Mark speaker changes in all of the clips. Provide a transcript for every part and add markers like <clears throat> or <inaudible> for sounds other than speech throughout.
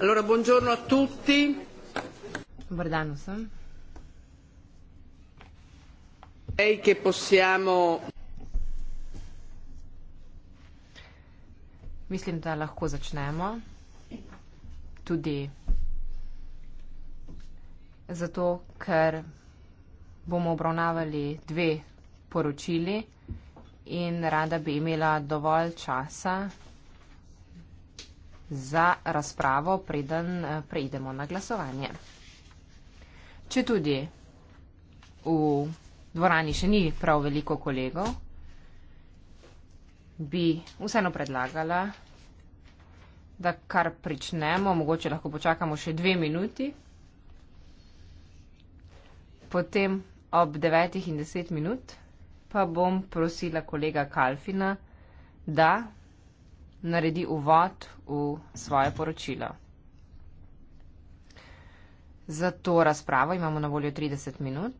Speaker 1: Allora, buongiorno a tutti. Dobar dan sam. Ej, che possiamo...
Speaker 2: Mislim, da lahko začnemo. Tudi zato, ker bomo obravnavali dve poročili in rada bi imela dovolj časa, za razpravo, preden eh, preidemo na glasovanje. Če tudi v dvorani še ni prav veliko kolegov, bi vseeno predlagala, da kar pričnemo, mogoče lahko počakamo še dve minuti, potem ob devetih in deset minut pa bom prosila kolega Kalfina, da naredi uvod v svoje poročilo. Za to razpravo imamo na voljo 30 minut.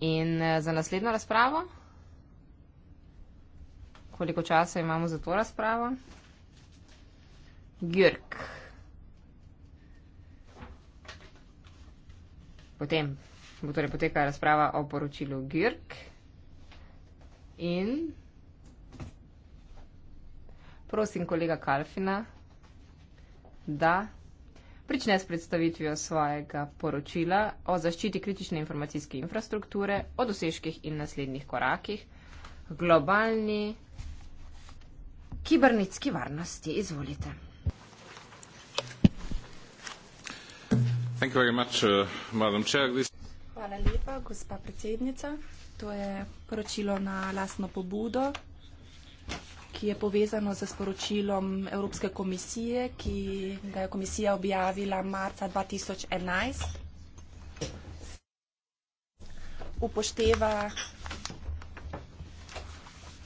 Speaker 2: In eh, za naslednjo razpravo? Koliko časa imamo za to razpravo? Gürk. potem bo torej potekala razprava o poročilu Girk in prosim kolega Kalfina, da prične s predstavitvijo svojega poročila o zaščiti kritične informacijske infrastrukture, o dosežkih in naslednjih korakih, globalni kibernetski
Speaker 3: varnosti. Izvolite. Uh, Hvala lepa, gospa predsednica. To je poročilo na lastno pobudo, ki je povezano z sporočilom Evropske komisije, ki ga je komisija objavila marca 2011. Upošteva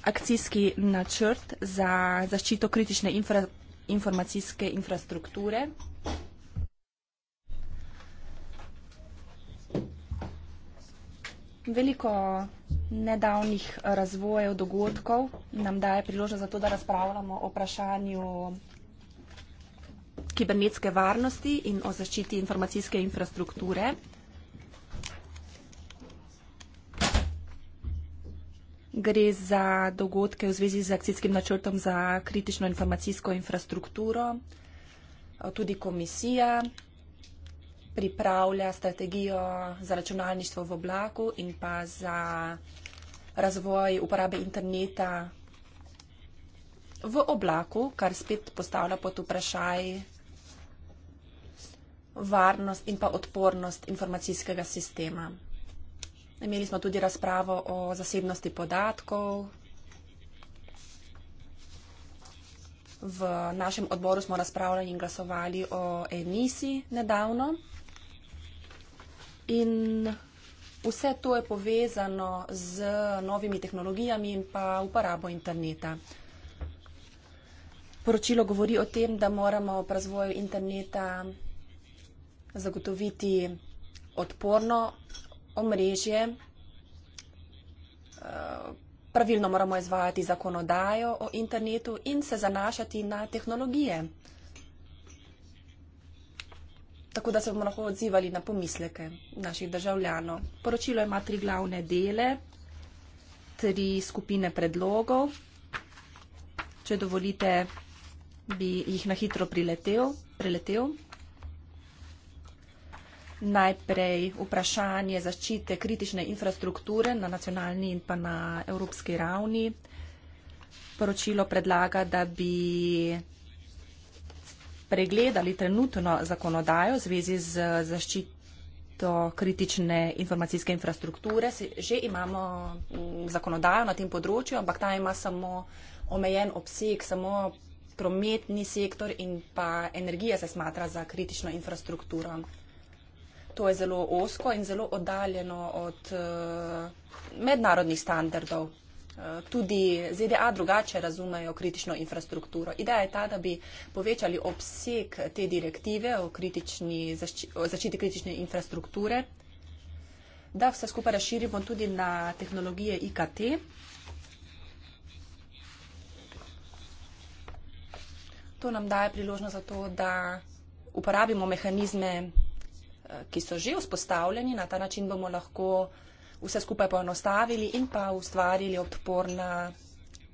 Speaker 3: akcijski načrt za zaščito kritične infra informacijske infrastrukture. veliko nedavnih razvojev, dogodkov nam daje priložnost za to, da razpravljamo o vprašanju kibernetske varnosti in o zaščiti informacijske infrastrukture. Gre za dogodke v zvezi z akcijskim načrtom za kritično informacijsko infrastrukturo. Tudi komisija pripravlja strategijo za računalništvo v oblaku in pa za razvoj uporabe interneta v oblaku, kar spet postavlja pod vprašaj varnost in pa odpornost informacijskega sistema. Imeli smo tudi razpravo o zasebnosti podatkov. V našem odboru smo razpravljali in glasovali o emisiji nedavno. In vse to je povezano z novimi tehnologijami in pa uporabo interneta. Poročilo govori o tem, da moramo pri razvoju interneta zagotoviti odporno omrežje, eh, pravilno moramo izvajati zakonodajo o internetu in se zanašati na tehnologije tako da se bomo lahko odzivali na pomisleke naših državljanov. Poročilo ima tri glavne dele, tri skupine predlogov. Če dovolite, bi jih na hitro priletel. priletel. Najprej vprašanje zaščite kritične infrastrukture na nacionalni in pa na evropski ravni. Poročilo predlaga, da bi pregledali trenutno zakonodajo v zvezi z zaščito kritične informacijske infrastrukture. Že imamo mm, zakonodajo na tem področju, ampak ta ima samo omejen obseg, samo prometni sektor in pa energija se smatra za kritično infrastrukturo. To je zelo osko in zelo oddaljeno od uh, mednarodnih standardov tudi ZDA drugače razumejo kritično infrastrukturo. Ideja je ta, da bi povečali obseg te direktive o, kritični, o zaščiti kritične infrastrukture, da vse skupaj razširimo tudi na tehnologije IKT. To nam daje priložnost za to, da uporabimo mehanizme, eh, ki so že vzpostavljeni, na ta način bomo lahko vse skupaj poenostavili in pa ustvarili odporna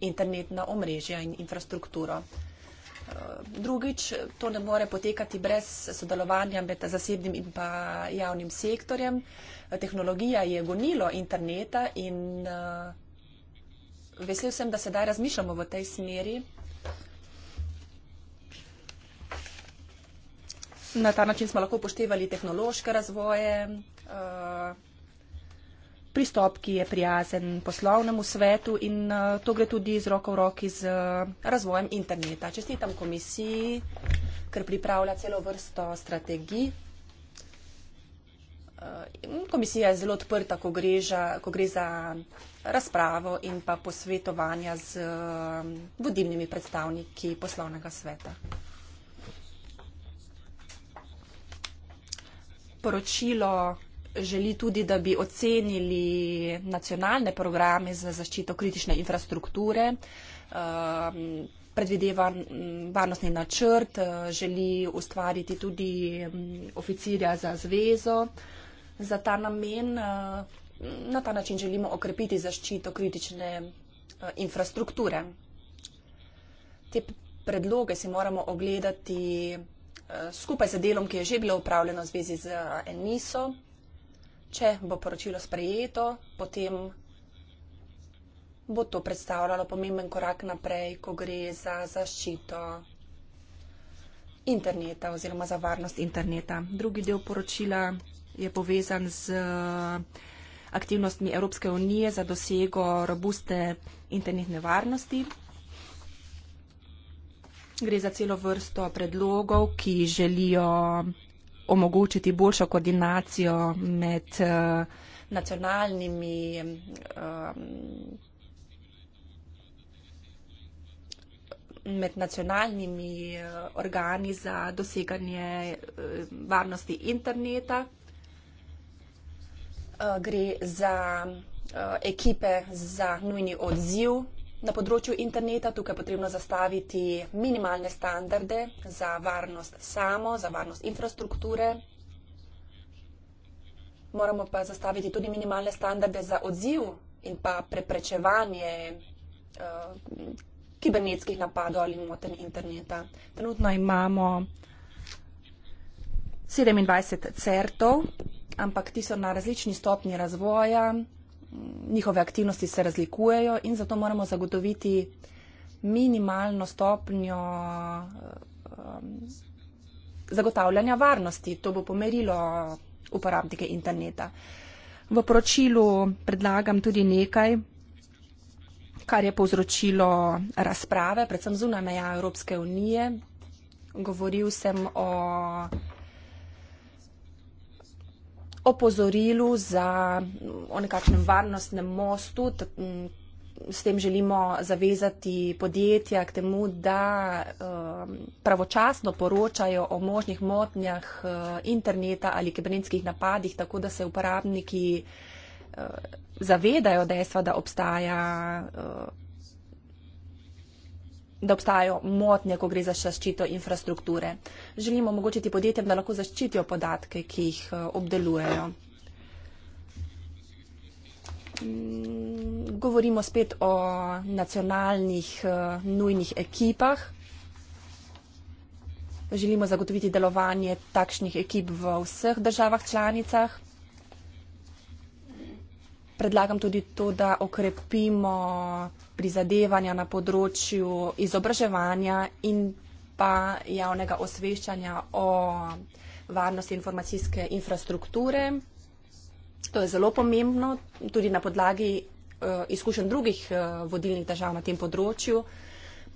Speaker 3: internetna omrežja in infrastrukturo. Eh, drugič, to ne more potekati brez sodelovanja med zasebnim in pa javnim sektorjem. Tehnologija je gonilo interneta in eh, vesel sem, da sedaj razmišljamo v tej smeri. Na ta način smo lahko upoštevali tehnološke razvoje, eh, pristop, ki je prijazen poslovnemu svetu in eh, to gre tudi z roko v roki z eh, razvojem interneta. Čestitam komisiji, ker pripravlja celo vrsto strategij. Eh, komisija je zelo odprta, ko gre, za, ko gre za razpravo in pa posvetovanja z vodilnimi predstavniki poslovnega sveta. Poročilo želi tudi, da bi ocenili nacionalne programe za zaščito kritične infrastrukture. Um, predvideva varnostni načrt, uh, želi ustvariti tudi oficirja za zvezo za ta namen. Uh, na ta način želimo okrepiti zaščito kritične uh, infrastrukture. Te predloge si moramo ogledati skupaj z delom, ki je že bilo upravljeno v zvezi z ENISO, če bo poročilo sprejeto, potem bo to predstavljalo pomemben korak naprej, ko gre za zaščito interneta oziroma za varnost interneta. Drugi del poročila je povezan z aktivnostmi Evropske unije za dosego robuste internetne varnosti. Gre za celo vrsto predlogov, ki želijo omogočiti boljšo koordinacijo med uh, nacionalnimi um, med nacionalnimi uh, organi za doseganje uh, varnosti interneta. Uh, gre za uh, ekipe za nujni odziv Na področju interneta tukaj potrebno zastaviti minimalne standarde za varnost samo, za varnost infrastrukture. Moramo pa zastaviti tudi minimalne standarde za odziv in pa preprečevanje uh, kibernetskih napadov ali motenj interneta. Trenutno imamo 27 certov, ampak ti so na različni stopni razvoja njihove aktivnosti se razlikujejo in zato moramo zagotoviti minimalno stopnjo um, zagotavljanja varnosti. To bo pomerilo uporabnike interneta. V poročilu predlagam tudi nekaj, kar je povzročilo razprave, predvsem zunaj meja Evropske unije. Govoril sem o opozorilu za, o nekakšnem varnostnem mostu. T, s tem želimo zavezati podjetja k temu, da um, pravočasno poročajo o možnih motnjah uh, interneta ali kibernetskih napadih, tako da se uporabniki uh, zavedajo dejstva, da obstaja uh, da obstajajo motnje, ko gre za zaščito infrastrukture. Želimo omogočiti podjetjem, da lahko zaščitijo podatke, ki jih eh, obdelujejo. Mm, govorimo spet o nacionalnih eh, nujnih ekipah. Želimo zagotoviti delovanje takšnih ekip v vseh državah članicah. Predlagam tudi to, da okrepimo prizadevanja na področju izobraževanja in pa javnega osveščanja o varnosti informacijske infrastrukture. To je zelo pomembno, tudi na podlagi eh, izkušenj drugih eh, vodilnih držav na tem področju.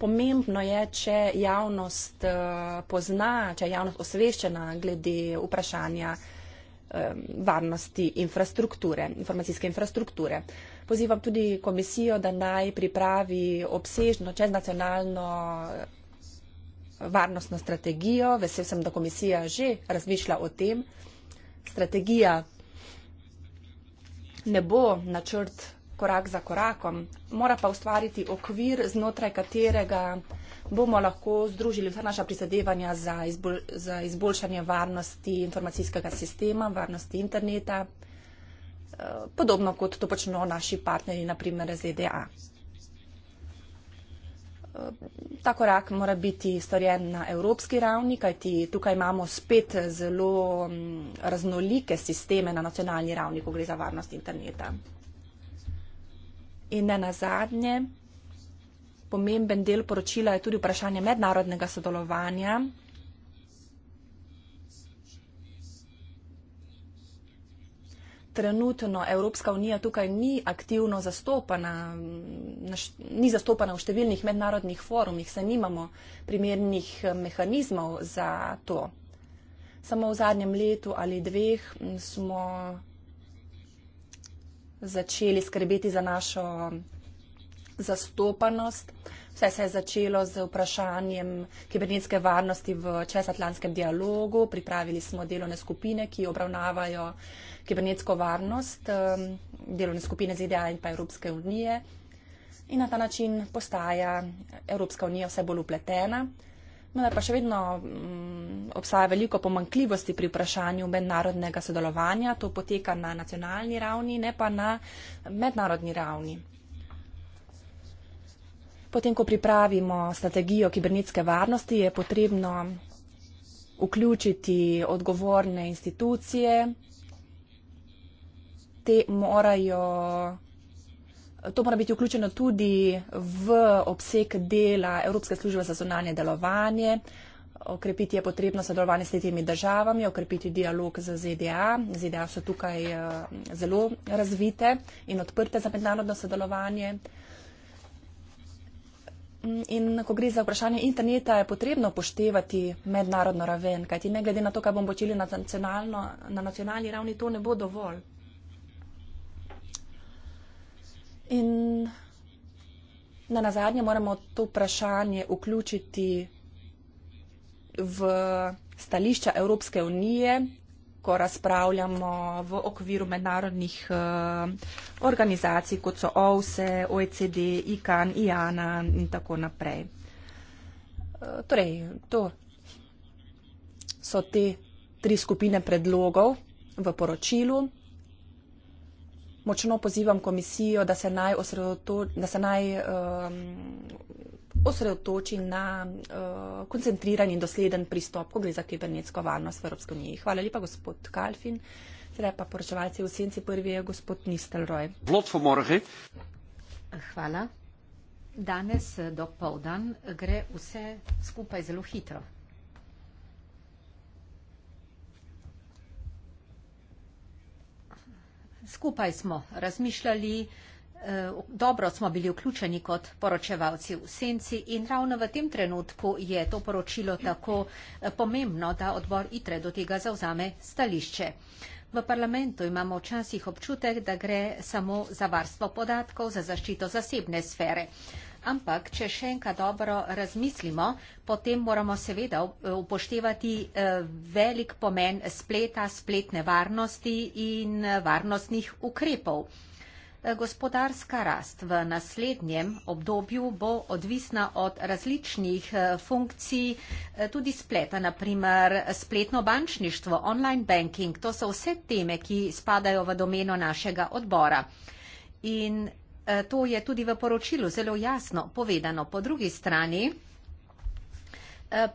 Speaker 3: Pomembno je, če javnost eh, pozna, če je javnost osveščena glede vprašanja varnosti infrastrukture, informacijske infrastrukture. Pozivam tudi komisijo, da naj pripravi obsežno čeznacionalno eh, varnostno strategijo. Vesel sem, da komisija že razmišlja o tem. Strategija ne bo načrt korak za korakom, mora pa ustvariti okvir, znotraj katerega bomo lahko združili vsa naša prizadevanja za, izbol, za izboljšanje varnosti informacijskega sistema, varnosti interneta, eh, podobno kot to počnejo naši partnerji, naprimer ZDA. Eh, ta korak mora biti storjen na evropski ravni, kajti tukaj imamo spet zelo mm, raznolike sisteme na nacionalni ravni, ko gre za varnost interneta. In ne nazadnje, pomemben del poročila je tudi vprašanje mednarodnega sodelovanja. Trenutno Evropska unija tukaj ni aktivno zastopana, ni zastopana v številnih mednarodnih forumih, saj nimamo primernih eh, mehanizmov za to. Samo v zadnjem letu ali dveh smo začeli skrbeti za našo zastopanost Vse se je začelo z vprašanjem kibernetske varnosti v čezatlantskem dialogu. Pripravili smo delovne skupine, ki obravnavajo kibernetsko varnost, ehm, delovne skupine ZDA in pa Evropske unije. In na ta način postaja Evropska unija vse bolj upletena. Vendar pa še vedno mm, obstaja veliko pomankljivosti pri vprašanju mednarodnega sodelovanja. To poteka na nacionalni ravni, ne pa na mednarodni ravni. Potem, ko pripravimo strategijo kibernetske varnosti, je potrebno vključiti odgovorne institucije. Morajo, to mora biti vključeno tudi v obseg dela Evropske službe za zonanje delovanje. Okrepiti je potrebno sodelovanje s temi državami, okrepiti dialog z ZDA. ZDA so tukaj eh, zelo razvite in odprte za mednarodno sodelovanje. In ko gre za vprašanje interneta, je potrebno poštevati mednarodno raven, kajti ne glede na to, kaj bomo počeli na, na nacionalni ravni, to ne bo dovolj. In na nazadnje moramo to vprašanje vključiti v stališča Evropske unije, veliko razpravljamo v okviru mednarodnih eh, organizacij, kot so OVSE, OECD, IKAN, IANA in tako naprej. Eh, torej, to so te tri skupine predlogov v poročilu. Močno pozivam komisijo, da se naj, da se naj um, osredotoči na uh, eh, koncentriran in dosleden pristop, ko gre za kibernetsko varnost v Evropski uniji. Hvala lepa, gospod Kalfin. Sedaj pa poročevalci v senci prvi je gospod Nistelroj. Hvala. Danes eh, do povdan gre vse
Speaker 4: skupaj zelo hitro. Skupaj smo razmišljali, Eh, dobro smo bili vključeni kot poročevalci v senci in ravno v tem trenutku je to poročilo tako eh, pomembno, da odbor ITRE do tega zauzame stališče. V parlamentu imamo včasih občutek, da gre samo za varstvo podatkov, za zaščito zasebne sfere. Ampak, če še enkrat dobro razmislimo, potem moramo seveda upoštevati eh, velik pomen spleta, spletne varnosti in varnostnih ukrepov. Gospodarska rast v naslednjem obdobju bo odvisna od različnih eh, funkcij, eh, tudi spleta, naprimer spletno bančništvo, online banking. To so vse teme, ki spadajo v domeno našega odbora. In eh, to je tudi v poročilu zelo jasno povedano. Po drugi strani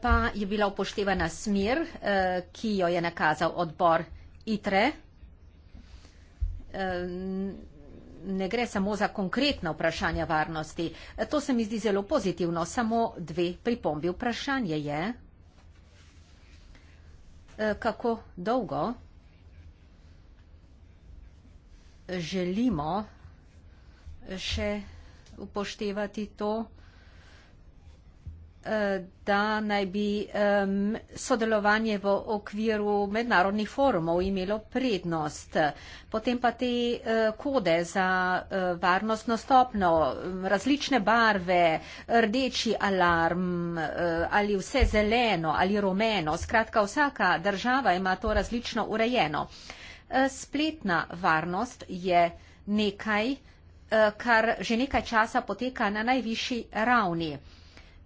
Speaker 4: pa je bila upoštevana smer, ki jo je nakazal odbor ITRE ne gre samo za konkretna vprašanja varnosti. To se mi zdi zelo pozitivno. Samo dve pripombi. Vprašanje je, eh, kako dolgo želimo še upoštevati to, Eh, da naj bi um, sodelovanje v okviru mednarodnih forumov imelo prednost. Potem pa te uh, kode za uh, eh, varnost nastopno, različne barve, rdeči alarm uh, ali vse zeleno ali rumeno. Skratka, vsaka država ima to različno urejeno. Uh, spletna varnost je nekaj, uh, kar že nekaj časa poteka na najvišji ravni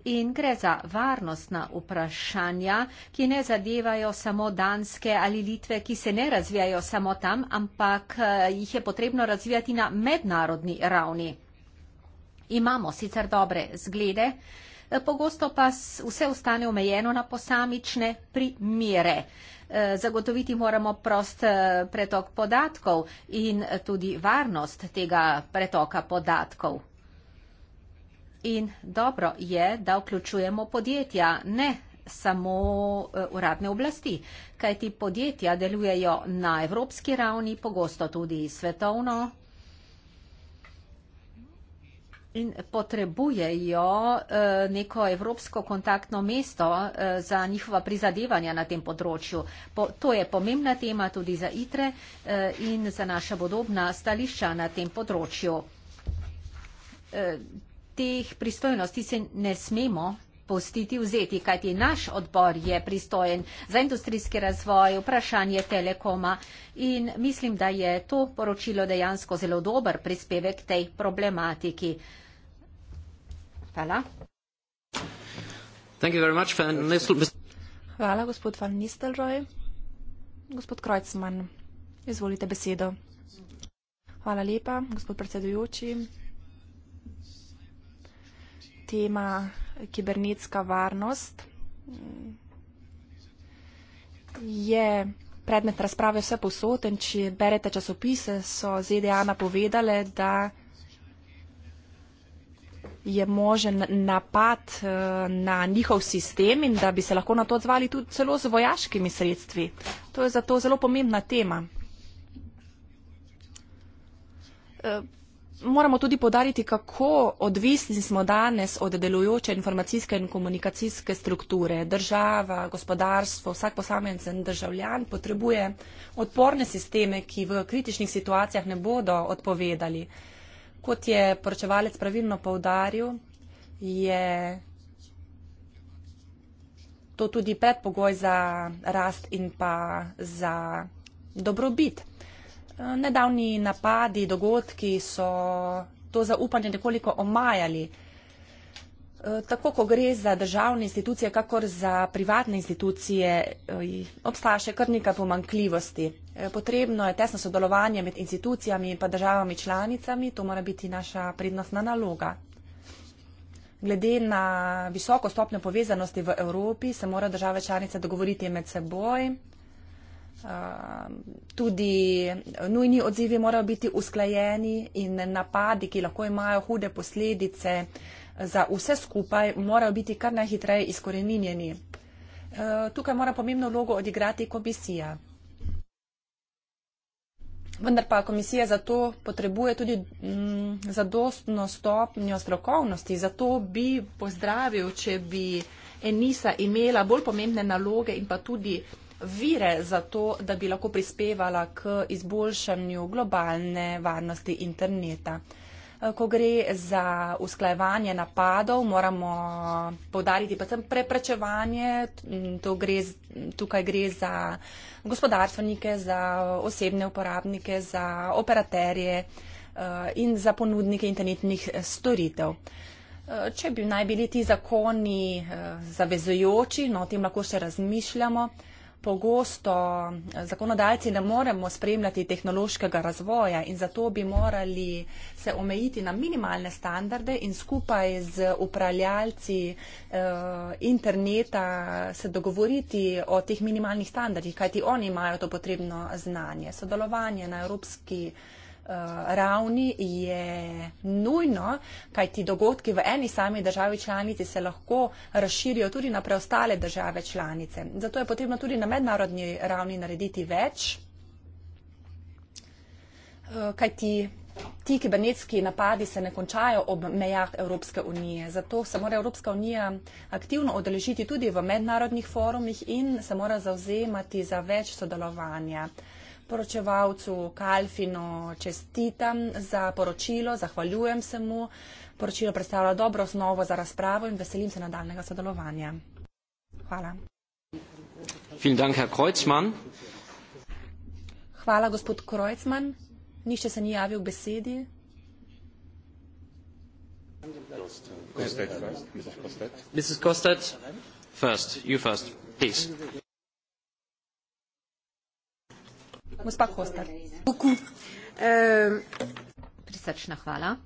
Speaker 4: in gre za varnostna vprašanja, ki ne zadevajo samo Danske ali Litve, ki se ne razvijajo samo tam, ampak eh, jih je potrebno razvijati na mednarodni ravni. Imamo sicer dobre zglede, eh, pogosto pa vse ostane omejeno na posamične primere. Eh, zagotoviti moramo prost pretok podatkov in tudi varnost tega pretoka podatkov. In dobro je, da vključujemo podjetja, ne samo eh, uradne oblasti, kaj ti podjetja delujejo na evropski ravni, pogosto tudi svetovno in potrebujejo eh, neko evropsko kontaktno mesto eh, za njihova prizadevanja na tem področju. To je pomembna tema tudi za ITRE in za naša bodobna stališča na tem področju teh pristojnosti se ne smemo postiti vzeti, kajti naš odbor je pristojen za industrijski razvoj, vprašanje telekoma in mislim, da je to poročilo dejansko zelo dober prispevek tej problematiki. Hvala.
Speaker 3: Hvala, gospod Van Nistelrooy. Gospod Krojcman, izvolite besedo. Hvala lepa, gospod predsedujoči tema kibernetska varnost je predmet razprave vse posod in če berete časopise, so ZDA napovedale, da je možen napad eh, na njihov sistem in da bi se lahko na to odzvali tudi celo z vojaškimi sredstvi. To je zato zelo pomembna tema. Eh, moramo tudi podariti, kako odvisni smo danes od delujoče informacijske in komunikacijske strukture. Država, gospodarstvo, vsak posamezen državljan potrebuje odporne sisteme, ki v kritičnih situacijah ne bodo odpovedali. Kot je poročevalec pravilno povdaril, je to tudi predpogoj za rast in pa za dobrobit. Nedavni napadi, dogodki so to zaupanje nekoliko omajali. E, tako, ko gre za državne institucije, kakor za privatne institucije, e, obstaja še kar nekaj pomankljivosti. E, potrebno je tesno sodelovanje med institucijami in pa državami članicami, to mora biti naša prednostna naloga. Glede na visoko stopnjo povezanosti v Evropi se mora države članice dogovoriti med seboj, Ehm, tudi nujni odzivi morajo biti usklajeni in napadi, ki lahko imajo hude posledice za vse skupaj, morajo biti kar najhitreje izkoreninjeni. Ehm, tukaj mora pomembno vlogo odigrati komisija. Vendar pa komisija za to potrebuje tudi mm, zadostno stopnjo strokovnosti. Zato bi pozdravil, če bi Enisa imela bolj pomembne naloge in pa tudi vire za to, da bi lahko prispevala k izboljšanju globalne varnosti interneta. Eh, ko gre za usklajevanje napadov, moramo povdariti predvsem preprečevanje. Gre, tukaj gre za gospodarstvenike, za osebne uporabnike, za operaterje eh, in za ponudnike internetnih eh, storitev. Če bi naj bili ti zakoni zavezojoči, no o tem lahko še razmišljamo, pogosto eh, zakonodajci ne moremo spremljati tehnološkega razvoja in zato bi morali se omejiti na minimalne standarde in skupaj z upravljalci eh, interneta se dogovoriti o teh minimalnih standardih, kajti oni imajo to potrebno znanje. Sodelovanje na evropski Eh, ravni je nujno, kajti dogodki v eni sami državi članici se lahko razširijo tudi na preostale države članice. Zato je potrebno tudi na mednarodni ravni narediti več, eh, kajti ti kibernetski napadi se ne končajo ob mejah Evropske unije. Zato se mora Evropska unija aktivno odeležiti tudi v mednarodnih forumih in se mora zauzemati za več sodelovanja poročevalcu Kalfino čestitam za poročilo, zahvaljujem se mu. Poročilo predstavlja dobro osnovo za razpravo in veselim se nadaljnega sodelovanja. Hvala. Dank, Herr Hvala, gospod Krojcman. Nihče se ni javil v besedi.
Speaker 1: Kostet, first. Mrs. Kostet, first. You first. Please.
Speaker 4: Gospa Kostar. Prisrčna hvala.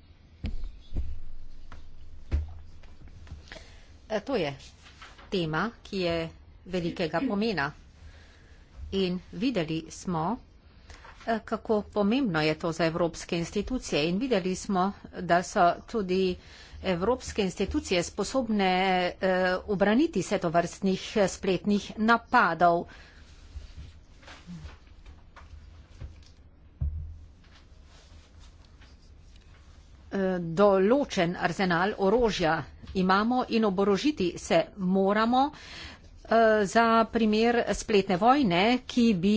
Speaker 4: E, to je tema, ki je velikega pomena. In videli smo, e, kako pomembno je to za evropske institucije. In videli smo, da so tudi evropske institucije sposobne obraniti e, se to vrstnih spletnih napadov. Eh, določen arzenal orožja imamo in oborožiti se moramo eh, za primer spletne vojne, ki bi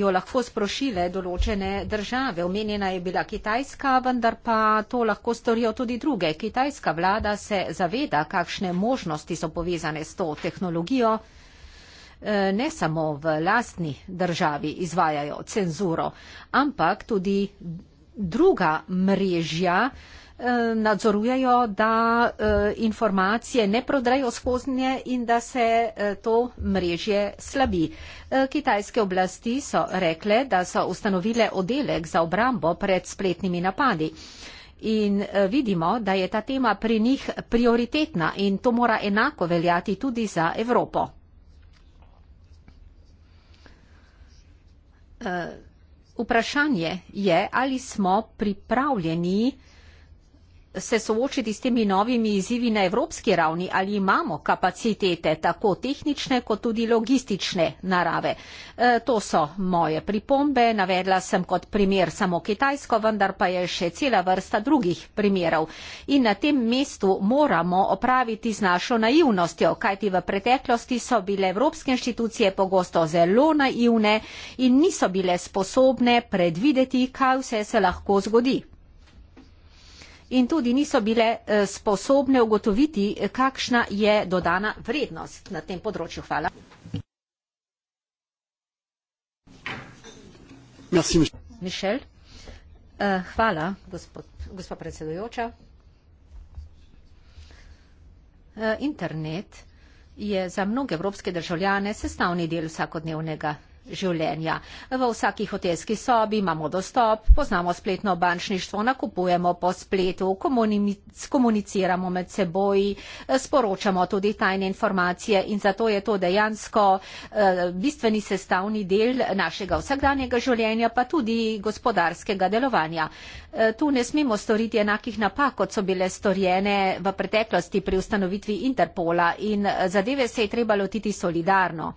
Speaker 4: jo lahko sprošile določene države. Omenjena je bila Kitajska, vendar pa to lahko storijo tudi druge. Kitajska vlada se zaveda, kakšne možnosti so povezane s to tehnologijo. Eh, ne samo v lastni državi izvajajo cenzuro, ampak tudi druga mrežja eh, nadzorujejo, da eh, informacije ne prodrejo skoznje in da se eh, to mrežje slabi. Kitajske oblasti so rekle, da so ustanovile oddelek za obrambo pred spletnimi napadi. In vidimo, da je ta tema pri njih prioritetna in to mora enako veljati tudi za Evropo. Vprašanje je, ali smo pripravljeni se soočiti s temi novimi izzivi na evropski ravni, ali imamo kapacitete tako tehnične kot tudi logistične narave. E, to so moje pripombe, navedla sem kot primer samo Kitajsko, vendar pa je še cela vrsta drugih primerov. In na tem mestu moramo opraviti z našo naivnostjo, kajti v preteklosti so bile evropske inštitucije pogosto zelo naivne in niso bile sposobne predvideti, kaj vse se lahko zgodi in tudi niso bile eh, sposobne ugotoviti, kakšna je dodana vrednost na tem področju. Hvala. Mišel, eh, hvala, gospa predsedujoča. Eh, internet je za mnoge evropske državljane sestavni del vsakodnevnega življenja. V vsaki hotelski sobi imamo dostop, poznamo spletno bančništvo, nakupujemo po spletu, komuniciramo med seboj, eh, sporočamo tudi tajne informacije in zato je to dejansko eh, bistveni sestavni del našega vsakdanjega življenja, pa tudi gospodarskega delovanja. Eh, tu ne smemo storiti enakih napak, kot so bile storjene v preteklosti pri ustanovitvi Interpola in zadeve se je treba lotiti solidarno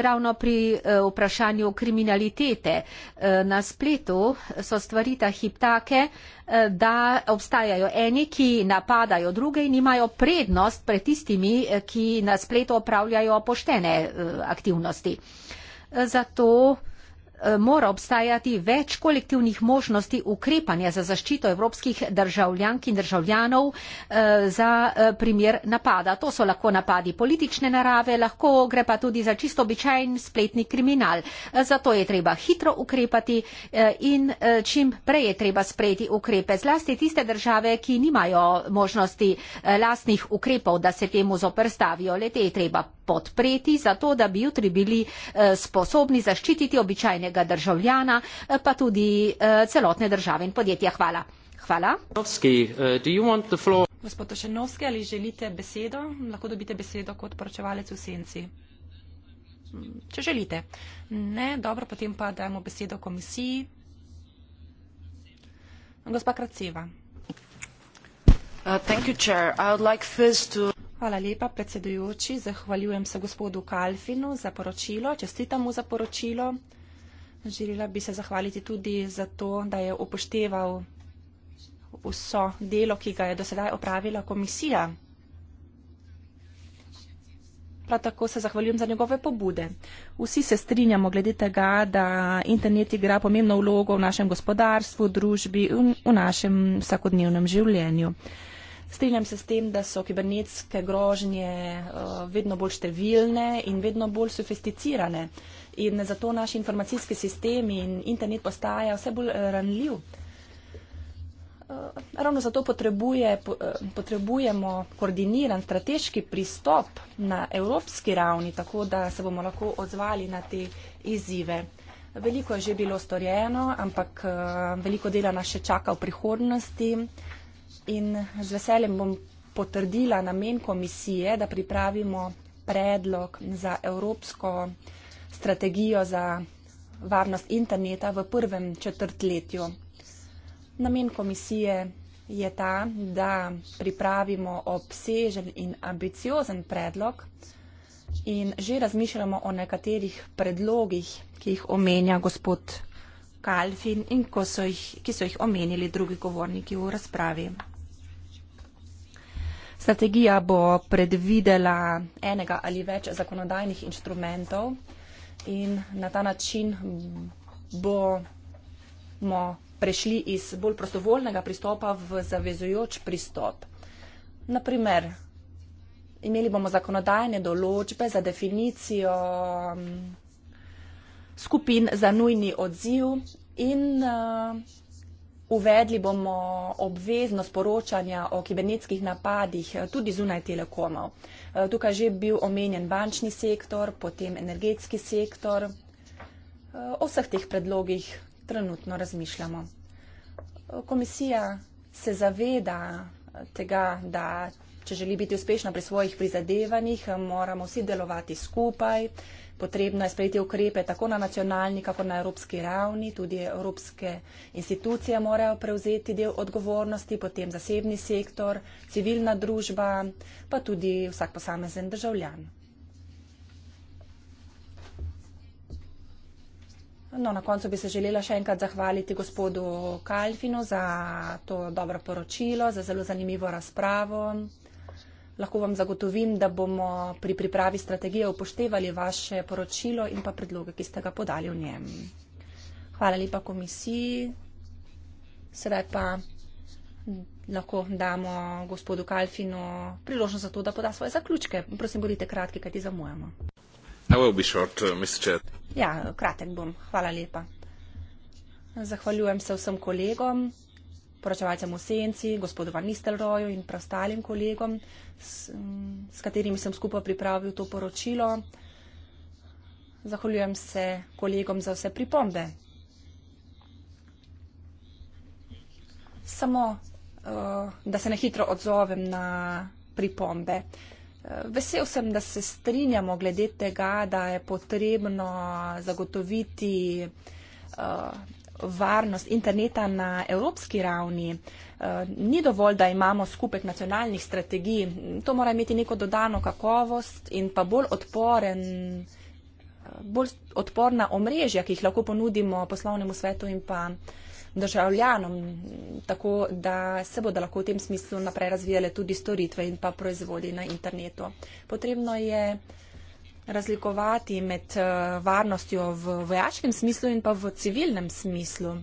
Speaker 4: ravno pri eh, vprašanju kriminalitete. Eh, na spletu so stvari ta hip take, eh, da obstajajo eni, ki napadajo druge in imajo prednost pred tistimi, ki na spletu opravljajo poštene aktivnosti. Zato Eh, mora obstajati več kolektivnih možnosti ukrepanja za zaščito evropskih državljank in državljanov eh, za eh, primer napada. To so lahko napadi politične narave, lahko gre pa tudi za čisto običajen spletni kriminal. Zato je treba hitro ukrepati in čim prej je treba sprejeti ukrepe. Zlasti tiste države, ki nimajo možnosti lastnih ukrepov, da se temu zoprstavijo, le te je treba podpreti, zato da bi jutri bili sposobni zaščititi običajne vsakega državljana, eh, pa tudi eh, celotne države
Speaker 3: in podjetja. Hvala. Hvala.
Speaker 1: Eh,
Speaker 3: Gospod Tošenovski, ali želite besedo? Lahko dobite besedo kot poročevalec v senci. Če želite. Ne, dobro, potem pa dajmo besedo komisiji. Gospa Kraceva. Uh, like to... Hvala lepa, predsedujoči. Zahvaljujem se gospodu Kalfinu za poročilo. Čestitam mu za poročilo. Želela bi se zahvaliti tudi za to, da je upošteval vso delo, ki ga je do sedaj opravila komisija. Prav tako se zahvaljujem za njegove pobude. Vsi se strinjamo glede tega, da internet igra pomembno vlogo v našem gospodarstvu, družbi in v našem vsakodnevnem življenju. Strinjam se s tem, da so kibernetske grožnje eh, vedno bolj številne in vedno bolj sofisticirane in zato naš informacijski sistem in internet postaja vse bolj eh, ranljiv. Eh, ravno zato potrebuje, eh, potrebujemo koordiniran strateški pristop na evropski ravni, tako da se bomo lahko odzvali na te izzive. Veliko je že bilo storjeno, ampak veliko dela nas še čaka v prihodnosti in z veseljem bom potrdila namen komisije, da pripravimo predlog za evropsko strategijo za varnost interneta v prvem četrtletju. Namen komisije je ta, da pripravimo obsežen in ambiciozen predlog in že razmišljamo o nekaterih predlogih, ki jih omenja gospod Kalfin in ko so jih, ki so jih omenili drugi govorniki v razpravi. Strategija bo predvidela enega ali več zakonodajnih inštrumentov, in na ta način bomo prešli iz bolj prostovoljnega pristopa v zavezujoč pristop. Naprimer, imeli bomo zakonodajne določbe za definicijo skupin za nujni odziv in eh, uvedli bomo obvezno sporočanje o kibernetskih napadih tudi zunaj telekomov. Eh, tukaj že bil omenjen bančni sektor, potem energetski sektor. Eh, o vseh teh predlogih trenutno razmišljamo. Eh, komisija se zaveda tega, da če želi biti uspešna pri svojih prizadevanjih, moramo vsi delovati skupaj potrebno je sprejeti ukrepe tako na nacionalni, kako na evropski ravni, tudi evropske institucije morajo prevzeti del odgovornosti, potem zasebni sektor, civilna družba, pa tudi vsak posamezen državljan. No, na koncu bi se želela še enkrat zahvaliti gospodu Kalfinu za to dobro poročilo, za zelo zanimivo razpravo lahko vam zagotovim, da bomo pri pripravi strategije upoštevali vaše poročilo in pa predloge, ki ste ga podali v njem. Hvala lepa komisiji. Sedaj pa lahko damo gospodu Kalfinu priložnost za to, da poda svoje zaključke. Prosim, bodite kratki, kaj ti zamujamo.
Speaker 1: Short, uh,
Speaker 3: ja, kratek bom. Hvala lepa. Zahvaljujem se vsem kolegom poročevalcem v Senci, gospodu Van Nistelrooju in preostalim kolegom, s, s katerimi sem skupaj pripravil to poročilo. Zahvaljujem se kolegom za vse pripombe. Samo, eh, da se ne hitro odzovem na pripombe. Eh, vesel sem, da se strinjamo glede tega, da je potrebno zagotoviti eh, varnost interneta na evropski ravni. Eh, ni dovolj, da imamo skupek nacionalnih strategij. To mora imeti neko dodano kakovost in pa bolj odporen eh, bolj odporna omrežja, ki jih lahko ponudimo poslovnemu svetu in pa državljanom, tako da se bodo lahko v tem smislu naprej razvijale tudi storitve in pa proizvodi na internetu. Potrebno je uh, razlikovati med eh, varnostjo v vojaškem smislu in pa v civilnem smislu.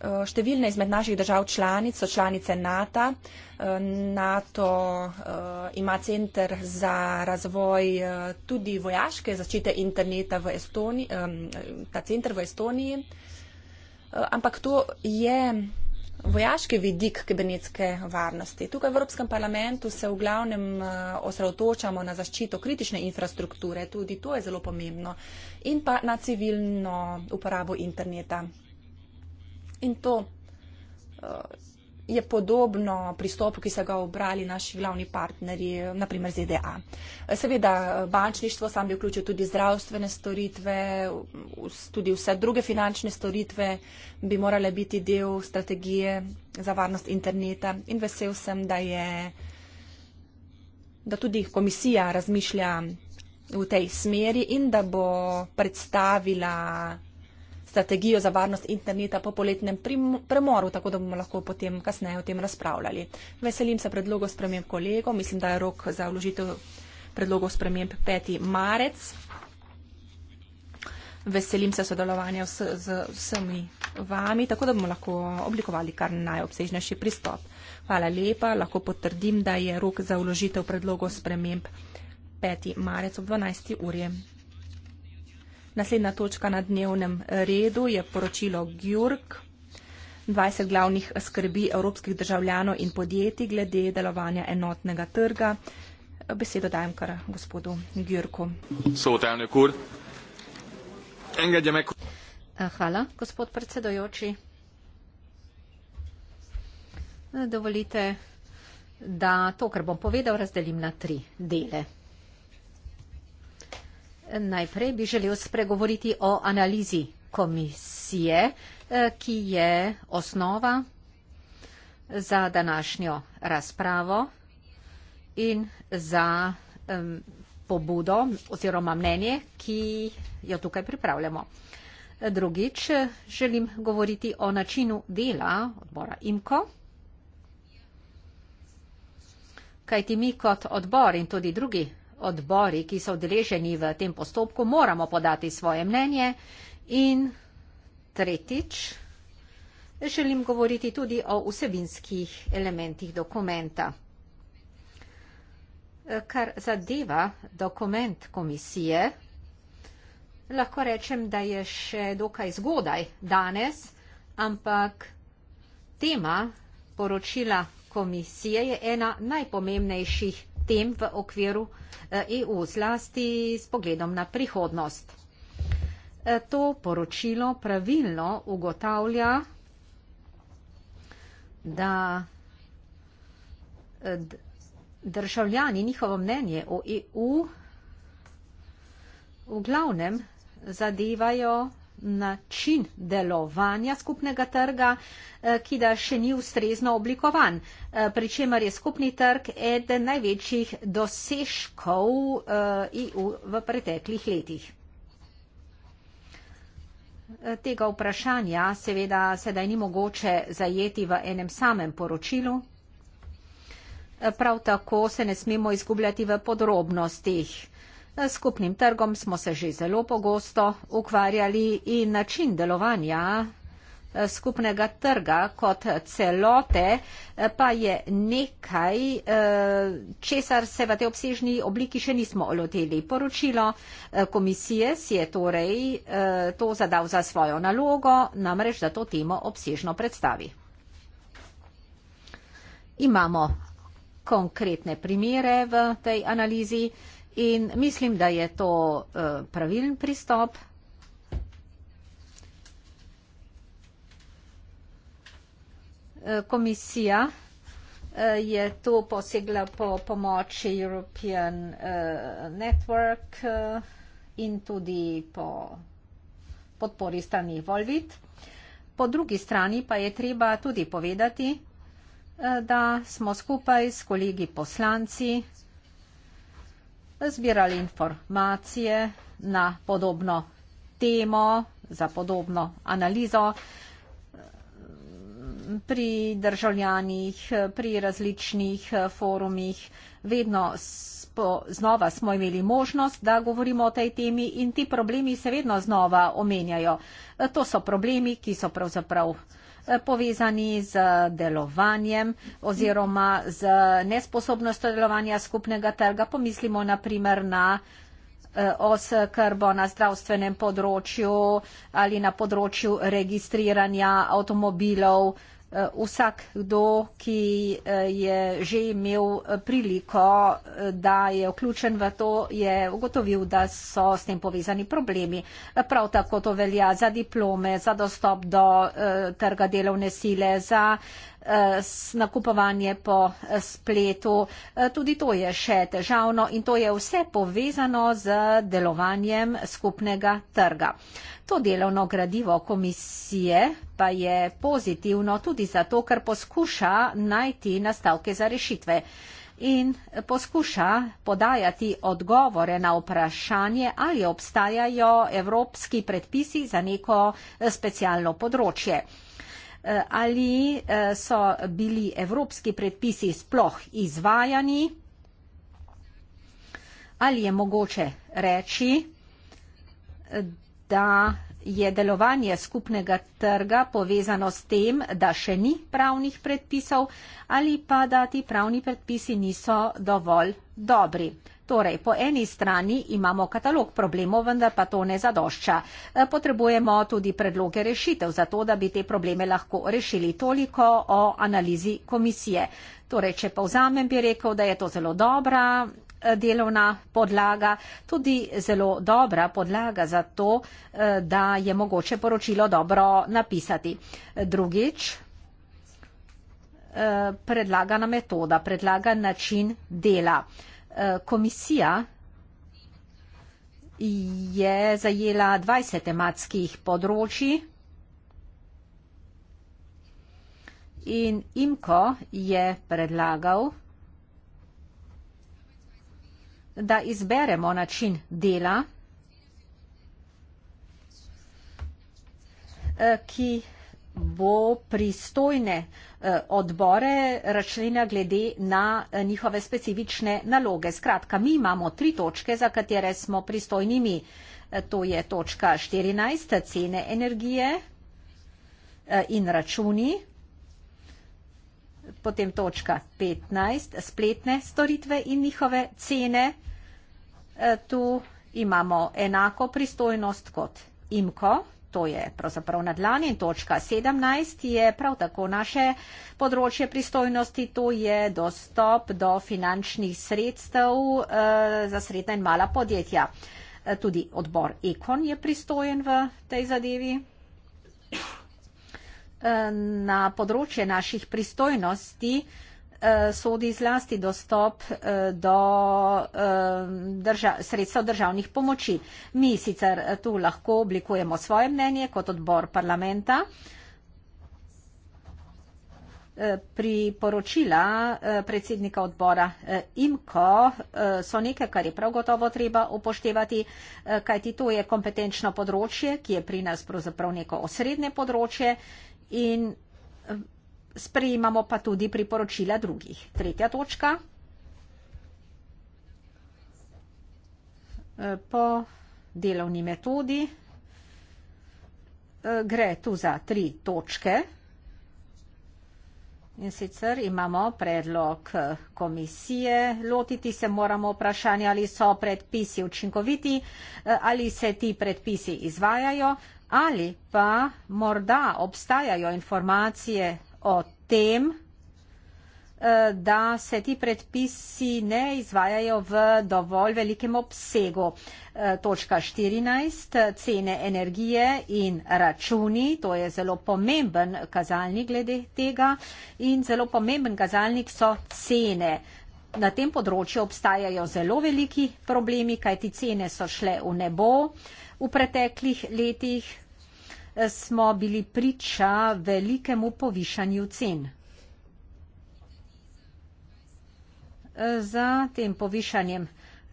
Speaker 3: Eh, številne izmed naših držav članic so članice eh, NATO. NATO ima centr za razvoj tudi vojaške začite interneta v Estoniji, ta centr v Estoniji, ampak to je vojaški vidik kibernetske varnosti. Tukaj v Evropskem parlamentu se v glavnem eh, osredotočamo na zaščito kritične infrastrukture, tudi to je zelo pomembno, in pa na civilno uporabo interneta. In to eh, je podobno pristopu, ki so ga obrali naši glavni partnerji, naprimer ZDA. Seveda, bančništvo sam bi vključil tudi zdravstvene storitve, tudi vse druge finančne storitve bi morale biti del strategije za varnost interneta in vesel sem, da je, da tudi komisija razmišlja v tej smeri in da bo predstavila strategijo za varnost interneta po poletnem premoru, tako da bomo lahko potem kasneje o tem razpravljali. Veselim se predlogo sprememb kolego, mislim, da je rok za vložitev predlogov sprememb 5. marec. Veselim se sodelovanja vse, z vsemi vami, tako da bomo lahko oblikovali kar najobsežnejši pristop. Hvala lepa, lahko potrdim, da je rok za vložitev predlogov sprememb 5. marec ob 12. uri. Naslednja točka na dnevnem redu je poročilo Gjurk. 20 glavnih skrbi evropskih državljanov in podjetij glede delovanja enotnega trga. Besedo dajem kar gospodu Gjurku. Eh, hvala, gospod
Speaker 4: predsedojoči. Eh, dovolite, da to, kar bom povedal, razdelim na tri dele. Najprej bi želel spregovoriti o analizi komisije, eh, ki je osnova za današnjo razpravo in za pobudo oziroma mnenje, ki jo tukaj pripravljamo. Drugič želim govoriti o načinu dela odbora IMKO, kajti mi kot odbor in tudi drugi odbori, ki so odreženi v tem postopku, moramo podati svoje mnenje. In tretjič, želim govoriti tudi o vsebinskih elementih dokumenta. Kar zadeva dokument komisije, lahko rečem, da je še dokaj zgodaj danes, ampak tema poročila komisije je ena najpomembnejših tem v okviru EU, eh, e zlasti s pogledom na prihodnost. Eh, to poročilo pravilno ugotavlja, da eh, državljani njihovo mnenje o EU v glavnem zadevajo način delovanja skupnega trga, eh, ki da še ni ustrezno oblikovan, eh, pri čemer je skupni trg eden največjih dosežkov EU eh, e v preteklih letih. Tega vprašanja seveda sedaj ni mogoče zajeti v enem samem poročilu. Prav tako se ne smemo izgubljati v podrobnostih. Na skupnim trgom smo se že zelo pogosto ukvarjali in način delovanja eh, skupnega trga kot celote eh, pa je nekaj, eh, česar se v tej obsežni obliki še nismo oloteli. Poročilo komisije si je torej to zadal za svojo nalogo, namreč da to temo obsežno predstavi. Imamo konkretne primere v tej analizi. In mislim, da je to eh, pravilen pristop. Eh, komisija eh, je tu posegla po pomoči European Network in tudi po podpori strani Volvit. Po drugi strani pa je treba tudi povedati, da smo skupaj s kolegi poslanci zbirali informacije na podobno temo, za podobno analizo pri državljanih, pri različnih eh, forumih. Vedno spo, znova smo imeli možnost, da govorimo o tej temi in ti problemi se vedno znova omenjajo. Eh, to so problemi, ki so pravzaprav povezani z delovanjem oziroma z nesposobnostjo delovanja skupnega trga. Pomislimo na primer na e, oskrbo na zdravstvenem področju ali na področju registriranja avtomobilov Eh, vsak kdo, ki eh, je že imel eh, priliko, da je vključen v to, je ugotovil, da so s tem povezani problemi. Prav tako to velja za diplome, za dostop do trga delovne sile, za uh, nakupovanje po eh, spletu. Eh, tudi to je še težavno in to je vse povezano z delovanjem skupnega trga. To delovno gradivo komisije pa je pozitivno tudi zato, ker poskuša najti nastavke za rešitve in poskuša podajati odgovore na vprašanje, ali obstajajo evropski predpisi za neko eh, specialno področje. Eh, ali eh, so bili evropski predpisi sploh izvajani, ali je mogoče reči, eh, da je delovanje skupnega trga povezano s tem, da še ni pravnih predpisov ali pa da ti pravni predpisi niso dovolj dobri. Torej, po eni strani imamo katalog problemov, vendar pa to ne zadošča. E, potrebujemo tudi predloge rešitev za to, da bi te probleme lahko rešili. Toliko o analizi komisije. Torej, če povzamem, bi rekel, da je to zelo dobra Eh, delovna podlaga, tudi zelo dobra podlaga za to, eh, da je mogoče poročilo dobro napisati. Drugič, eh, predlagana metoda, predlagan način dela. Komisija je zajela 20 tematskih področji in IMKO je predlagal, da izberemo način dela, eh, ki bo pristojne eh, odbore računa glede na eh, njihove specifične naloge. Skratka, mi imamo tri točke, za katere smo pristojnimi. To je točka 14, cene energije in računi potem točka 15, spletne storitve in njihove cene. E, tu imamo enako pristojnost kot IMKO, to je pravzaprav nadlani in točka 17 je prav tako naše področje pristojnosti, to je dostop do finančnih sredstev e, za sredna in mala podjetja. E, tudi odbor Ekon je pristojen v tej zadevi. Eh, na področje naših pristojnosti eh, sodi zlasti dostop eh, do drža sredstev državnih pomoči. Mi sicer tu lahko oblikujemo svoje mnenje kot odbor parlamenta. Priporočila predsednika odbora IMKO so nekaj, kar je prav gotovo treba upoštevati, kajti to je kompetenčno področje, ki je pri nas pravzaprav neko osrednje področje in eh, sprejemamo pa tudi priporočila drugih. Tretja točka. Eh, po delovni metodi eh, gre tu za tri točke. In sicer imamo predlog komisije, lotiti se moramo vprašanje, ali so predpisi učinkoviti, ali se ti predpisi izvajajo, ali pa morda obstajajo informacije o tem, eh, da se ti predpisi ne izvajajo v dovolj velikem obsegu. Eh, točka 14, cene energije in računi, to je zelo pomemben kazalnik glede tega in zelo pomemben kazalnik so cene. Na tem področju obstajajo zelo veliki problemi, kajti cene so šle v nebo. V preteklih letih eh, smo bili priča velikemu povišanju cen. Eh, za tem povišanjem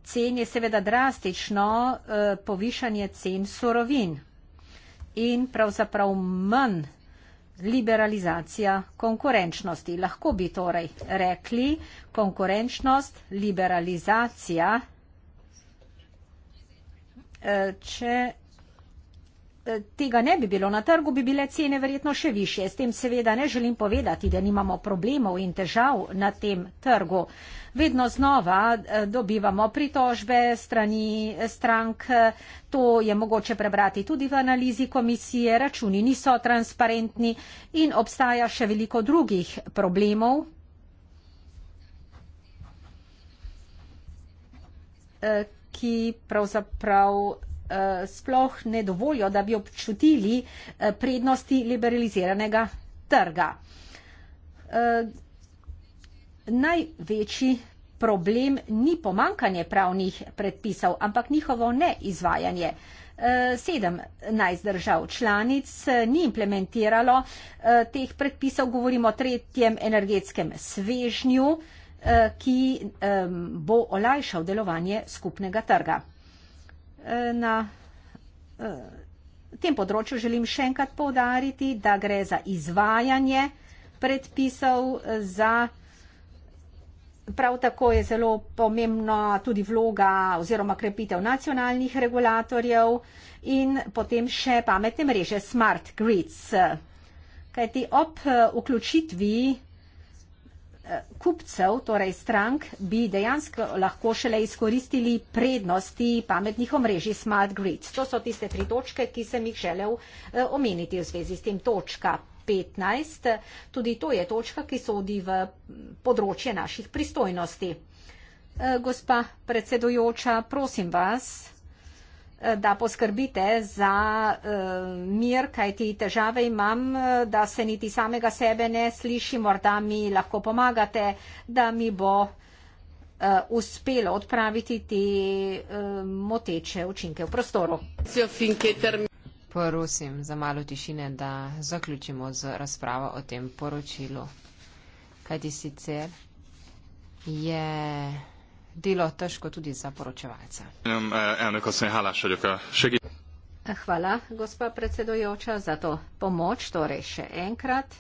Speaker 4: cen je seveda drastično eh, povišanje cen surovin in pravzaprav manj liberalizacija konkurenčnosti. Lahko bi torej rekli konkurenčnost, liberalizacija Eh, če eh, tega ne bi bilo na trgu, bi bile cene verjetno še više. S tem seveda ne želim povedati, da nimamo problemov in težav na tem trgu. Vedno znova eh, dobivamo pritožbe strani strank, to je mogoče prebrati tudi v analizi komisije, računi niso transparentni in obstaja še veliko drugih problemov. E, ki pravzaprav eh, sploh ne dovolijo, da bi občutili eh, prednosti liberaliziranega trga. Eh, največji problem ni pomankanje pravnih predpisov, ampak njihovo neizvajanje. Sedem najzdržav članic ni implementiralo teh predpisov, govorimo o tretjem energetskem svežnju, Eh, ki bo olajšal delovanje skupnega trga. Eh, na eh, tem področju želim še enkrat povdariti, da gre za izvajanje predpisov, za prav tako je zelo pomembna tudi vloga oziroma krepitev nacionalnih regulatorjev in potem še pametne mreže Smart Grids. Kajti ob vključitvi kupcev, torej strank, bi dejansko lahko šele izkoristili prednosti pametnih omrežij Smart Grids. To so tiste tri točke, ki sem jih želel eh, omeniti v zvezi s tem. Točka 15, tudi to je točka, ki sodi v področje naših pristojnosti. Eh, gospa predsedujoča, prosim vas. Eh, da poskrbite za eh, mir, kajti težave imam, eh, da se niti samega sebe ne sliši, morda mi lahko pomagate, da mi bo uspelo odpraviti te moteče učinke v prostoru. Prosim za malo tišine, da
Speaker 2: zaključimo z razpravo o tem poročilu. Kajti sicer
Speaker 4: je. Yeah delo težko tudi za poročevalce. Eh, eh, hvala, gospa predsedujoča, za to pomoč, torej še enkrat.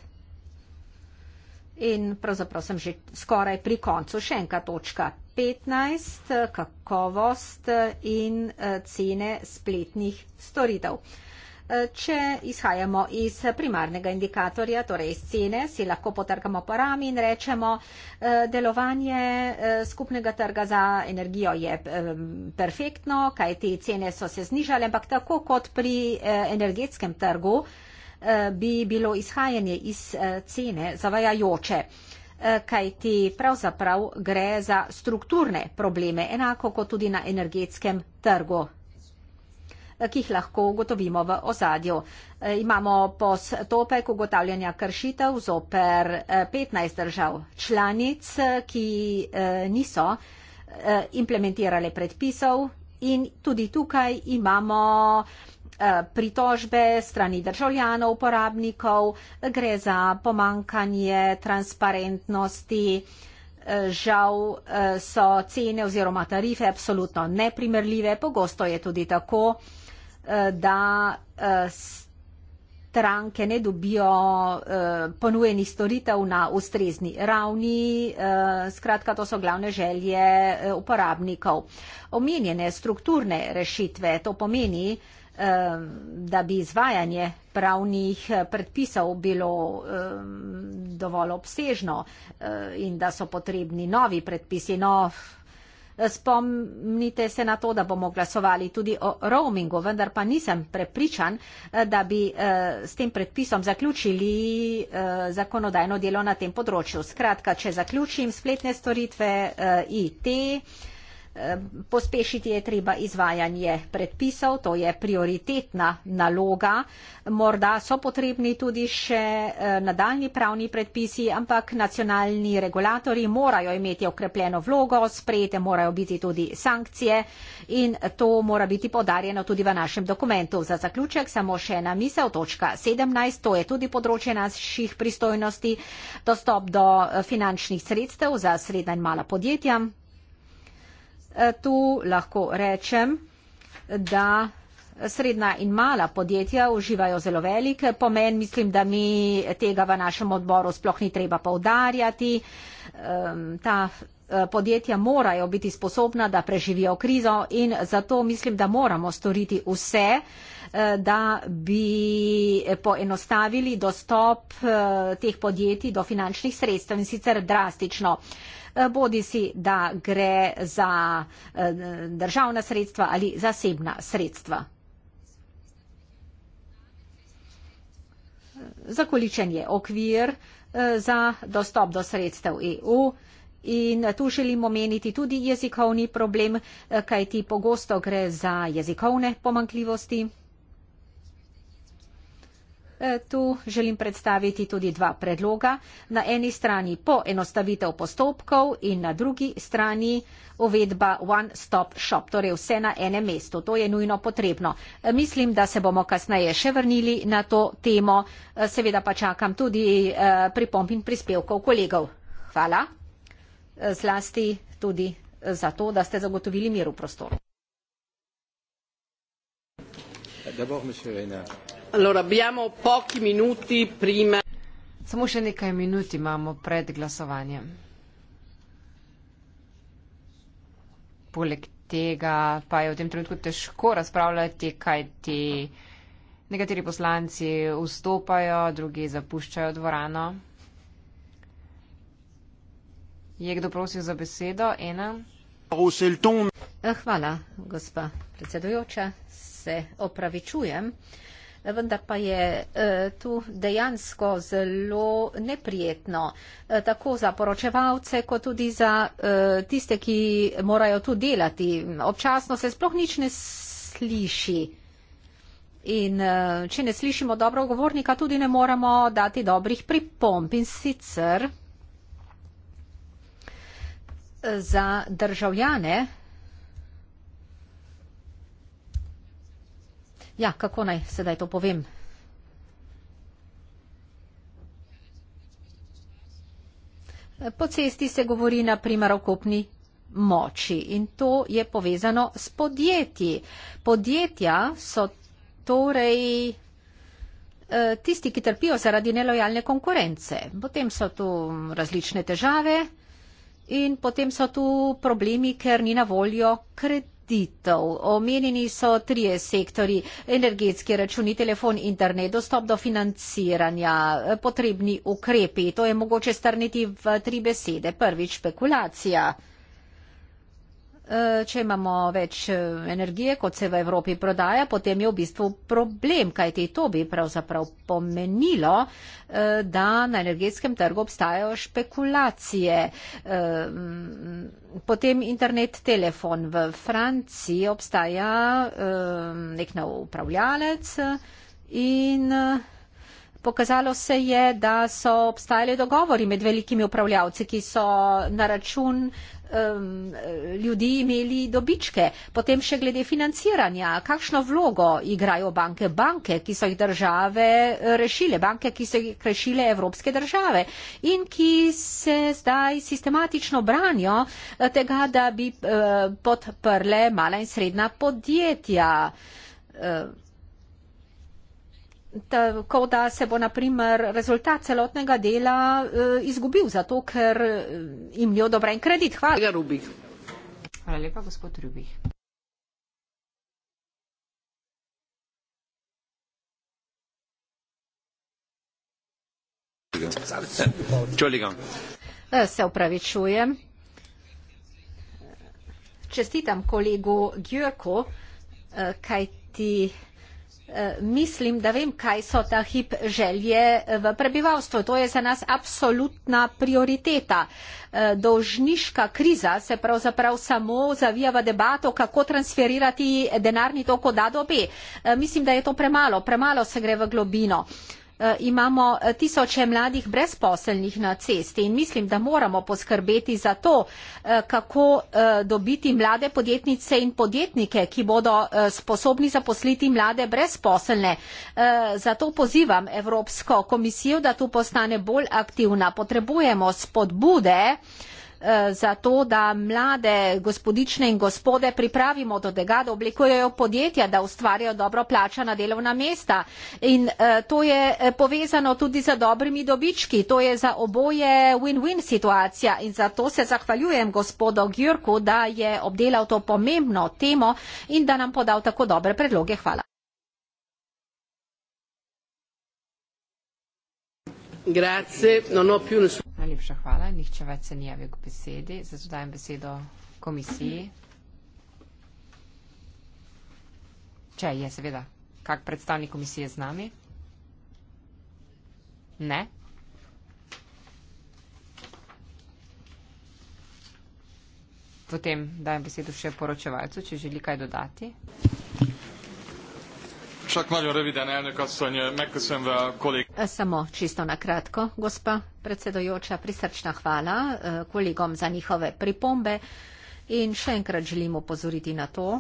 Speaker 4: In pravzaprav sem že skoraj pri koncu. Še enka točka 15, eh, kakovost in cene spletnih storitev če izhajamo iz primarnega indikatorja, torej iz cene, si lahko potrkamo parami in rečemo, eh, delovanje eh, skupnega trga za energijo je eh, perfektno, kaj te cene so se znižale, ampak tako kot pri energetskem trgu bi bilo izhajanje iz cene zavajajoče kaj ti pravzaprav gre za strukturne probleme, enako kot tudi na energetskem trgu ki jih lahko ugotovimo v ozadju. E, imamo postopek ugotavljanja kršitev zoper 15 e, držav članic, ki e, niso implementirale predpisov in tudi tukaj imamo pritožbe strani državljanov, uporabnikov, gre za pomankanje transparentnosti. Žal so cene oziroma tarife absolutno neprimerljive, pogosto je tudi tako, Eh, da eh, stranke ne dobijo eh, ponujenih storitev na ustrezni ravni. Skratka, to so glavne želje uporabnikov. Omenjene strukturne rešitve, to pomeni, da bi izvajanje pravnih predpisov bilo dovolj obsežno in da so potrebni novi predpisi, nov Spomnite se na to, da bomo glasovali tudi o roamingu, vendar pa nisem prepričan, eh, da bi eh, s tem predpisom zaključili eh, zakonodajno delo na tem področju. Skratka, če zaključim spletne storitve IT, pospešiti je treba izvajanje predpisov, to je prioritetna naloga. Morda so potrebni tudi še e, nadaljni pravni predpisi, ampak nacionalni regulatori morajo imeti okrepljeno vlogo, sprejete morajo biti tudi sankcije in to mora biti podarjeno tudi v našem dokumentu. Za zaključek samo še ena misel, točka 17, to je tudi področje naših pristojnosti, dostop do e, finančnih sredstev za srednja in mala podjetja. Tu lahko rečem, da srednja in mala podjetja uživajo zelo velik pomen. Mislim, da mi tega v našem odboru sploh ni treba povdarjati. Ta eh, podjetja morajo biti sposobna, da preživijo krizo in zato mislim, da moramo storiti vse, eh, da bi poenostavili dostop eh, teh podjetij do finančnih sredstev in sicer drastično. Eh, bodi si da gre za eh, državna sredstva ali zasebna sredstva. Zakoličen je okvir eh, za dostop do sredstev EU. In tu želim omeniti tudi jezikovni problem, kajti pogosto gre za jezikovne pomankljivosti. Eh, tu želim predstaviti tudi dva predloga. Na eni strani poenostavitev postopkov in na drugi strani uvedba one-stop-shop, torej vse na enem mestu. To je nujno potrebno. Eh, mislim, da se bomo kasneje še vrnili na to temo. Eh, seveda pa čakam tudi pripomp in prispevkov kolegov. Hvala zlasti tudi za to, da ste zagotovili mir v prostoru. D'abord, monsieur Reynard.
Speaker 2: Samo še nekaj minut imamo pred glasovanjem. Poleg tega pa je v tem trenutku težko razpravljati, kaj ti nekateri poslanci vstopajo, drugi zapuščajo dvorano. Je kdo prosil
Speaker 4: za besedo? Ena. Eh, hvala, gospa predsedujoča. Se opravičujem. Uh, vendar pa je eh, tu dejansko zelo neprijetno, eh, tako za poročevalce, kot tudi za eh, tiste, ki morajo tu delati. Občasno se sploh nič ne sliši. In če ne slišimo dobro govornika, tudi ne moremo dati dobrih pripomb. In sicer za državljane, Ja, kako naj sedaj to povem? Po cesti se govori na primer o kopni moči in to je povezano s podjetji. Podjetja so torej eh, tisti, ki trpijo zaradi nelojalne konkurence. Potem so tu različne težave in potem so tu problemi, ker ni na voljo kredit storitev. Omenjeni so trije sektori, energetski računi, telefon, internet, dostop do financiranja, potrebni ukrepi. To je mogoče strniti v tri besede. Prvič, špekulacija. Eh, če imamo več eh, energije, kot se v Evropi prodaja, potem je v bistvu problem, kajti to bi pravzaprav pomenilo, eh, da na energetskem trgu obstajajo špekulacije. Potem internet telefon v Franciji obstaja nek nov upravljalec in pokazalo se je, da so obstajali dogovori med velikimi upravljavci, ki so na račun um, ljudi imeli dobičke. Potem še glede financiranja, kakšno vlogo igrajo banke, banke, ki so jih države rešile, banke, ki so jih rešile evropske države in ki se zdaj sistematično branijo eh, tega, da bi uh, podprle mala in srednja podjetja. Uh, tako da se bo na primer rezultat celotnega dela eh, izgubil, zato ker eh, jim ni odobren kredit. Hvala.
Speaker 2: Hvala lepa, gospod Rubih.
Speaker 4: Eh, se upravičujem. Čestitam kolegu Gjurko, kaj ti Eh, mislim, da vem, kaj so ta hip želje eh, v prebivalstvu. To je za nas absolutna prioriteta. Eh, dolžniška kriza se pravzaprav samo zavija v debato, kako transferirati denarni tok od A do B. Mislim, da je to premalo, premalo se gre v globino. Eh, imamo eh, tisoče mladih brezposelnih na cesti in mislim, da moramo poskrbeti za to, eh, kako dobiti mlade podjetnice in podjetnike, ki bodo sposobni zaposliti mlade brezposelne. Zato pozivam Evropsko komisijo, da tu postane bolj aktivna. Potrebujemo spodbude Eh, za to, da mlade gospodične in gospode pripravimo do tega, da oblikujejo podjetja, da ustvarjajo dobro plačana delovna mesta. In eh, to je eh, povezano tudi z dobrimi dobički, to je za oboje win-win situacija. In zato se zahvaljujem gospodu Gjurku, da je obdelal to pomembno temo in da nam podal tako dobre predloge. Hvala.
Speaker 1: Grazie, non ho più nessuno.
Speaker 2: Najlepša hvala. Nihče več se ni javil k besedi, zato dajem besedo komisiji. Če je seveda kak predstavnik komisije z nami? Ne. Potem dajem besedo še poročevalcu, če želi kaj dodati.
Speaker 1: Čak malo reviden, enega sanje, nekaj sem v kolegi.
Speaker 4: Samo čisto na kratko, gospa predsedojoča, prisrčna hvala kolegom za njihove pripombe in še enkrat želim upozoriti na to,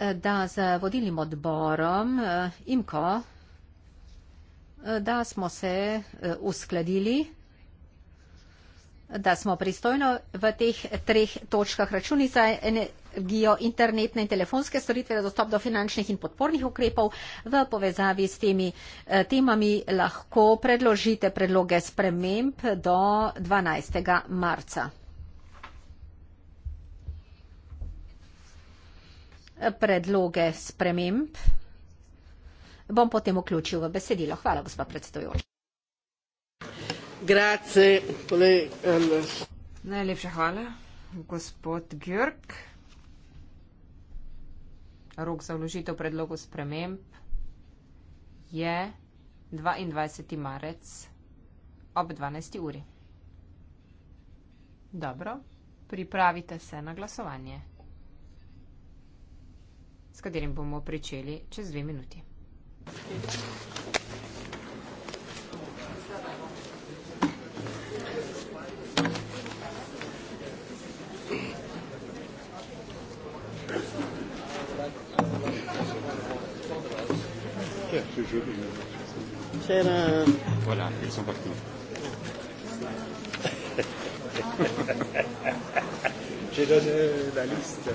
Speaker 4: da z vodilnim odborom IMKO, da smo se uskladili da smo pristojno v teh treh točkah računi za energijo, internetne in telefonske storitve, dostop do finančnih in podpornih ukrepov v povezavi s temi eh, temami lahko predložite predloge sprememb do 12. marca. Predloge sprememb bom potem vključil v besedilo. Hvala, gospod predstavljajoč.
Speaker 1: Grazie, eh,
Speaker 2: Najlepša hvala, gospod Gjörg. Rok za vložitev predlogov sprememb je 22. marec ob 12. uri. Dobro, pripravite se na glasovanje, s katerim bomo pričeli čez dve minuti. Hvala.
Speaker 1: Tcharam. Voilà, ils sont partis. <laughs> J'ai donné la liste.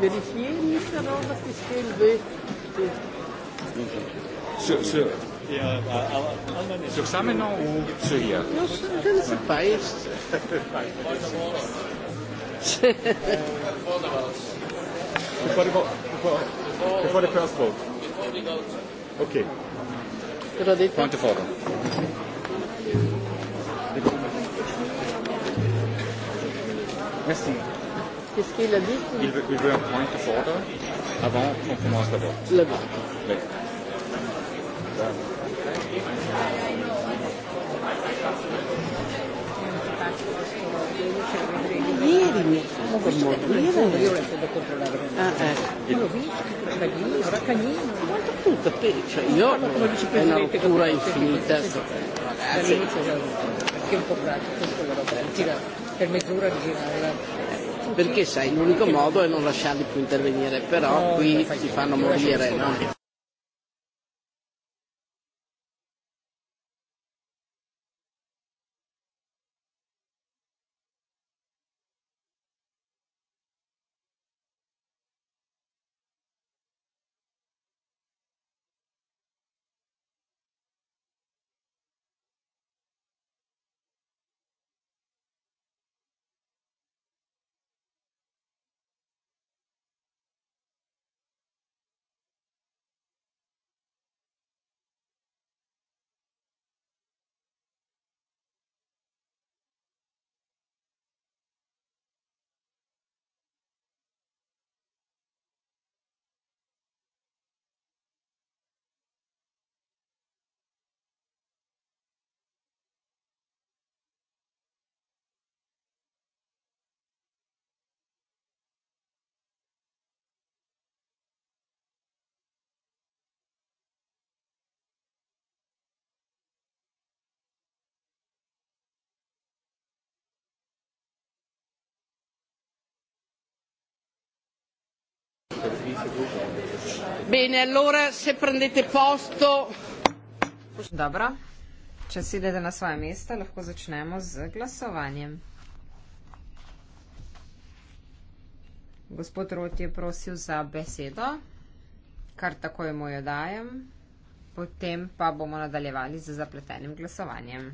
Speaker 1: Vérifiez liste alors parce que c'est élevé. Sur, sur, sur ça maintenant ou sur hier non, Je ne sais pas. C'est... <laughs> <laughs> before the, before, before the first vote. Okay. Point of order. Merci. Qu'est-ce qu'il a dit il veut, il veut un point de vote avant qu'on commence le vote. Le vote. Oui. Merci
Speaker 4: morire ma per morire ah, eh. io
Speaker 1: ma tutto cioè io è una rottura infinita sì. per mezz'ora di perché sai l'unico modo è non lasciarli più intervenire però no, qui no, si fanno morire no? Bene, allora se prendete posto.
Speaker 2: Dobro, če sedete na svoje mesto, lahko začnemo z glasovanjem. Gospod Roti je prosil za besedo, kar takoj mu jo dajem. Potem pa bomo nadaljevali z zapletenim glasovanjem.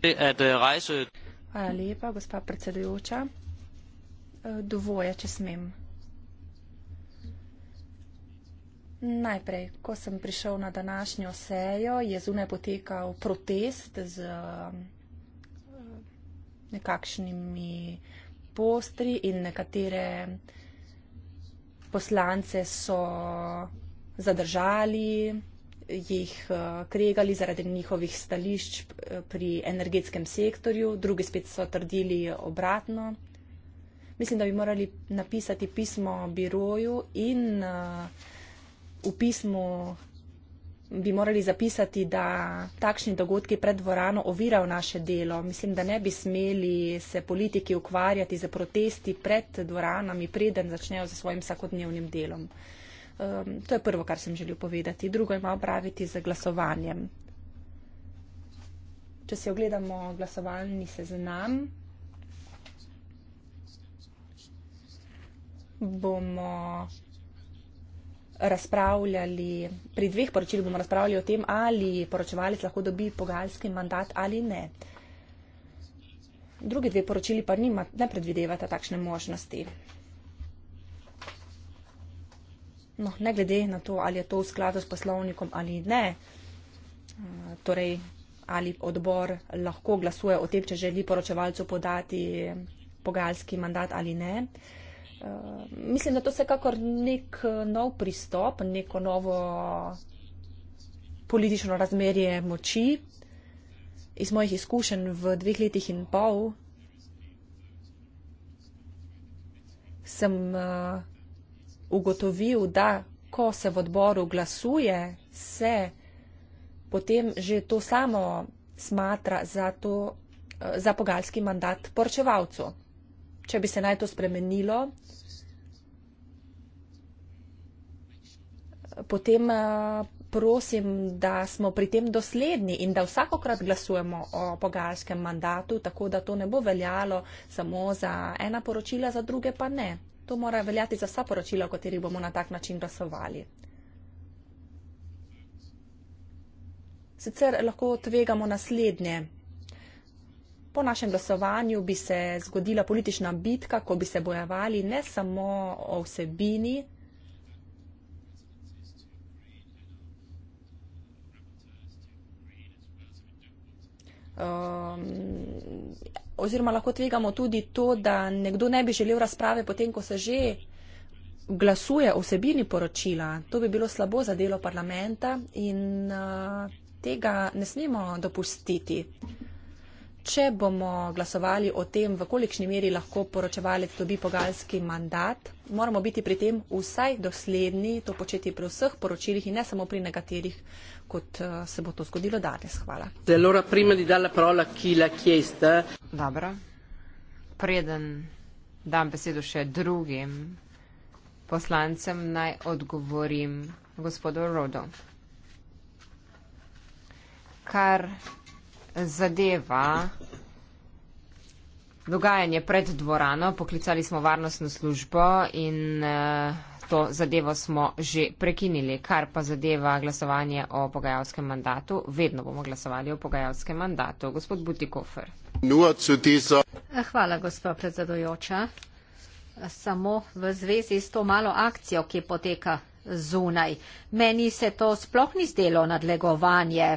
Speaker 1: Uh,
Speaker 3: Hvala lepa, gospa predsedujoča. Eh, dovoja, če smem. Najprej, ko sem prišel na današnjo sejo, je zunaj potekal protest z eh, nekakšnimi postri in nekatere poslance so zadržali, jih eh, kregali zaradi njihovih stališč pri energetskem sektorju, drugi spet so trdili obratno mislim, da bi morali napisati pismo biroju in uh, v pismu bi morali zapisati, da takšni dogodki pred dvorano ovirajo naše delo. Mislim, da ne bi smeli se politiki ukvarjati z protesti pred dvoranami, preden začnejo z svojim vsakodnevnim delom. Um, to je prvo, kar sem želel povedati. Drugo ima opraviti z glasovanjem. Če si ogledamo glasovalni seznam, bomo razpravljali, pri dveh poročilih bomo razpravljali o tem, ali poročevalec lahko dobi pogajalski mandat ali ne. Drugi dve poročili pa nima, ne predvidevata takšne možnosti. No, ne glede na to, ali je to v skladu s poslovnikom ali ne, torej ali odbor lahko glasuje o tem, če želi poročevalcu podati pogajalski mandat ali ne. Eh, mislim, da to se kakor nek eh, nov pristop, neko novo politično razmerje moči iz mojih izkušenj v dveh letih in pol. Sem uh, ugotovil, da ko se v odboru glasuje, se potem že to samo smatra za, to, uh, za pogalski mandat porčevalcu če bi se naj to spremenilo, potem eh, prosim, da smo pri tem dosledni in da vsakokrat glasujemo o pogajalskem mandatu, tako da to ne bo veljalo samo za ena poročila, za druge pa ne. To mora veljati za vsa poročila, o katerih bomo na tak način glasovali. Sicer lahko tvegamo naslednje po našem glasovanju bi se zgodila politična bitka, ko bi se bojevali ne samo o vsebini, Um, oziroma lahko tvegamo tudi to, da nekdo ne bi želel razprave potem, ko se že glasuje o vsebini poročila. To bi bilo slabo za delo parlamenta in uh, tega ne smemo dopustiti če bomo glasovali o tem, v kolikšni meri lahko poročevalec dobi pogalski mandat, moramo biti pri tem vsaj dosledni, to početi pri vseh poročilih in ne samo pri nekaterih, kot eh, se bo to zgodilo danes. Hvala.
Speaker 1: E Dobro.
Speaker 2: Preden dam besedo še drugim poslancem, naj odgovorim gospodu Rodo. Kar zadeva dogajanje pred dvorano. Poklicali smo varnostno službo in eh, to zadevo smo že prekinili, kar pa zadeva glasovanje o pogajalskem mandatu. Vedno bomo glasovali o pogajalskem mandatu. Gospod Butikofer.
Speaker 4: Eh, hvala, gospod predsedujoča. Eh, samo v zvezi s to malo akcijo, ki poteka zunaj. Meni se to sploh ni zdelo nadlegovanje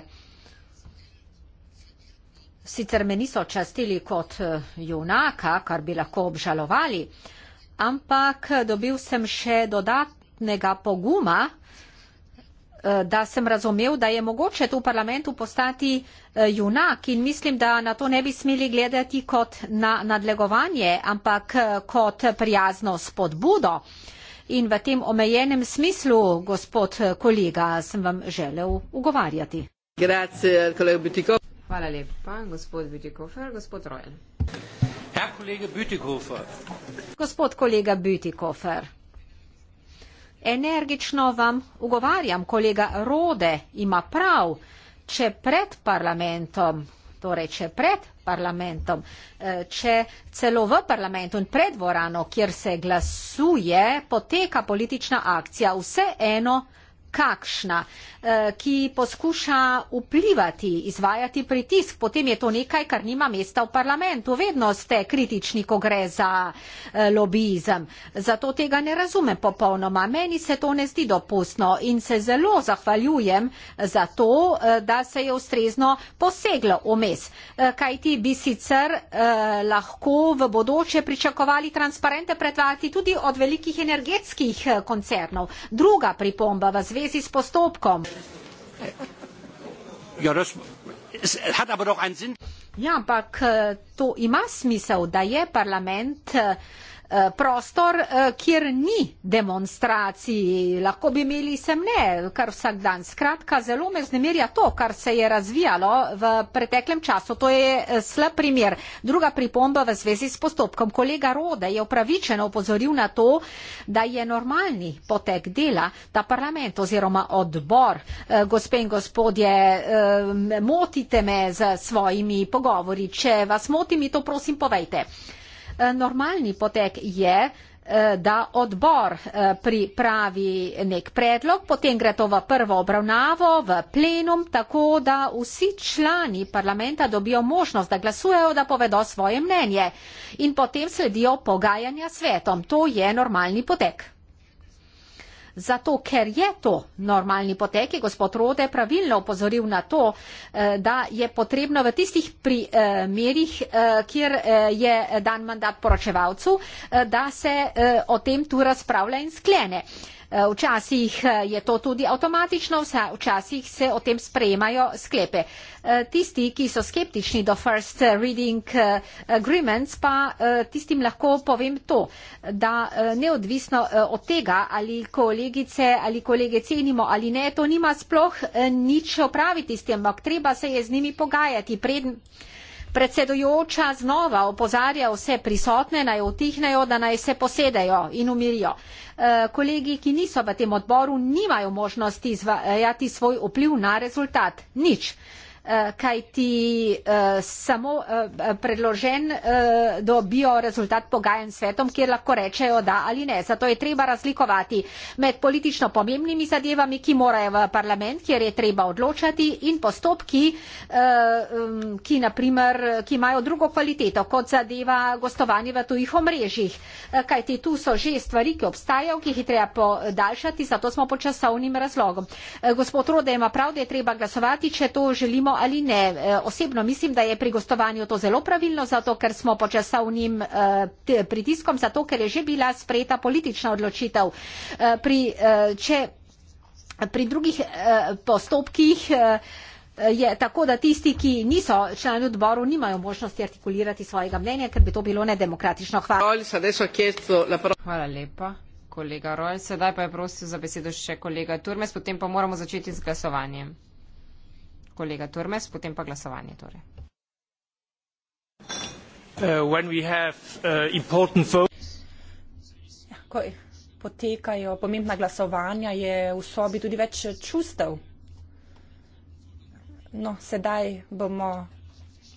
Speaker 4: sicer me niso častili kot eh, junaka, kar bi lahko obžalovali, ampak eh, dobil sem še dodatnega poguma, eh, da sem razumel, da je mogoče tu v parlamentu postati junak in mislim, da na to ne bi smeli gledati kot na nadlegovanje, ampak kot prijazno spodbudo. In v tem omejenem smislu, gospod kolega, sem vam želel ugovarjati.
Speaker 1: Grazie,
Speaker 2: Hvala lepa, gospod Bütikofer. Gospod
Speaker 1: Rojen.
Speaker 4: Gospod kolega Bütikofer, energično vam ugovarjam, kolega Rode ima prav, če pred parlamentom, torej če pred parlamentom, eh, če celo v parlamentu in pred dvorano, kjer se glasuje, poteka politična akcija, vse eno, kakšna, eh, ki poskuša vplivati, izvajati pritisk, potem je to nekaj, kar nima mesta v parlamentu. Vedno ste kritični, ko gre za eh, lobizem. Zato tega ne razumem popolnoma. Meni se to ne zdi dopustno in se zelo zahvaljujem za to, eh, da se je ustrezno poseglo vmes. Kaj ti bi sicer lahko v bodoče pričakovali transparente pretvati tudi od velikih energetskih koncernov. Druga pripomba v zvezi zvezi s postopkom. Ja, ja ampak eh, to ima smisel, da je parlament. Eh, Eh, prostor, eh, kjer ni demonstracij, lahko bi imeli sem ne, kar vsak dan. Skratka, zelo me znemirja to, kar se je razvijalo v preteklem času. To je eh, slab primer. Druga pripomba v zvezi s postopkom. Kolega Rode je upravičeno upozoril na to, da je normalni potek dela, da parlament oziroma odbor, gospe in gospodje, motite me z svojimi pogovori. Če vas motim, mi to prosim povejte. Eh, normalni potek je, eh, da odbor eh, pripravi nek predlog, potem gre to v prvo obravnavo, v plenum, tako da vsi člani parlamenta dobijo možnost, da glasujejo, da povedo svoje mnenje in potem sledijo pogajanja svetom. To je normalni potek zato ker je to normalni potek, je gospod Rode pravilno upozoril na to, eh, da je potrebno v tistih primerih, eh, kjer eh, je dan mandat poročevalcu, da se o tem tu razpravlja in sklene. Eh, včasih eh, je to tudi avtomatično, včasih se o tem sprejemajo sklepe. Eh, tisti, ki so skeptični do first reading agreements, pa tistim lahko povem to, da neodvisno od tega, ali kolegice ali kolege cenimo ali ne, to nima sploh nič opraviti s tem, ampak treba se je z njimi pogajati. Pred, Predsedujoča znova opozarja vse prisotne, naj otihnejo, da naj se posedejo in umirijo. E, kolegi, ki niso v tem odboru, nimajo možnosti izvajati svoj vpliv na rezultat. Nič. Eh, kaj ti eh, samo eh, predložen dobijo rezultat pogajen svetom, kjer lahko rečejo da ali ne. Zato je treba razlikovati med politično pomembnimi zadevami, ki morajo v parlament, kjer je treba odločati in postopki, ki, naprimer, ki imajo drugo kvaliteto kot zadeva gostovanje v tujih omrežjih. Kaj ti tu so že stvari, ki obstajajo, ki jih je treba podaljšati, zato smo po časovnim razlogom. Gospod Rode ima prav, da je treba glasovati, če to želimo pomembno ali ne. E, osebno mislim, da je pri gostovanju to zelo pravilno, zato ker smo pod časovnim e, pritiskom, zato ker je že bila sprejeta politična odločitev. E, pri, če, pri drugih postopkih je tako, da tisti, ki niso člani odboru, nimajo možnosti artikulirati svojega mnenja, ker bi to bilo nedemokratično. Hvala.
Speaker 1: Hvala lepa.
Speaker 2: Kolega Rojl, sedaj pa je prosil za besedo še kolega Turmes, potem pa moramo začeti z glasovanjem kolega Turmes, potem pa glasovanje. Torej.
Speaker 1: Uh, when we have, uh, important
Speaker 3: ja, Ko potekajo pomembna glasovanja, je v sobi tudi več čustev. No, sedaj bomo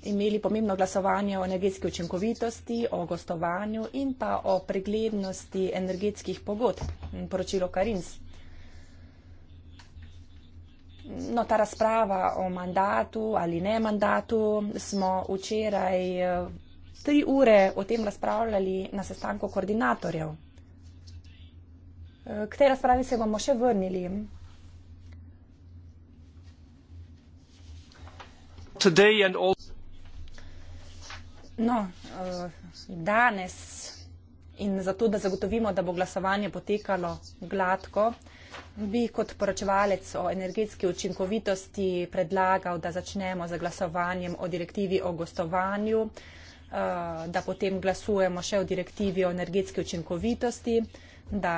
Speaker 3: imeli pomembno glasovanje o energetski učinkovitosti, o gostovanju in pa o preglednosti energetskih pogodb. Poročilo Karins. No, ta razprava o mandatu ali ne mandatu smo včeraj eh, tri ure o tem razpravljali na sestanku koordinatorjev. Eh, k tej razpravi se bomo še vrnili. No, eh, danes in zato, da zagotovimo, da bo glasovanje potekalo gladko bi kot poročevalec o energetski učinkovitosti predlagal, da začnemo z glasovanjem o direktivi o gostovanju, eh, da potem glasujemo še o direktivi o energetski učinkovitosti, da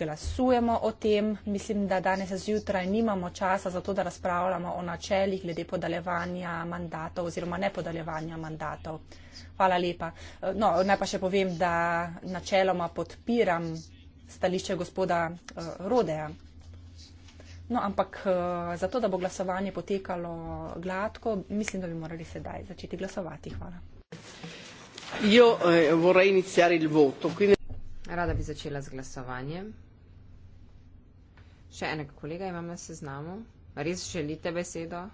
Speaker 3: glasujemo o tem. Mislim, da danes zjutraj nimamo časa za to, da razpravljamo o načeljih glede podaljevanja mandatov oziroma nepodaljevanja mandatov. Hvala lepa. Eh, no, naj pa še povem, da načeloma podpiram stališče gospoda eh, Rodeja. No, ampak eh, zato, da bo glasovanje potekalo gladko, mislim, da bi morali sedaj začeti glasovati. Hvala.
Speaker 1: Io eh, vorrei iniziare il voto. Quindi... Rada bi začela z
Speaker 2: glasovanjem. Še enega kolega imam na seznamu. Res želite besedo?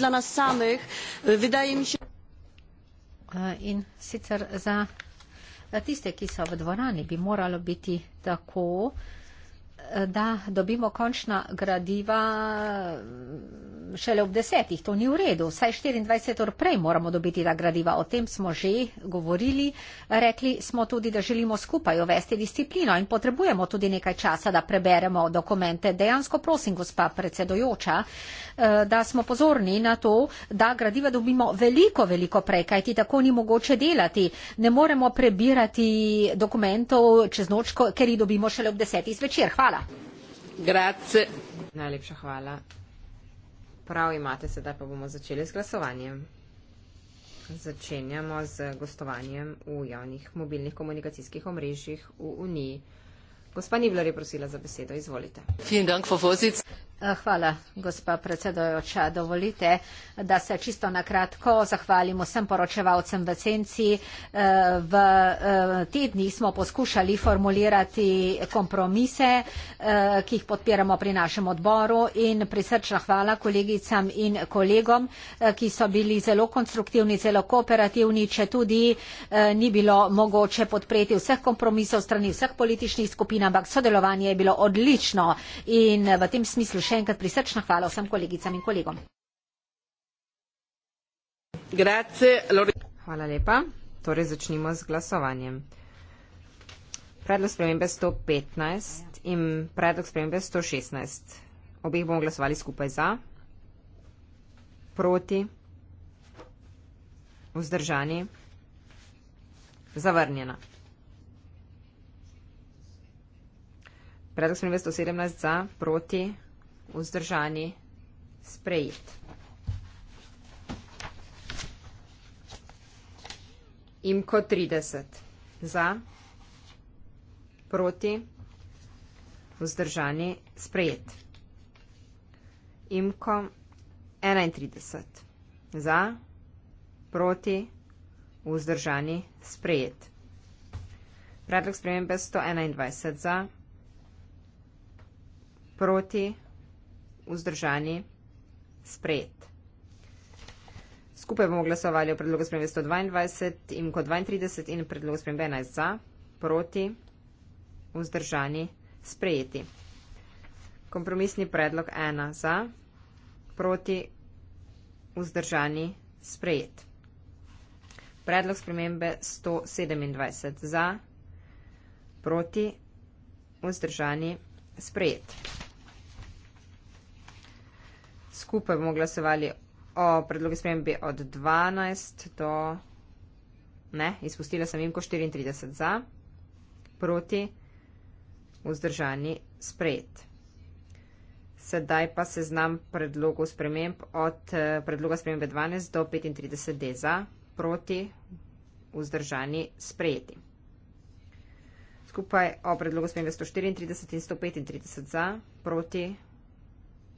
Speaker 4: Za nas samih, vidaj mi še. Eh, in sicer za Tiste, ki so v dvorani, bi moralo biti tako, da dobimo končna gradiva, šele ob desetih, to ni v redu, vsaj 24 ur prej moramo dobiti ta gradiva, o tem smo že govorili, rekli smo tudi, da želimo skupaj uvesti disciplino in potrebujemo tudi nekaj časa, da preberemo dokumente. Dejansko prosim, gospa predsedojoča, eh, da smo pozorni na to, da gradiva dobimo veliko, veliko prej, kajti tako ni mogoče delati. Ne moremo prebirati dokumentov čez noč, ker jih dobimo šele ob desetih zvečer. Hvala.
Speaker 2: Grazie. Najlepša hvala. Prav imate, sedaj pa bomo začeli z glasovanjem. Začenjamo z gostovanjem v javnih mobilnih komunikacijskih omrežjih v Uniji. Gospa Nivler je prosila za besedo, izvolite.
Speaker 4: Eh, hvala, gospa predsedojoča. Dovolite, da se čisto nakratko zahvalimo vsem poročevalcem v senci. Eh, v eh, tednih smo poskušali formulirati kompromise, ki jih podpiramo pri našem odboru in prisrčna hvala kolegicam in kolegom, ki so bili zelo konstruktivni, zelo kooperativni, če tudi ni bilo mogoče podpreti vseh kompromisov strani vseh političnih skupin, ampak sodelovanje je bilo odlično in v tem smislu še enkrat prisrčna hvala vsem kolegicam in kolegom.
Speaker 2: Hvala lepa. Torej začnimo z glasovanjem. Predlog spremembe 115 in predlog spremembe 116. Obih bomo glasovali skupaj za, proti, vzdržani, zavrnjena. Predlog spremembe 117 za, proti, vzdržani vzdržani sprejet. Imko trideset za, proti, vzdržani sprejet. Imko enaintrideset za, proti, vzdržani sprejet. Predlog spremembe sto enaindvajset za, proti vzdržani, spred. Skupaj bomo glasovali o predlogu spremembe 122 in kot 32 in predlogu spremembe 11 za, proti, vzdržani, sprejeti. Kompromisni predlog 1 za, proti, vzdržani, sprejet. Predlog spremembe 127 za, proti, vzdržani, sprejeti skupaj bomo glasovali o predlogu spremembe od 12 do. Ne, izpustila sem jim ko 34 za, proti, vzdržani, sprejet. Sedaj pa se znam predlogu sprememb od predloga spremembe 12 do 35 D za, proti, vzdržani, sprejeti. Skupaj o predlogu spremembe 134 in 135 za, proti,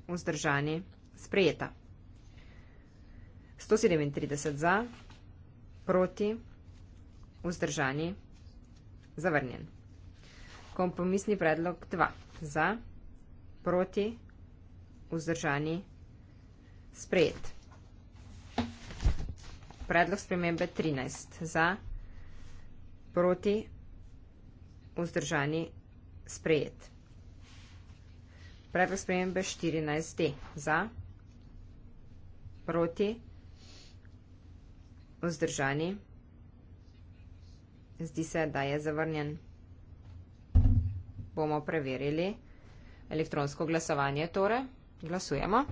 Speaker 2: vzdržani, sprejeti sprejeta. 137 za, proti, vzdržani, zavrnjen. Kompromisni predlog 2. Za, proti, vzdržani, sprejet. Predlog spremembe 13. Za, proti, vzdržani, sprejet. Predlog spremembe 14. Za, proti, vzdržani, sprejet proti, vzdržani. Zdi se, da je zavrnjen. Bomo preverili elektronsko glasovanje, torej glasujemo.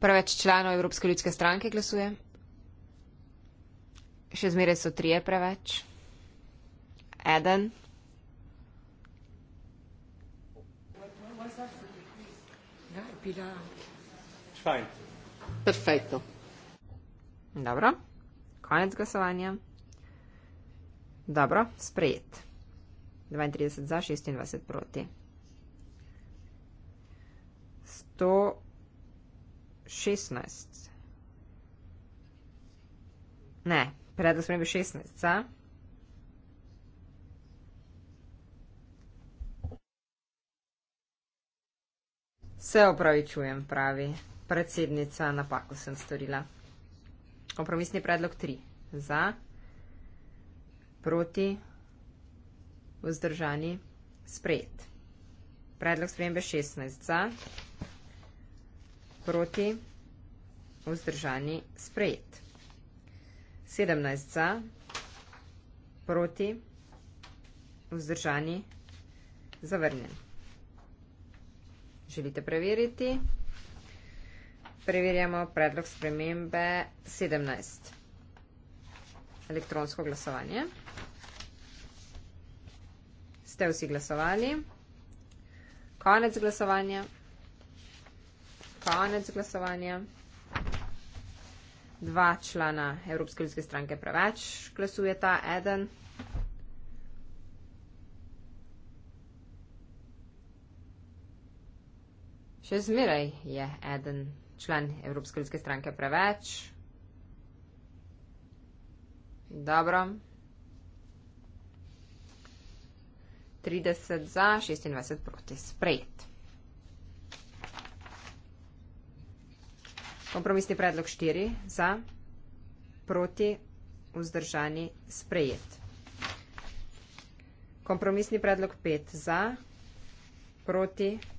Speaker 2: Preveč članov Evropske ljudske stranke glasuje. Še zmeraj so trije preveč. Eden.
Speaker 1: vstopila. Špajn.
Speaker 2: Perfekto. Dobro, konec glasovanja. Dobro, sprejet. 32 za, 26 proti. 116. Ne, predlog smo imeli 16, za. Se opravičujem, pravi predsednica, napako sem storila. Kompromisni predlog 3. Za, proti, vzdržani, sprejet. Predlog spremembe 16. Za, proti, vzdržani, sprejet. 17. Za, proti, vzdržani, zavrnjen. Želite preveriti? Preverjamo predlog spremembe 17. Elektronsko glasovanje. Ste vsi glasovali? Konec glasovanja. Konec glasovanja. Dva člana Evropske ljudske stranke preveč glasujeta, eden Še zmeraj je eden član Evropske ljudske stranke preveč. Dobro. 30 za, 26 proti. Sprejet. Kompromisni predlog 4 za, proti, vzdržani, sprejet. Kompromisni predlog 5 za, proti, vzdržani.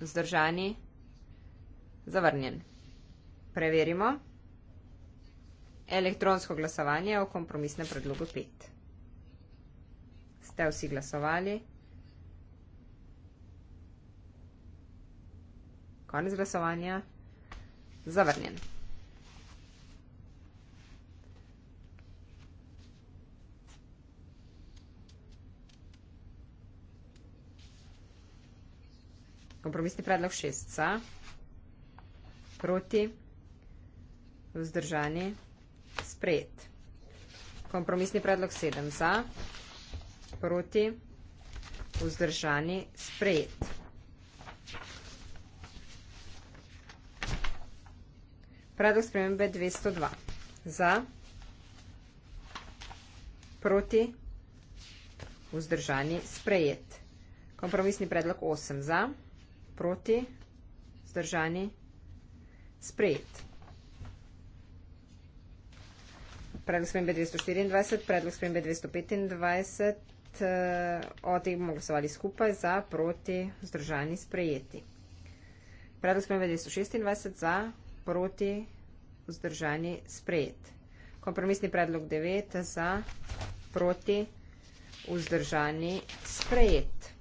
Speaker 2: vzdržani, zavrnjen. Preverimo. Elektronsko glasovanje o kompromisnem predlogu 5. Ste vsi glasovali? Konec glasovanja. Zavrnjen. Kompromisni predlog šestca. Proti. Vzdržani. Sprejet. Kompromisni predlog sedem za. Proti. Vzdržani. Sprejet. Predlog spremembe 202. Za. Proti. Vzdržani. Sprejet. Kompromisni predlog 8 za. Proti. Proti, zdržani, sprejet. Predlog spremembe 224, predlog spremembe 225, eh, o teh bomo glasovali skupaj za, proti, zdržani, sprejeti. Predlog spremembe 226 za, proti, vzdržani, sprejet. Kompromisni predlog 9 za, proti, vzdržani, sprejet.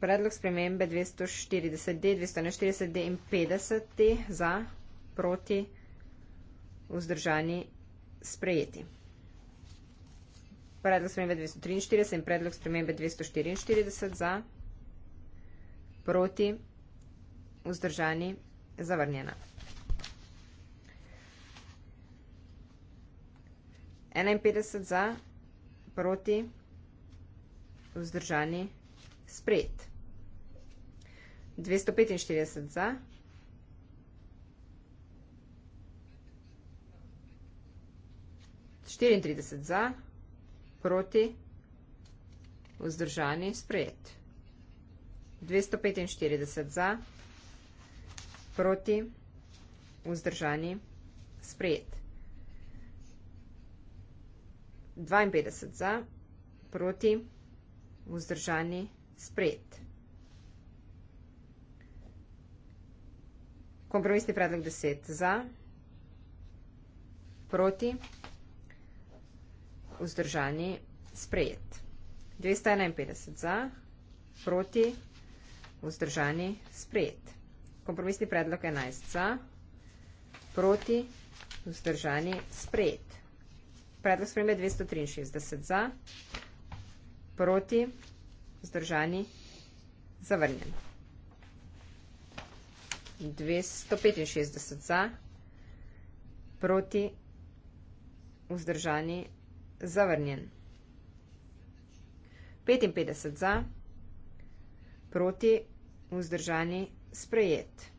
Speaker 2: predlog spremembe 240D, 240D in 50D za proti vzdržani sprejeti. Predlog spremembe 243 in predlog spremembe 244 za proti vzdržani zavrnjena. 51 za proti vzdržani zavrnjena. Sprejet. 245 za. 34 za, proti, vzdržani, sprejet. 245 za, proti, vzdržani, sprejet. 52 za, proti, vzdržani, sprejet spred. Kompromisni predlog 10 za, proti, vzdržani, sprejet. 251 za, proti, vzdržani, sprejet. Kompromisni predlog 11 za, proti, vzdržani, sprejet. Predlog spremlja 263 za, proti, vzdržani, sprejet vzdržani, zavrnjen. 265 za, proti, vzdržani, zavrnjen. 55 za, proti, vzdržani, sprejet.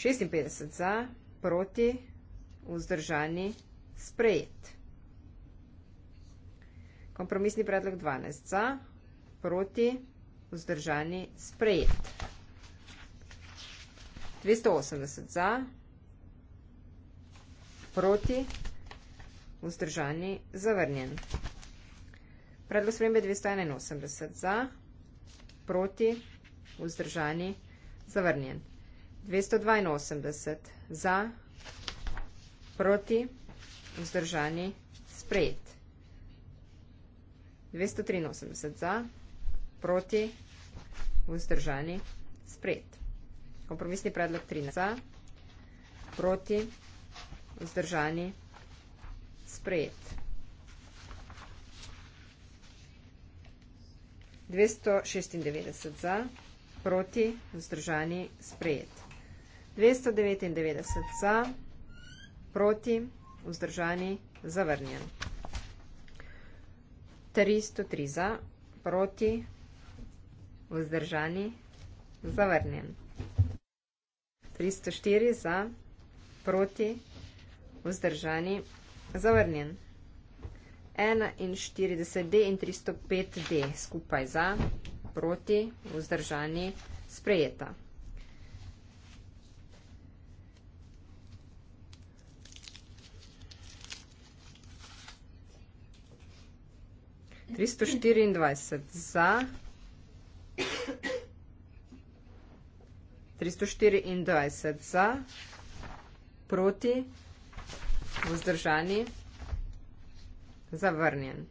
Speaker 2: 56 za, proti, vzdržani, sprejet. Kompromisni predlog 12 za, proti, vzdržani, sprejet. 280 za, proti, vzdržani, zavrnjen. Predlog spremembe 281 za, proti, vzdržani, zavrnjen. 282 za, proti, vzdržani, sprejet. 283 za, proti, vzdržani, sprejet. 283 za, proti, vzdržani, sprejet. Kompromisni predlog 13 za, proti, vzdržani, sprejet. 296 za, proti, vzdržani, sprejet. 299 za, proti, vzdržani, zavrnjen. 303 za, proti, vzdržani, zavrnjen. 304 za, proti, vzdržani, zavrnjen. 41D in 305D skupaj za, proti, vzdržani, sprejeta. 324 za, 324 za, proti, vzdržani, zavrnjen.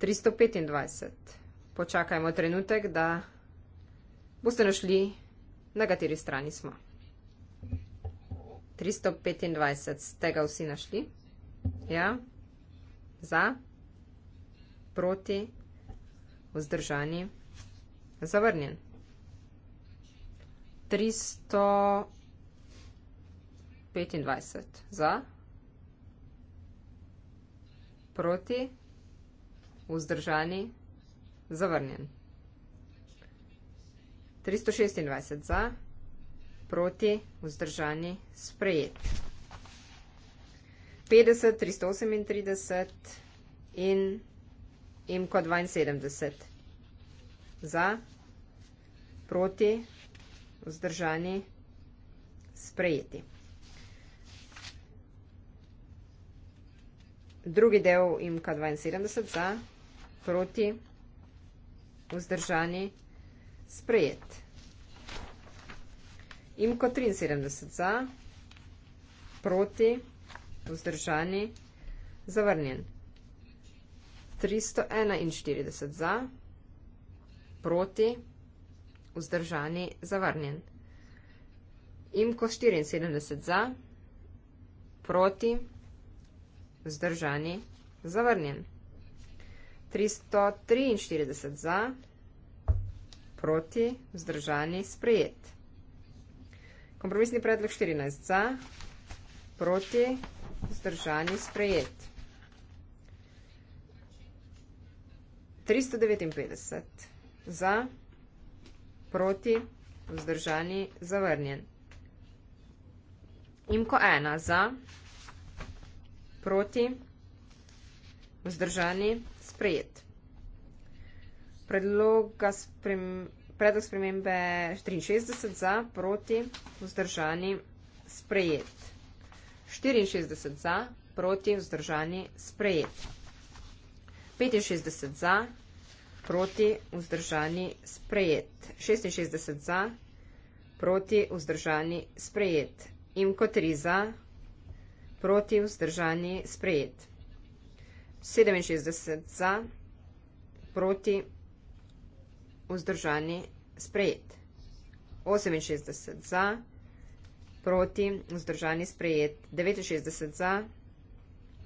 Speaker 2: 325. Počakajmo trenutek, da boste našli, na kateri strani smo. 325 ste ga vsi našli. Ja, za, proti, vzdržani, zavrnjen. 325 za, proti, vzdržani, zavrnjen. 326 za, proti, vzdržani, sprejet. 350, 338 in MK 72. Za, proti, vzdržani, sprejeti. Drugi del MK 72, za, proti, vzdržani, sprejet. IMKO 73 za, proti, vzdržani, sprejet vzdržani, zavrnjen. 341 za, proti, vzdržani, zavrnjen. Imko 74 za, proti, vzdržani, zavrnjen. 343 za, proti, vzdržani, sprejet. Kompromisni predlog 14 za, proti, vzdržani, zavrnjen vzdržani sprejet. 359 za, proti, vzdržani, zavrnjen. Imko ena za, proti, vzdržani, sprejet. Predloga sprem, predlog spremembe 63 za, proti, vzdržani, sprejet. 64 za, proti, vzdržani, sprejet. 65 za, proti, vzdržani, sprejet. 66 za, proti, vzdržani, sprejet. In kot 3 za, proti, vzdržani, sprejet. 67 za, proti, vzdržani, sprejet. 68 za, proti, vzdržani, sprejet proti, vzdržani sprejet. 69 za,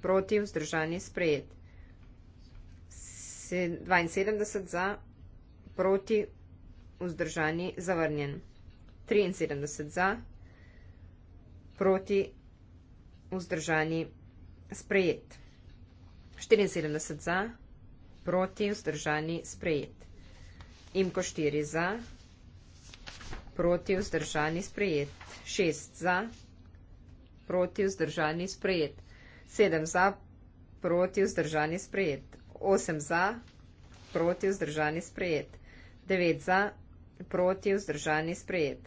Speaker 2: proti, vzdržani sprejet. 72 za, proti, vzdržani zavrnjen. 73 za, proti, vzdržani sprejet. 74 za, proti, vzdržani sprejet. Imko 4 za, proti, vzdržani sprejet proti vzdržani sprejet, 6 za, proti vzdržani sprejet, 7 za, proti vzdržani sprejet, 8 za, proti vzdržani sprejet, 9 za, proti vzdržani sprejet,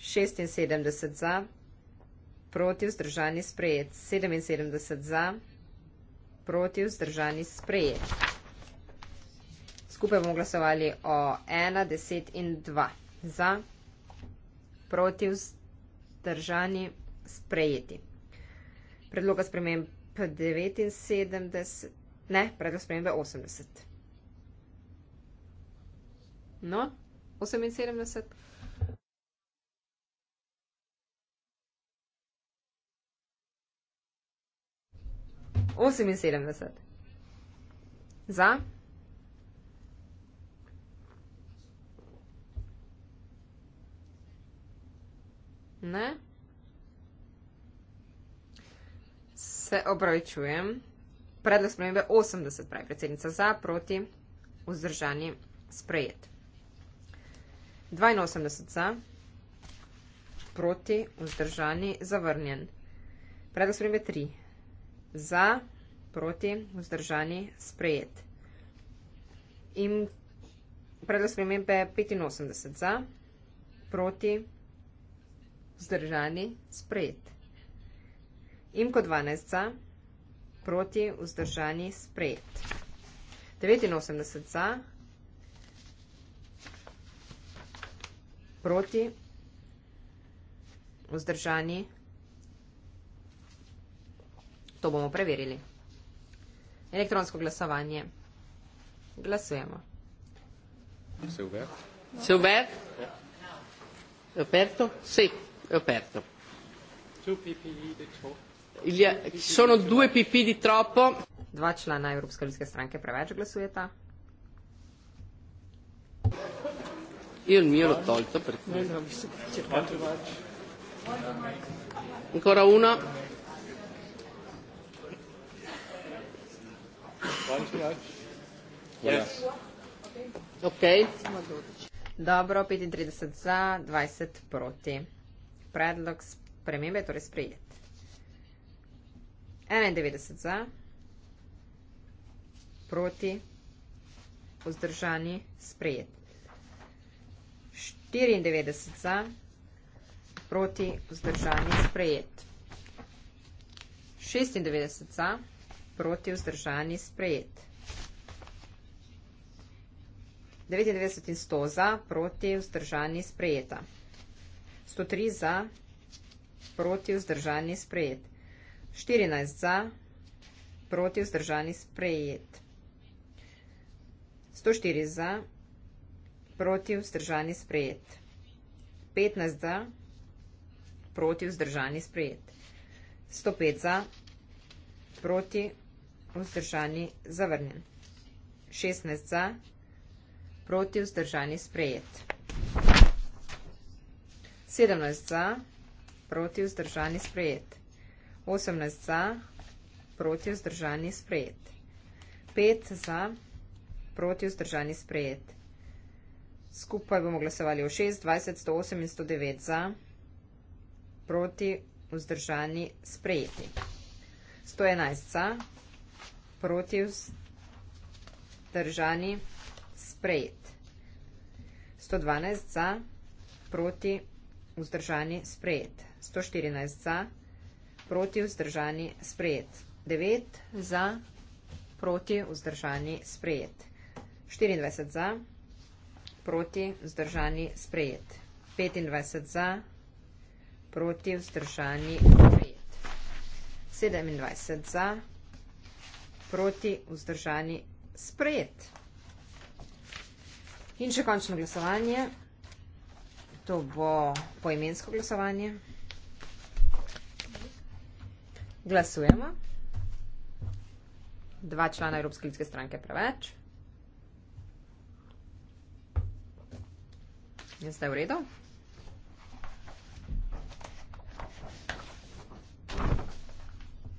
Speaker 2: 76 za, proti vzdržani sprejet, 77 za, proti vzdržani sprejet. Skupaj bomo glasovali o 1, 10 in 2. Za, proti vzdržani sprejeti. Predloga sprememb 79, ne, predlog spremembe 80. No, 78. Osemindsedemdeset. Za? smutne, se opravičujem. Predlog spremembe 80, pravi predsednica za, proti, vzdržani, sprejet. 82 za, proti, vzdržani, zavrnjen. Predlog spremembe 3, za, proti, vzdržani, sprejet. In predlog spremembe 85 za, proti, vzdržani, sprejet vzdržani, sprejet. Imko 12, za, proti, vzdržani, sprejet. 89, za, proti, vzdržani. To bomo preverili. Elektronsko glasovanje. Glasujemo.
Speaker 1: Se uber? Se uber? Roberto? Sì. Sí aperto. E sono due PP e di troppo. Dva člana
Speaker 2: Evropske ljudske stranke preveč glasujeta.
Speaker 1: Io il mio l'ho tolto perché. No, no, Ancora una. Ok.
Speaker 2: Dobro, 35 za, 20 proti predlog spremembe, torej sprejet. 91 za, proti, vzdržani, sprejet. 94 za, proti, vzdržani, sprejet. 96 za, proti, vzdržani, sprejet. 99 in 100 za, proti, vzdržani, sprejeta. 103 za, proti vzdržani sprejet. 14 za, proti vzdržani sprejet. 104 za, proti vzdržani sprejet. 15 za, proti vzdržani sprejet. 105 za, proti vzdržani zavrnjen. 16 za, proti vzdržani sprejet. 17 za, proti vzdržani sprejet. 18 za, proti vzdržani sprejet. 5 za, proti vzdržani sprejet. Skupaj bomo glasovali o 6, 20, 108 in 109 za, proti vzdržani sprejeti. 111 za, proti vzdržani sprejet. 112 za, proti vzdržani sprejet vzdržani sprejet. 114 za, proti vzdržani sprejet. 9 za, proti vzdržani sprejet. 24 za, proti vzdržani sprejet. 25 za, proti vzdržani sprejet. 27 za, proti vzdržani sprejet. In še končno glasovanje to bo poimensko glasovanje. Glasujemo. Dva člana Evropske ljudske stranke preveč. Je zdaj v redu?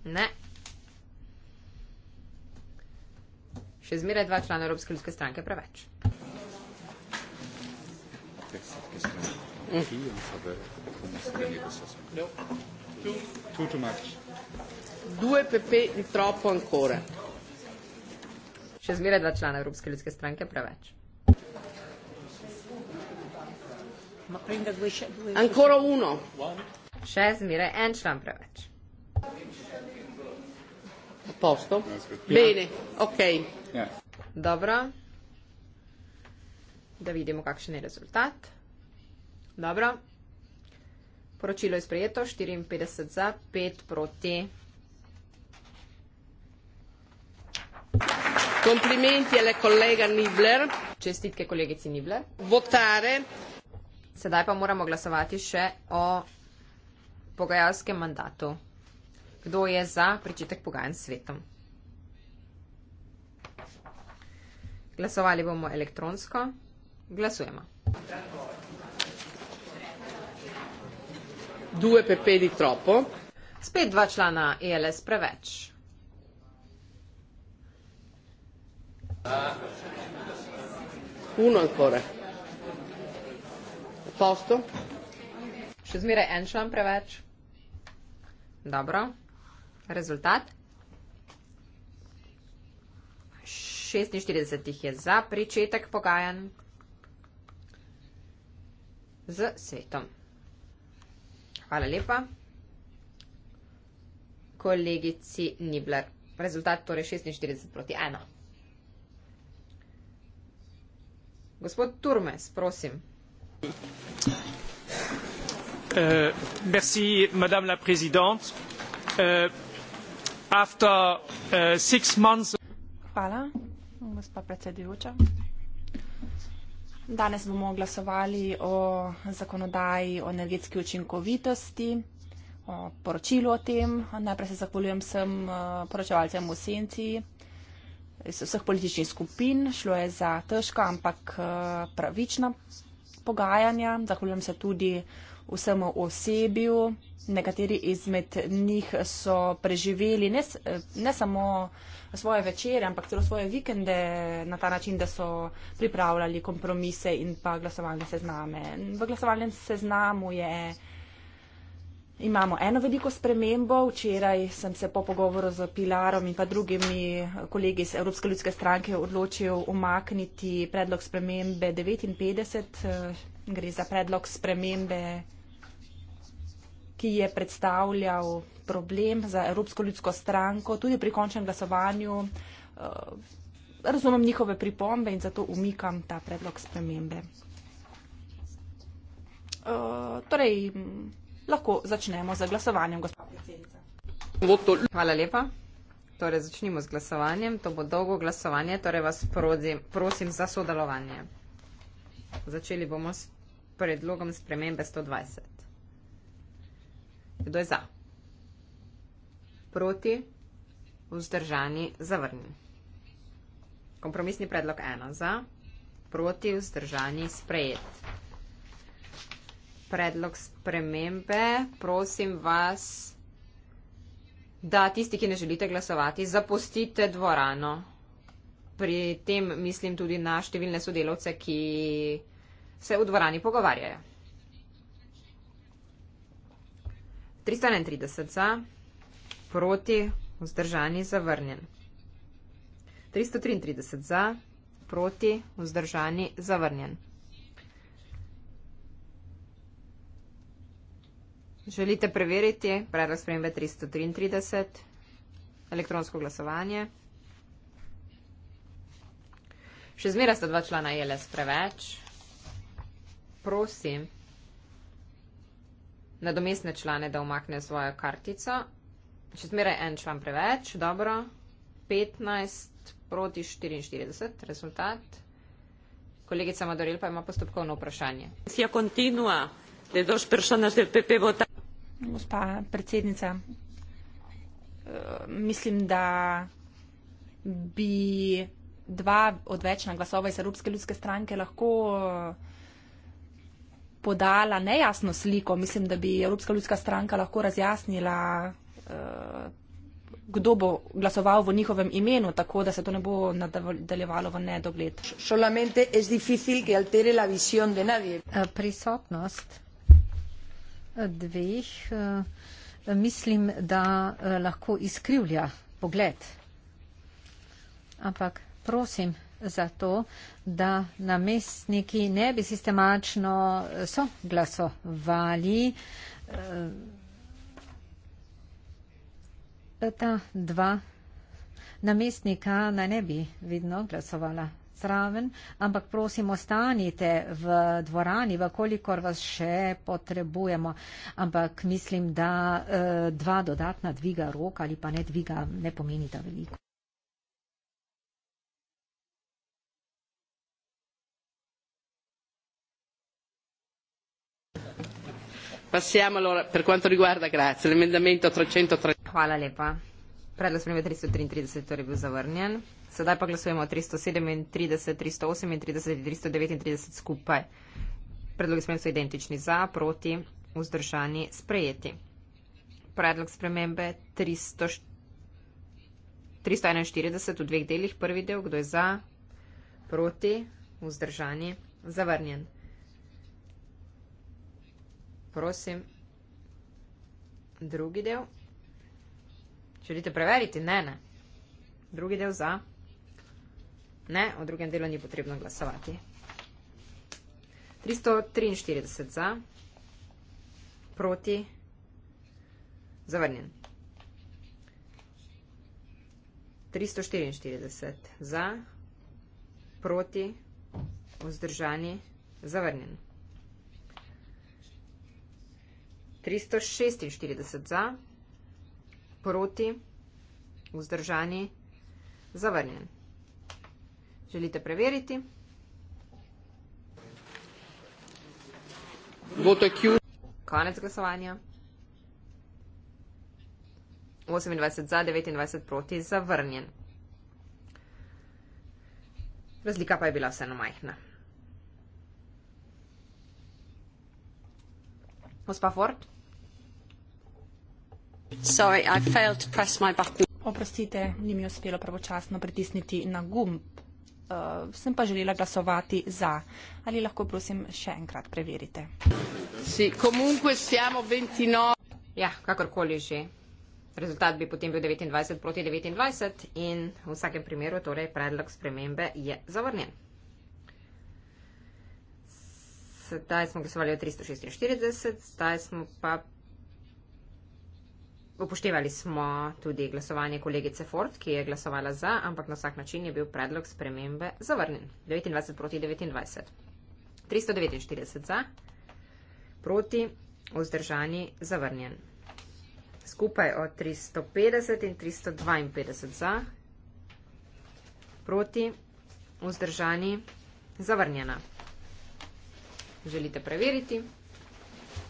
Speaker 2: Ne. Še zmeraj dva člana Evropske ljudske stranke preveč.
Speaker 1: Yes question. Due PP in troppo ancora.
Speaker 2: Še zmeraj dva člana Evropske ljudske stranke, preveč. Ancora uno. Še zmeraj en član preveč. Posto. Bene, ok. Dobro. Da vidimo, kakšen je rezultat. Dobro. Poročilo je sprejeto, 54 za, 5 proti. Komplimenti alle kolega Nibler. Čestitke kolegici Nibler. Votare. Sedaj pa moramo glasovati še o pogajalskem mandatu. Kdo je za pričetek pogajanj s svetom? Glasovali bomo elektronsko. Glasujemo. Tako. due pp di troppo. Spet dva člana ELS preveč.
Speaker 1: Uno ancora.
Speaker 2: Posto? Še zmeraj en član preveč. Dobro. Rezultat? 46 jih je za pričetek pogajanj z svetom. Hvala lepa. Kolegici Nibler. Rezultat torej 46 proti 1. Gospod Turmes, prosim.
Speaker 1: Uh, merci, madame la présidente. Uh, after uh, six months...
Speaker 3: Hvala, gospa predsedujoča. Danes bomo glasovali o zakonodaji o energetski učinkovitosti, o poročilu o tem. Najprej se zahvaljujem vsem eh, poročevalcem v senci iz vseh političnih skupin. Šlo je za težka, ampak eh, pravična pogajanja. Zahvaljujem se tudi vsemu osebju. Nekateri izmed njih so preživeli ne, ne samo svoje večere, ampak celo svoje vikende na ta način, da so pripravljali kompromise in pa glasovalne sezname. V glasovalnem seznamu je. Imamo eno veliko spremembo. Včeraj sem se po pogovoru z Pilarom in pa drugimi kolegi iz Evropske ljudske stranke odločil umakniti predlog spremembe 59. Gre za predlog spremembe ki je predstavljal problem za Evropsko ljudsko stranko, tudi pri končnem glasovanju. Eh, razumem njihove pripombe in zato umikam ta predlog spremembe. Eh, torej, lahko začnemo z
Speaker 2: glasovanjem, gospod predsednica. Hvala lepa. Torej, začnimo z glasovanjem. To bo dolgo glasovanje, torej vas prosim za sodelovanje. Začeli bomo s predlogom spremembe 120. Kdo je za? Proti, vzdržani, zavrnjen. Kompromisni predlog ena za, proti, vzdržani, sprejet. Predlog spremembe, prosim vas, da tisti, ki ne želite glasovati, zapustite dvorano. Pri tem mislim tudi na številne sodelovce, ki se v dvorani pogovarjajo. 331 za, proti, vzdržani, zavrnjen. 333 za, proti, vzdržani, zavrnjen. Želite preveriti predlog spremembe 333, elektronsko glasovanje? Še zmeraj sta dva člana ELS preveč. Prosim nadomestne člane, da umaknejo svojo kartico. Če zmeraj en član preveč, dobro. 15 proti 44, rezultat. Kolegica Madoril pa ima postopkovno vprašanje.
Speaker 3: Gospa predsednica, eh, mislim, da bi dva odvečna glasova iz Evropske ljudske stranke lahko podala nejasno sliko. Mislim, da bi Evropska ljudska stranka lahko razjasnila, eh, kdo bo glasoval v njihovem imenu, tako da se to ne bo nadaljevalo v nedogled. Eh, prisotnost
Speaker 4: eh, dveh mislim, da lahko izkrivlja pogled. Ampak, prosim za to, da namestniki ne bi sistematično soglasovali. Eh, ta dva namestnika naj ne bi vidno glasovala zraven, ampak prosim, ostanite v dvorani, vkolikor vas še potrebujemo. Ampak mislim, da eh, dva dodatna dviga roka ali pa ne dviga ne pomenita veliko.
Speaker 1: Passiamo allora per quanto riguarda grazie, l'emendamento 330. Hvala lepa.
Speaker 2: Predlog spremembe 333 torej bil zavrnjen. Sedaj pa glasujemo 337, 338 in 339 skupaj. Predlogi sprememb so identični za, proti, vzdržani, sprejeti. Predlog spremembe 341 v dveh delih. Prvi del, kdo je za, proti, vzdržani, zavrnjen prosim. Drugi del. Želite preveriti? Ne, ne. Drugi del za. Ne, o drugem delu ni potrebno glasovati. 343 za, proti, zavrnjen. 344 za, proti, vzdržani, zavrnjen. 346 za, proti, vzdržani, zavrnjen. Želite preveriti? Konec glasovanja. 28 za, 29 proti, zavrnjen. Razlika pa je bila vseeno majhna.
Speaker 3: Gospa Ford. Sorry, I failed to press my button. Oprostite, ni mi uspelo pravočasno pritisniti na gumb. Uh, sem pa želela glasovati za. Ali lahko prosim še enkrat preverite? Si, komunque siamo 29. Ja, kakorkoli
Speaker 2: že. Rezultat bi potem bil 29 proti 29 in v vsakem primeru torej predlog spremembe je zavrnjen. Sedaj smo glasovali o 346, zdaj smo pa Upoštevali smo tudi glasovanje kolegice Ford, ki je glasovala za, ampak na vsak način je bil predlog spremembe zavrnjen. 29 proti 29. 349 za, proti, vzdržani, zavrnjen. Skupaj od 350 in 352 za, proti, vzdržani, zavrnjena. Želite preveriti?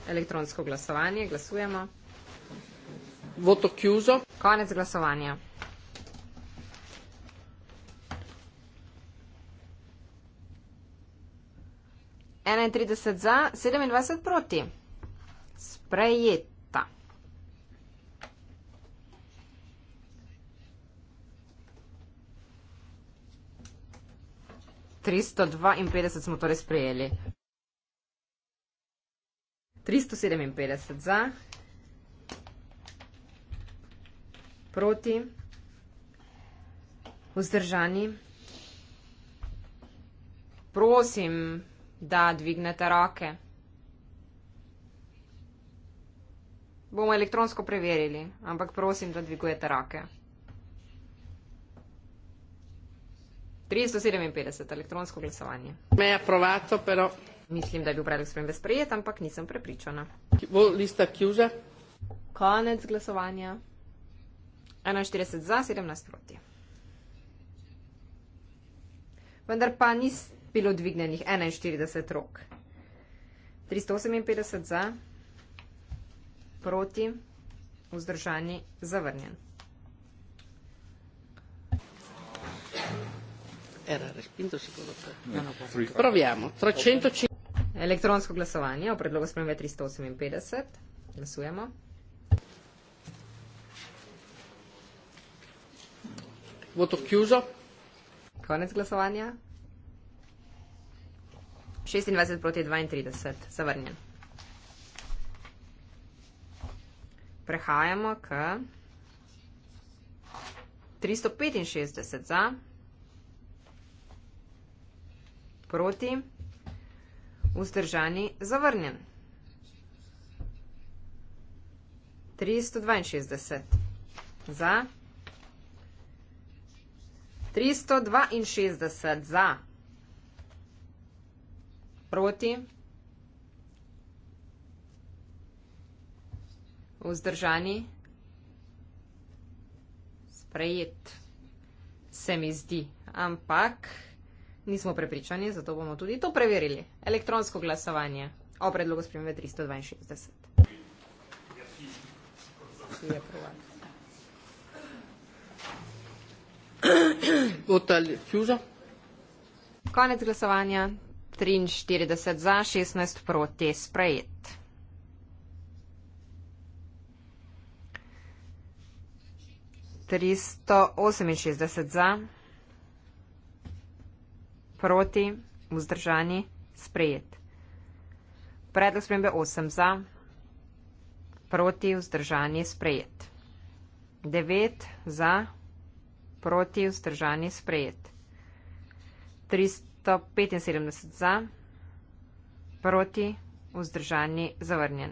Speaker 2: Elektronsko glasovanje, glasujemo voto chiuso. Konec glasovanja. Enaintrideset za, sedemindvajset proti. Sprejeta. Tristo dvainpetdeset smo torej sprejeli. Tristo sedeminpetdeset za, proti, vzdržani. Prosim, da dvignete roke. Bomo elektronsko preverili, ampak prosim, da dvigujete roke. 357 elektronsko glasovanje. Me je provato, pero. Mislim, da je bil predlog spremembe sprejet, ampak nisem prepričana. Bo lista kjuža? Konec glasovanja. 41 za, 17 proti. Vendar pa ni bilo dvignenih 41 rok. 358 za, proti, vzdržani, zavrnjen.
Speaker 1: No, no, Proviamo.
Speaker 2: Elektronsko glasovanje o predlogu spremembe 358. Glasujemo. Votov Kjuža. Konec glasovanja. 26 proti 32, zavrnjen. Prehajamo k 365 za, proti, vzdržani, zavrnjen. 362 za, 362 za, proti, vzdržani, sprejet se mi zdi, ampak nismo prepričani, zato bomo tudi to preverili. Elektronsko glasovanje o predlogu spremembe 362. Je provat. Konec glasovanja. 43 za, 16 proti je sprejet. Tristo oseminšestdeset za, proti, vzdržani, sprejet. Predlog spremembe osem za, proti, vzdržani, sprejet. Devet za, proti vzdržani sprejet. 375 za, proti vzdržani zavrnjen.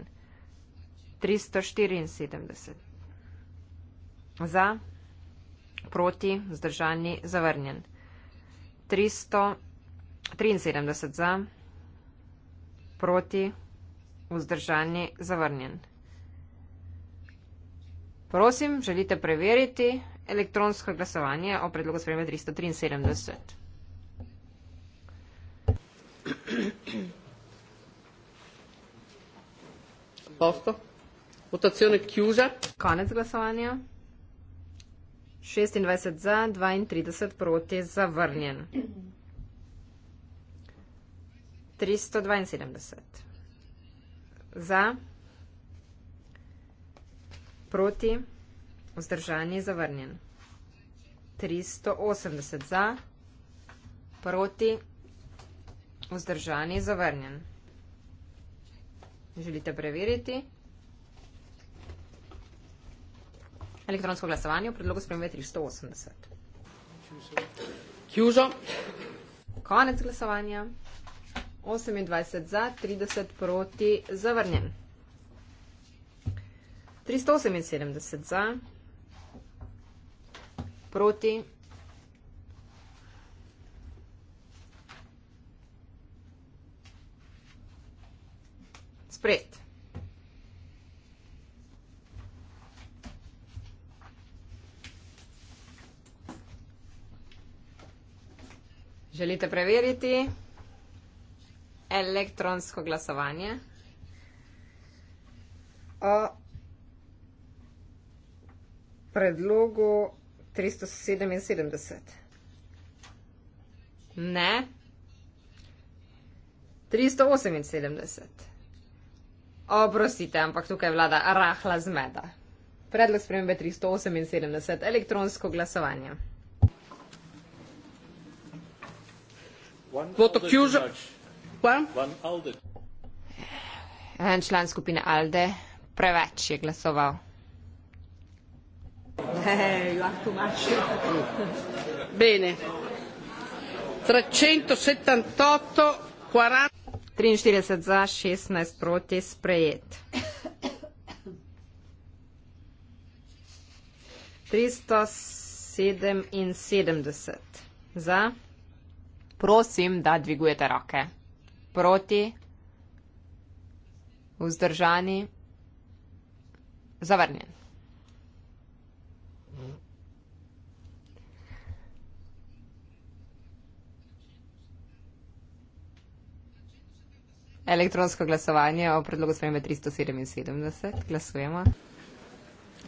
Speaker 2: 374 za, proti vzdržani zavrnjen. 373 za, proti vzdržani zavrnjen. Prosim, želite preveriti elektronsko glasovanje o predlogu spremembe
Speaker 1: 373. Posto. Votazione chiusa.
Speaker 2: Konec glasovanja. 26 za, 32 proti, zavrnjen. 372. Za. Proti. Vzdržan je zavrnjen. 380 za, proti, vzdržan je zavrnjen. Želite preveriti? Elektronsko glasovanje v predlogu spremembe 380. Kjužo. Konec glasovanja. 28 za, 30 proti, zavrnjen. 378 za, proti. Spred. Želite preveriti elektronsko glasovanje? O predlogu 377. Ne. 378. Oprostite, ampak tukaj vlada rahla zmeda. Predlog spremembe 378. Elektronsko glasovanje. En član skupine Alde preveč je glasoval.
Speaker 1: Eh, you are too much. Bene. 378, 40. 43
Speaker 2: za, 16 proti, sprejet. 377 za. Prosim, da dvigujete roke. Proti, vzdržani, zavrnjen. elektronsko glasovanje o predlogu spremembe 377. Glasujemo.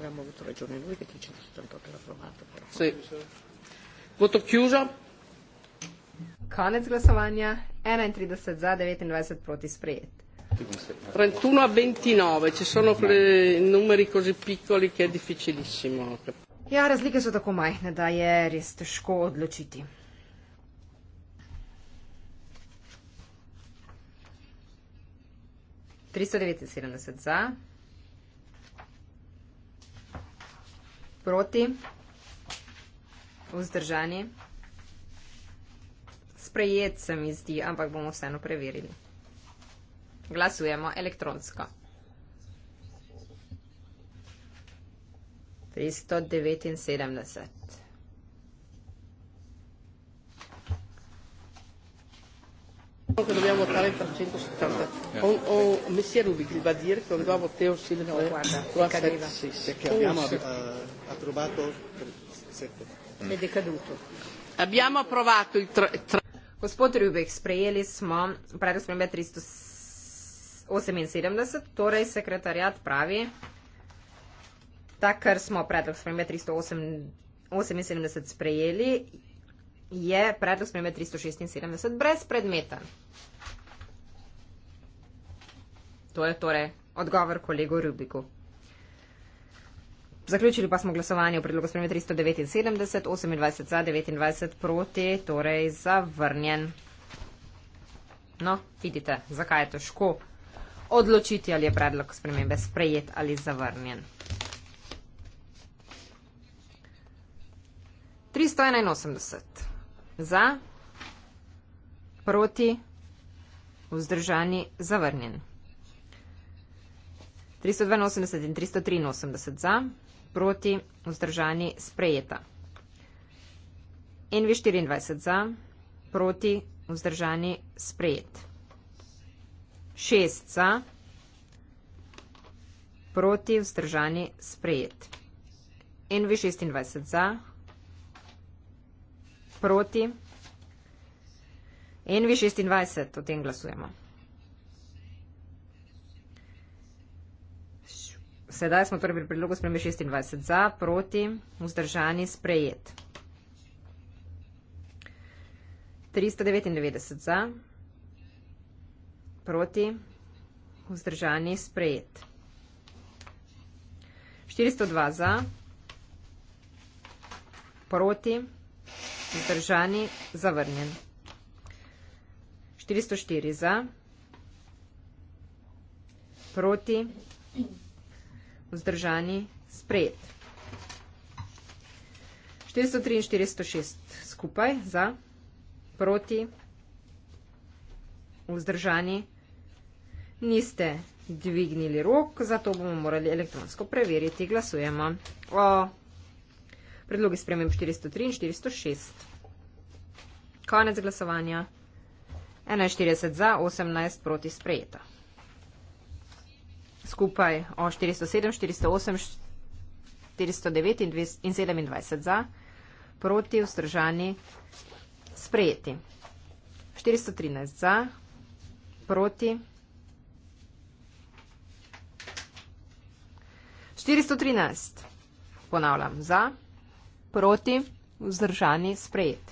Speaker 1: Ja, mogu to reči, ne budite, če ste tam to glasovali. Se. Voto Kjuža.
Speaker 2: Konec glasovanja. 31 za, 29 proti
Speaker 1: sprejet. 31 a 29, ci sono numeri così piccoli che è difficilissimo.
Speaker 2: Ja, razlike so tako majhne, da je res težko odločiti. 379 za, proti, vzdržani. Sprejet se mi zdi, ampak bomo vseeno preverili. Glasujemo elektronsko. 379.
Speaker 1: Ko dobijamo talent, o, o messia Rubik il va a dire che un nuovo teo simile no, lo accadeva sì, sì, perché abbiamo ab- uh, approvato mm. è decaduto
Speaker 2: abbiamo approvato il tre tra- gospod Rubik sprejeli smo torej pravi spremembe 378 torej sekretarjat pravi Takar smo predlog spremembe 378 sprejeli, je predlog spremembe 376 brezpredmeten. To je torej odgovor kolegu Rubiku. Zaključili pa smo glasovanje v predlogu spremembe 379, 28 za, 29 proti, torej zavrnjen. No, vidite, zakaj je težko odločiti, ali je predlog spremembe sprejet ali zavrnjen. 381 za, proti, vzdržani, zavrnjen. 382 in 383 za, proti, vzdržani, sprejeta. NV 24 za, proti, vzdržani, sprejet. 6 za, proti, vzdržani, sprejet. NV 26 za, proti. NV 26, o tem glasujemo. Sedaj smo torej pri predlogu spremembe 26 za, proti, vzdržani, sprejet. 399 za, proti, vzdržani, sprejet. 402 za, proti, vzdržani, zavrnjen. 404 za, proti, vzdržani vzdržani, sprejet. 403 in 406 skupaj za, proti, vzdržani. Niste dvignili rok, zato bomo morali elektronsko preveriti. Glasujemo o predlogi spremem 403 in 406. Konec glasovanja. 41 za, 18 proti sprejeta skupaj o 407, 408, 409 in, 20, in 27 za, proti vzdržani sprejeti. 413 za, proti. 413, ponavljam, za, proti, vzdržani, sprejet.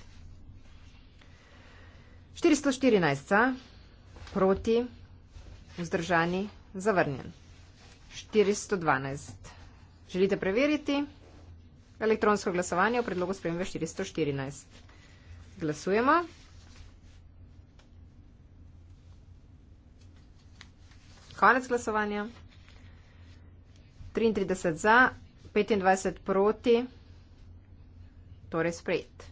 Speaker 2: 414 za, proti, vzdržani, zavrnjen. 412. Želite preveriti elektronsko glasovanje v predlogu spremembe 414? Glasujemo. Konec glasovanja. 33 za, 25 proti, torej sprejet.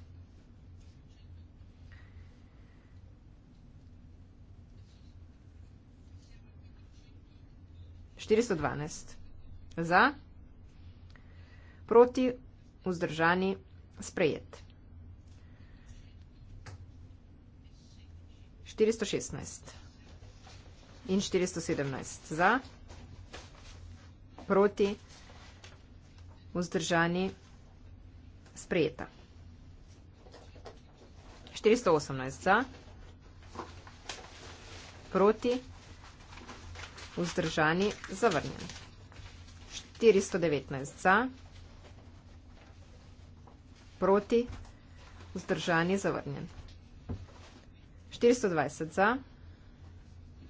Speaker 2: 412 za, proti, vzdržani, sprejet. 416 in 417 za, proti, vzdržani, sprejeta. 418 za, proti, vzdržani, sprejeta vzdržani zavrnjen. 419 za, proti, vzdržani zavrnjen. 420 za,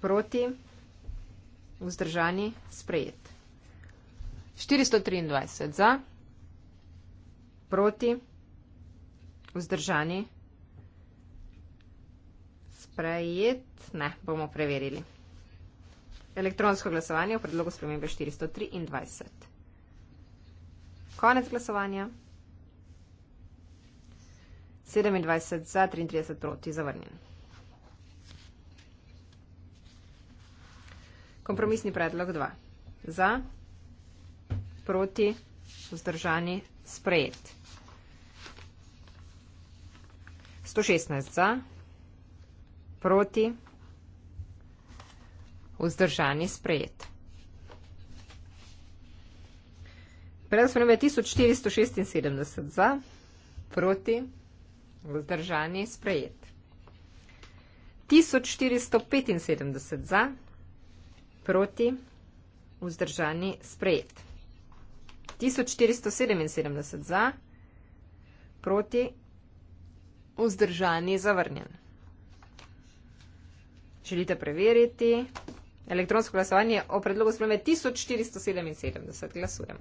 Speaker 2: proti, vzdržani sprejet. 423 za, proti, vzdržani sprejet. Ne, bomo preverili elektronsko glasovanje v predlogu spremembe 423. Konec glasovanja. 27 za, 33 proti, zavrnjen. Kompromisni predlog 2. Za, proti, vzdržani, sprejet. 116 za, proti, vzdržani, sprejet vzdržani sprejet. Predlog sprememe je 1476 za, proti, vzdržani sprejet. 1475 za, proti, vzdržani sprejet. 1477 za, proti, vzdržani zavrnjen. Želite preveriti? elektronsko glasovanje o predlogu spremembe 1477. Glasujemo.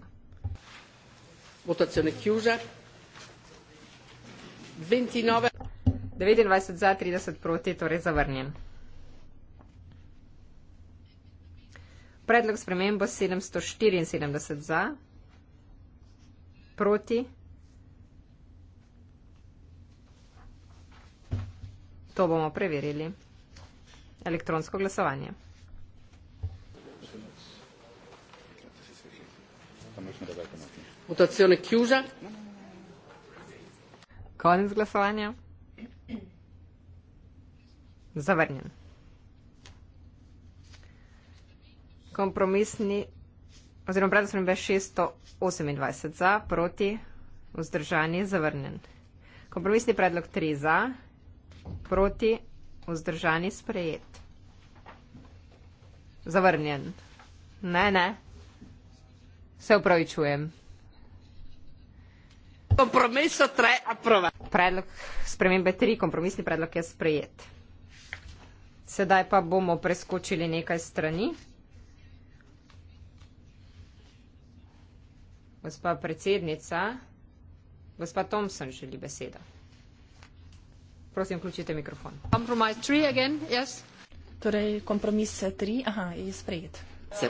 Speaker 1: Votacione chiusa.
Speaker 2: 29 za, 30 proti, torej zavrnjen. Predlog spremembo 774 za, proti. To bomo preverili. Elektronsko glasovanje.
Speaker 1: Presidente, da questa mattina. Votazione chiusa. Конец голосования. Завернен.
Speaker 2: Компромиссный, озерно предоставлен был 628 за, против, воздержание, завернен. Компромиссный предлог 3 за, против, воздержание, спреет. Завернен. Не, не. Se upravičujem.
Speaker 1: Kompromiso tre aprova. Predlog
Speaker 2: spremembe tri, kompromisni predlog je sprejet. Sedaj pa bomo preskočili nekaj strani. Gospa predsednica, gospa Thompson želi besedo. Prosim, vključite mikrofon.
Speaker 3: Kompromis tri, again, yes. Torej, kompromis tri, aha, je sprejet. Se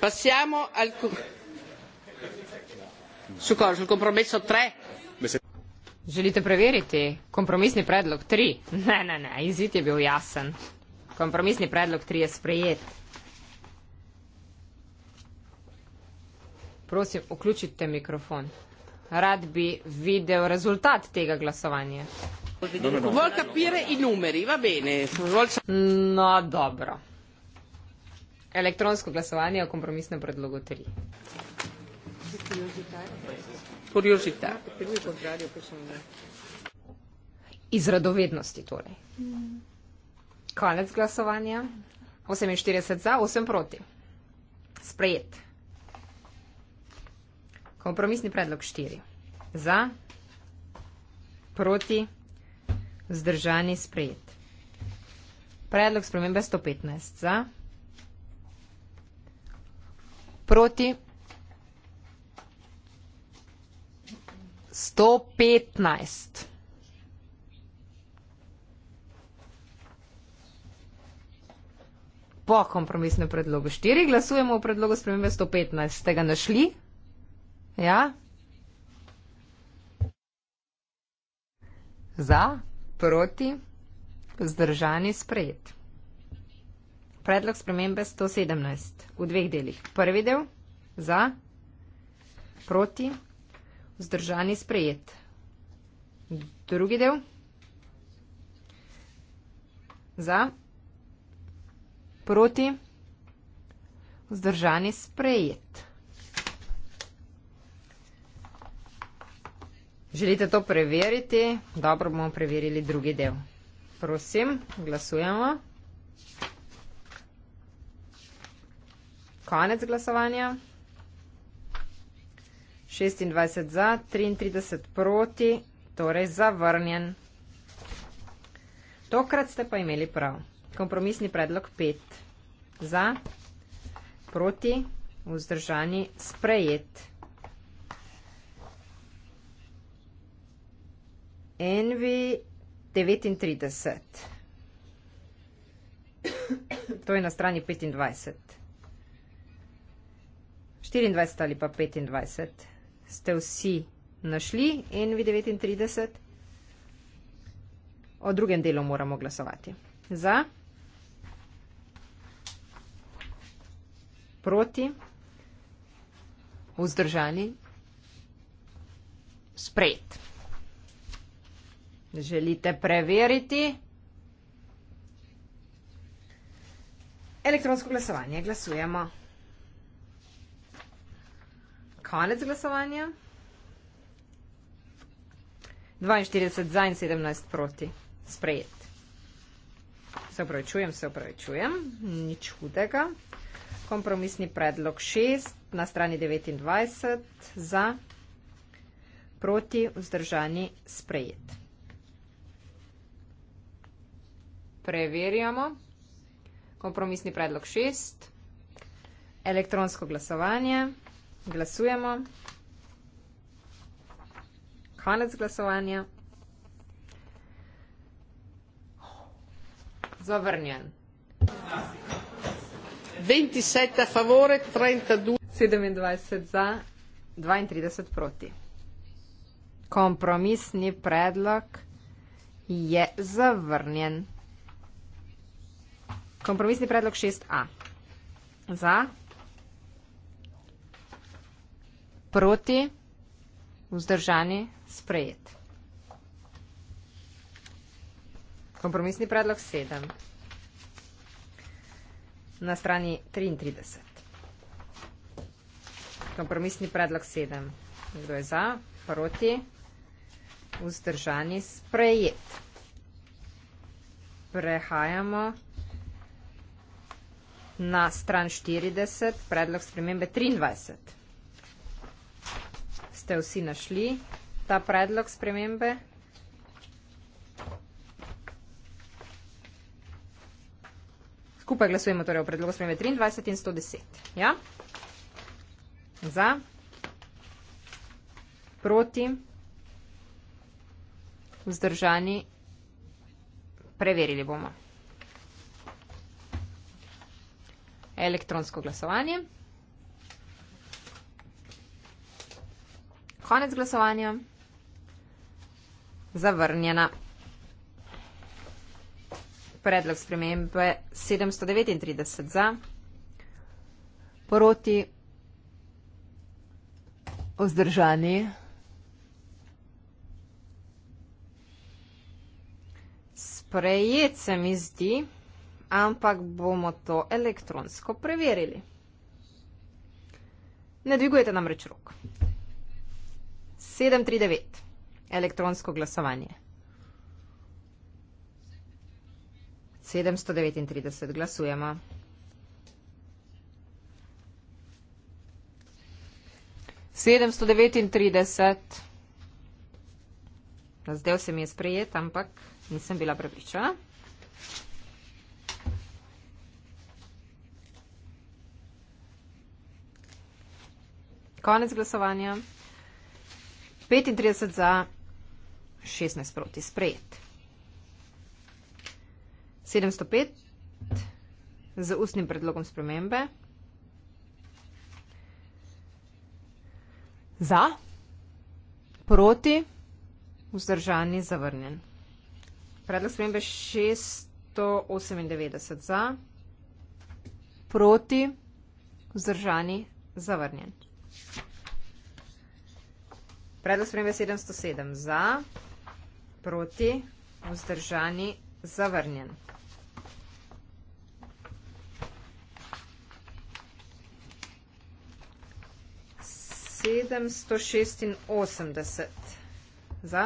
Speaker 3: passiamo al
Speaker 1: su cosa sul compromesso 3 želite preveriti
Speaker 2: compromisni predlog 3 ne ne ne izid je bil jasen compromisni predlog 3 je sprejet prosim vključite mikrofon rad bi videl rezultat tega glasovanja no, no, no. vuol capire i numeri va bene vuol... no dobro Elektronsko glasovanje o kompromisnem predlogu 3. Iz radovednosti torej. Konec glasovanja. 48 za, 8 proti. Sprejet. Kompromisni predlog 4. Za, proti, vzdržani, sprejet. Predlog spremembe 115 za proti? Sto petnajst. Po kompromisnem predlogu štiri glasujemo o predlogu spremembe sto petnajst. Ste ga našli? Ja? Za? Proti? Zdržani sprejet predlog spremembe 117 v dveh delih. Prvi del za, proti, vzdržani sprejet. Drugi del za, proti, vzdržani sprejet. Želite to preveriti? Dobro bomo preverili drugi del. Prosim, glasujemo. konec glasovanja. 26 za, 33 proti, torej zavrnjen. Tokrat ste pa imeli prav. Kompromisni predlog 5 za, proti, vzdržani, sprejet. Envi 39. To je na strani 25. 24 ali pa 25 ste vsi našli NV39. O drugem delu moramo glasovati. Za, proti, vzdržani, sprejet. Želite preveriti? Elektronsko glasovanje glasujemo konec glasovanja. 42 za in 17 proti. Sprejet. Se opravičujem, se opravičujem. Nič hudega. Kompromisni predlog 6 na strani 29 za, proti, vzdržani, sprejet. Preverjamo. Kompromisni predlog 6. Elektronsko glasovanje. Glasujemo. Konec glasovanja.
Speaker 1: Zavrnjen. 27 a favore, 32. 27 za, 32 proti.
Speaker 2: Kompromisni predlog je zavrnjen. Kompromisni predlog 6a. Za Proti, vzdržani, sprejet. Kompromisni predlog sedem. Na strani 33. Kompromisni predlog sedem. Kdo je za? Proti, vzdržani, sprejet. Prehajamo na stran 40, predlog spremembe 23 ste vsi našli ta predlog spremembe. Skupaj glasujemo torej o predlogu spremembe 23 in 110. Ja? Za, proti, vzdržani, preverili bomo. Elektronsko glasovanje. Konec glasovanja. Zavrnjena. Predlog spremembe 739 za. Proti. Ozdržani. Sprejet se mi zdi, ampak bomo to elektronsko preverili. Ne dvigujete nam reč rok. 739, elektronsko glasovanje. 739 glasujemo. Sedemsto devetintrideset. Zdel se mi je sprejet, ampak nisem bila prepričana. Konec glasovanja. 35 za, 16 proti, sprejet. 705 za ustnim predlogom spremembe. Za, proti, vzdržani, zavrnjen. Predlog spremembe 698 za, proti, vzdržani, zavrnjen. Zavrnjen. Predlog spremembe 707 za, proti, vzdržani, zavrnjen. Sedemsto šestinosemdeset za,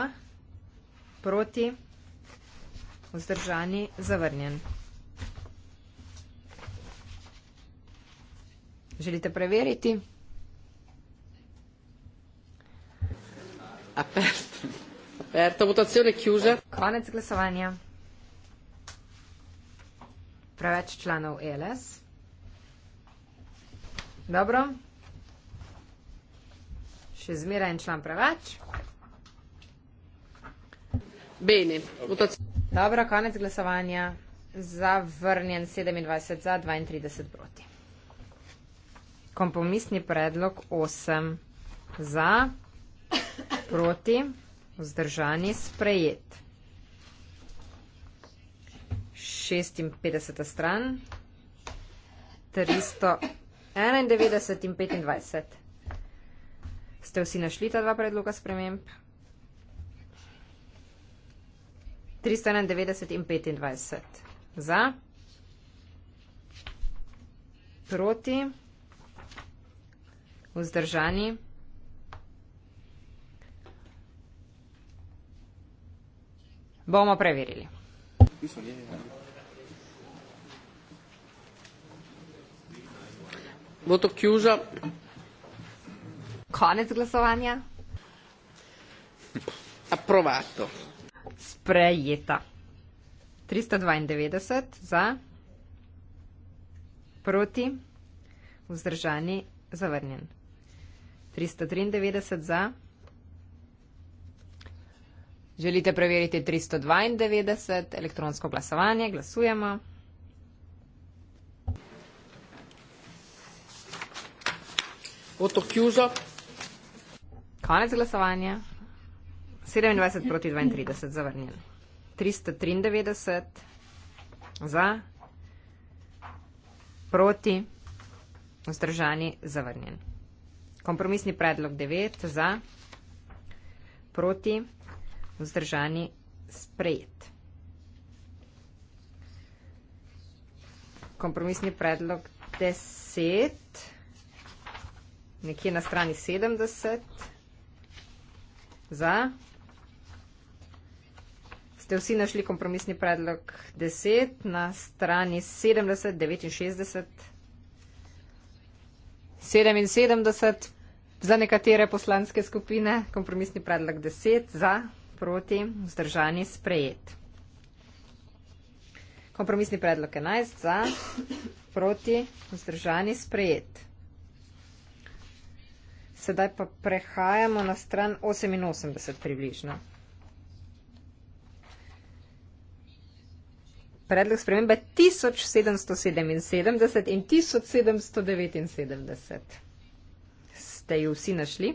Speaker 2: proti, vzdržani, zavrnjen.
Speaker 1: Želite preveriti? aperto. Aperto, votazione chiusa.
Speaker 2: Konec glasovanja. Preveč članov ELS. Dobro. Še zmeraj en član preveč. Bene. Okay. Dobro, konec glasovanja. Zavrnjen 27 za 32 proti. Kompromisni predlog 8 za proti, vzdržani, sprejet. 56. stran, 391 in 25. Ste vsi našli ta dva predloga sprememb? 391 in 25. Za, proti, vzdržani, sprejet. Bomo preverili.
Speaker 1: Voto Kjuža. Konec
Speaker 2: glasovanja.
Speaker 1: Aprovato.
Speaker 2: Sprejeta. 392 za, proti, vzdržani, zavrnjen. 393 za. Želite preveriti 392 elektronsko glasovanje? Glasujemo. Konec glasovanja. 27 proti 32 zavrnjen. 393 za, proti, vzdržani zavrnjen. Kompromisni predlog 9 za, proti, vzdržani sprejet. Kompromisni predlog 10, nekje na strani 70, za. Ste vsi našli kompromisni predlog 10 na strani 70, 69, 77 za nekatere poslanske skupine, kompromisni predlog 10 za proti, vzdržani sprejet. Kompromisni predlog 11 za, proti, vzdržani sprejet. Sedaj pa prehajamo na stran 88 približno. Predlog spremembe 1777 in 1779. Ste jo vsi našli?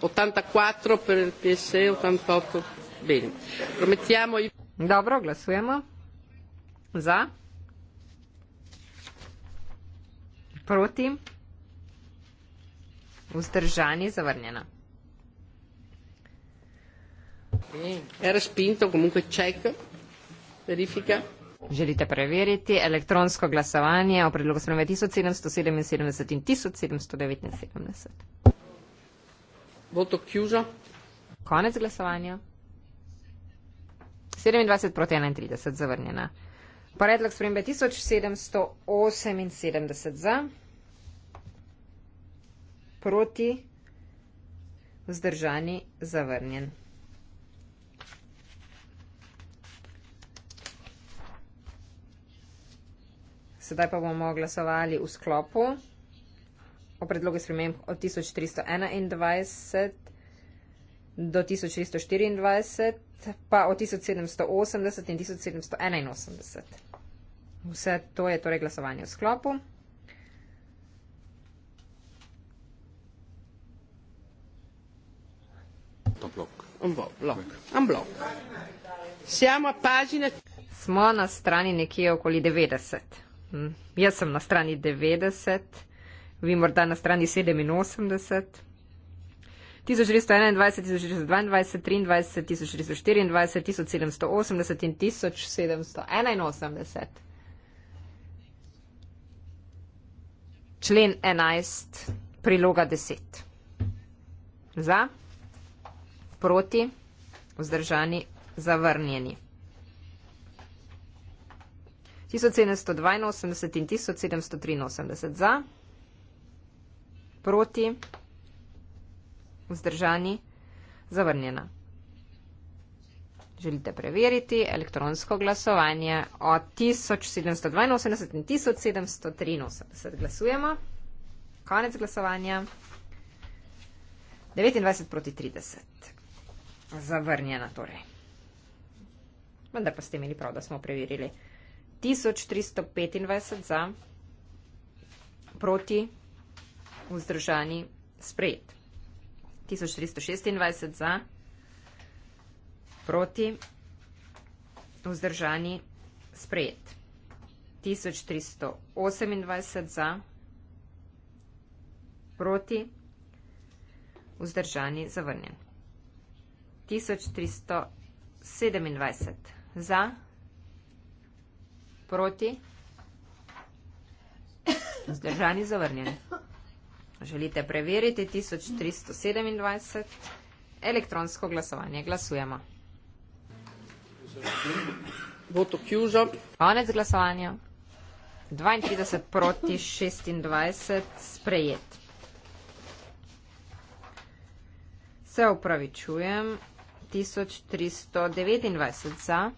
Speaker 1: 84 per il PSE, 88. Bene. Promettiamo i... Dobro, glasujemo.
Speaker 2: Za. Proti.
Speaker 1: Vzdržani, zavrnjena. E, era spinto, comunque check, verifica.
Speaker 2: Želite preveriti elektronsko glasovanje o predlogu spremembe 1777 in 1779.
Speaker 1: Votok Južo. Konec
Speaker 2: glasovanja. 27 proti 31 zavrnjena. Predlog spremembe 1778 za, proti, vzdržani, zavrnjen. Sedaj pa bomo glasovali v sklopu o predlogu sprememb od 1321 do 1324, pa od 1780 in 1781. Vse to je torej glasovanje v sklopu. Smo na strani nekje okoli 90. Hm. Jaz sem na strani 90 vi morda na strani 87. 1921, 1922, 23, 1924, 1780 in 1781. Člen 11, priloga 10. Za, proti, vzdržani, zavrnjeni. 1782 in 1783 za proti, vzdržani, zavrnjena. Želite preveriti elektronsko glasovanje o 1782 in 1783. Glasujemo. Konec glasovanja. 29 proti 30. Zavrnjena torej. Vendar pa ste imeli prav, da smo preverili. 1325 za proti vzdržani sprejet. 1426 za, proti, vzdržani sprejet. 1328 za, proti, vzdržani zavrnjen. 1327 za, proti, vzdržani zavrnjen. Želite preveriti 1327? Elektronsko glasovanje. Glasujemo. Voto Kjuža. Konec glasovanja. 32 proti 26 sprejet. Se upravičujem. 1329 za.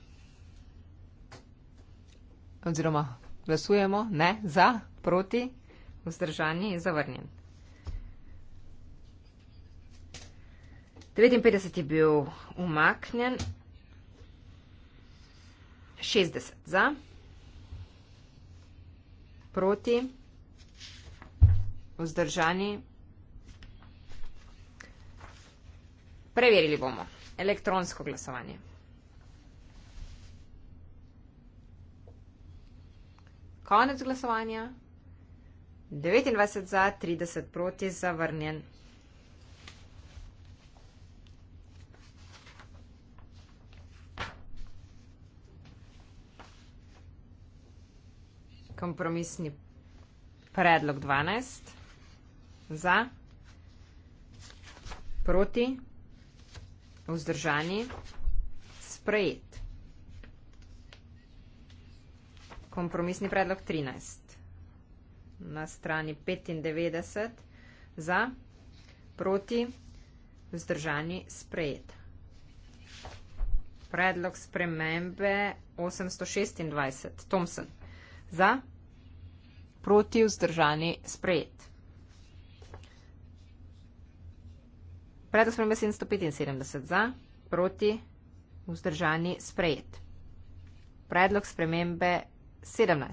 Speaker 2: Oziroma glasujemo. Ne. Za. Proti. Vzdržanje je zavrnjen. 59 je bil umaknjen, 60 za, proti, vzdržani, preverili bomo elektronsko glasovanje. Konec glasovanja, 29 za, 30 proti, zavrnjen. kompromisni predlog 12 za, proti, vzdržani, sprejet. Kompromisni predlog 13 na strani 95 za, proti, vzdržani, sprejet. Predlog spremembe 826. Thompson. Za proti vzdržani sprejet. Predlog sprememba 775 za, proti vzdržani sprejet. Predlog spremembe 17.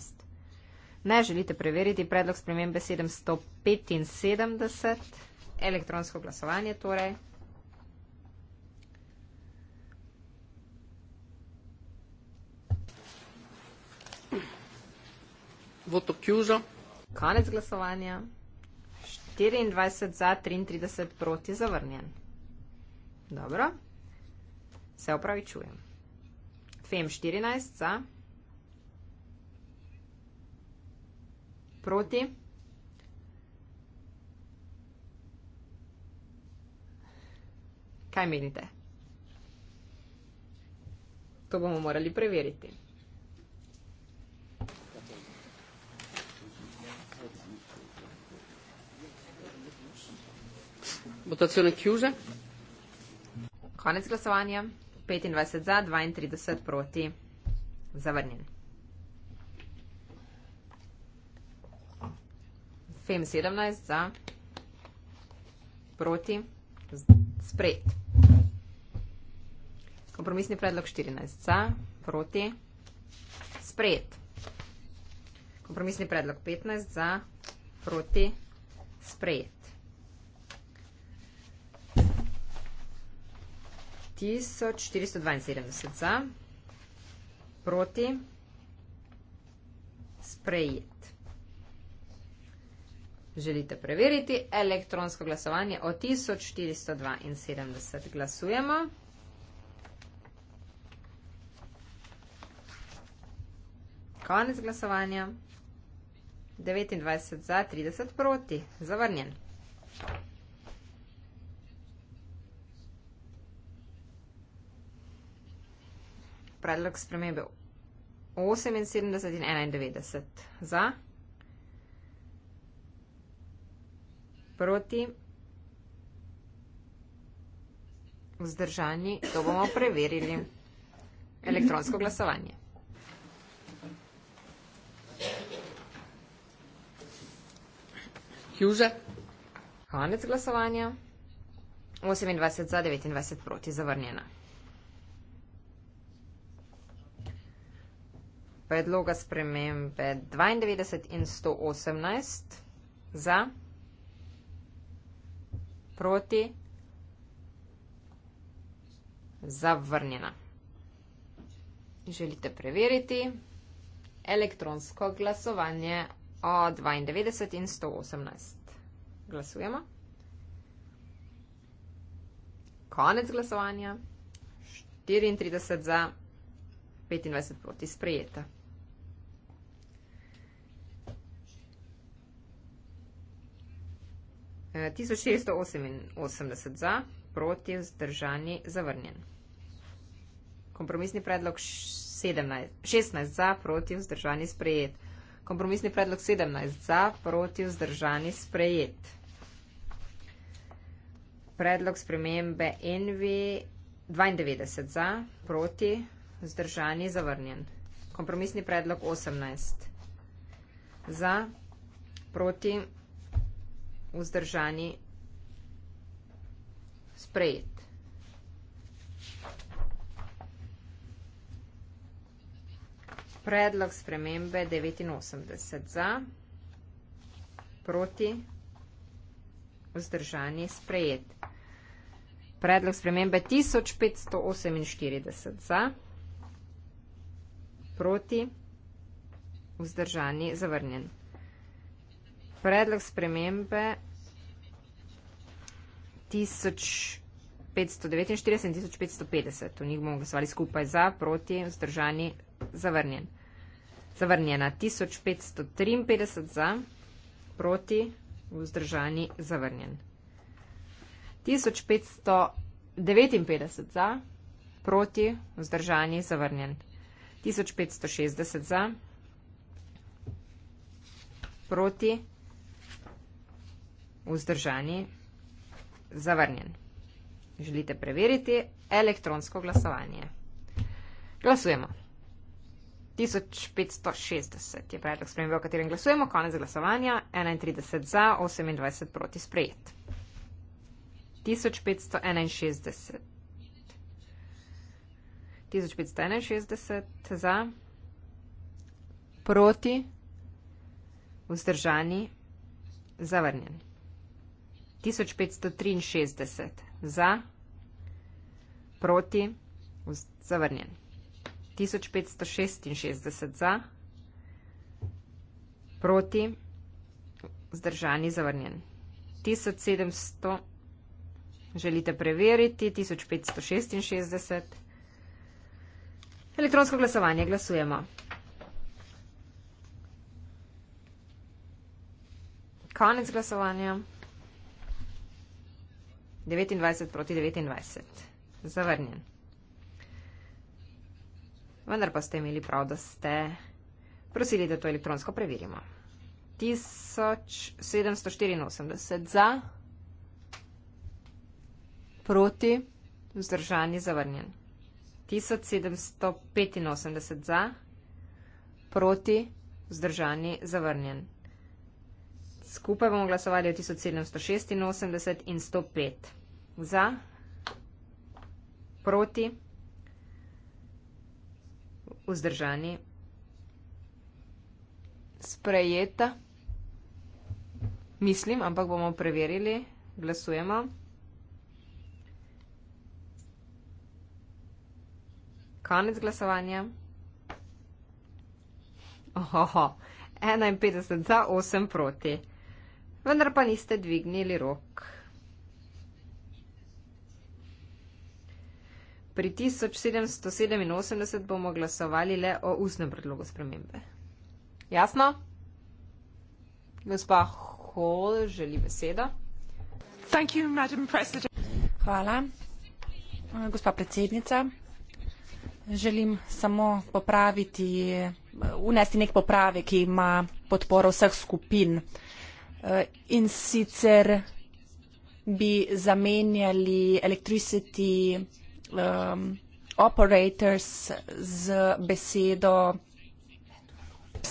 Speaker 2: Ne želite preveriti predlog spremembe 775, elektronsko glasovanje torej. Voto Kjužo. Konec glasovanja. 24 za, 33 proti, zavrnjen. Dobro. Se opravičujem. Fem 14 za. Proti. Kaj menite? To bomo morali preveriti.
Speaker 1: Votazione chiusa. Konec
Speaker 2: glasovanja. 25 za, 32 proti. Zavrnjen. FEM 17 za, proti, sprejet. Kompromisni predlog 14 za, proti, sprejet. Kompromisni predlog 15 za, proti, sprejet. 1472 za, proti, sprejet. Želite preveriti elektronsko glasovanje o 1472. Glasujemo. Konec glasovanja. 29 za, 30 proti. Zavrnjen. Zavrnjen. predlog spremembe 78 in 91 za, proti, vzdržani, to bomo preverili. Elektronsko glasovanje. Hjuze. Konec glasovanja. 28 za, 29 proti, zavrnjena. predloga spremembe 92 in 118 za, proti, zavrnjena. Želite preveriti elektronsko glasovanje o 92 in 118. Glasujemo. Konec glasovanja. 34 za, 25 proti sprejeta. 1688 za, proti vzdržani zavrnjen. Kompromisni predlog 17, 16 za, proti vzdržani sprejet. Kompromisni predlog 17 za, proti vzdržani sprejet. Predlog spremembe NV 92 za, proti vzdržani zavrnjen. Kompromisni predlog 18 za, proti vzdržani sprejet vzdržani sprejet. Predlog spremembe 89 za, proti, vzdržani sprejet. Predlog spremembe 1548 za, proti, vzdržani zavrnjen predlog spremembe 1549 in 1550. V njih bomo glasovali skupaj za, proti, vzdržani, zavrnjen. Zavrnjena 1553 za, proti, vzdržani, zavrnjen. 1559 za, proti, vzdržani, zavrnjen. 1560 za, proti, vzdržani vzdržani, zavrnjen. Želite preveriti elektronsko glasovanje? Glasujemo. 1560 je predlog spremembe, o katerem glasujemo. Konec glasovanja. 31 za, 28 proti sprejet. 1561. 1561 za, proti, vzdržani, zavrnjeni. 1563 za, proti, zavrnjen. 1566 za, proti, zdržani, zavrnjen. 1700 želite preveriti, 1566. Elektronsko glasovanje glasujemo. Konec glasovanja. 29 proti 29. Zavrnjen. Vendar pa ste imeli prav, da ste prosili, da to elektronsko preverimo. 1784 za, proti, vzdržani, zavrnjen. 1785 za, proti, vzdržani, zavrnjen. Skupaj bomo glasovali o 1786 in 105. Za, proti, vzdržani, sprejeta. Mislim, ampak bomo preverili, glasujemo. Konec glasovanja. Ohoho. 51 za 8 proti vendar pa niste dvignili rok. Pri 1787 bomo glasovali le o ustnem predlogu spremembe. Jasno? Gospa Hall želi besedo.
Speaker 3: Thank you, madam president. Hvala. Gospa predsednica, želim samo popraviti, unesti nek popravek, ki ima podporo vseh skupin. Eh, in sicer bi zamenjali electricity um, operators z besedo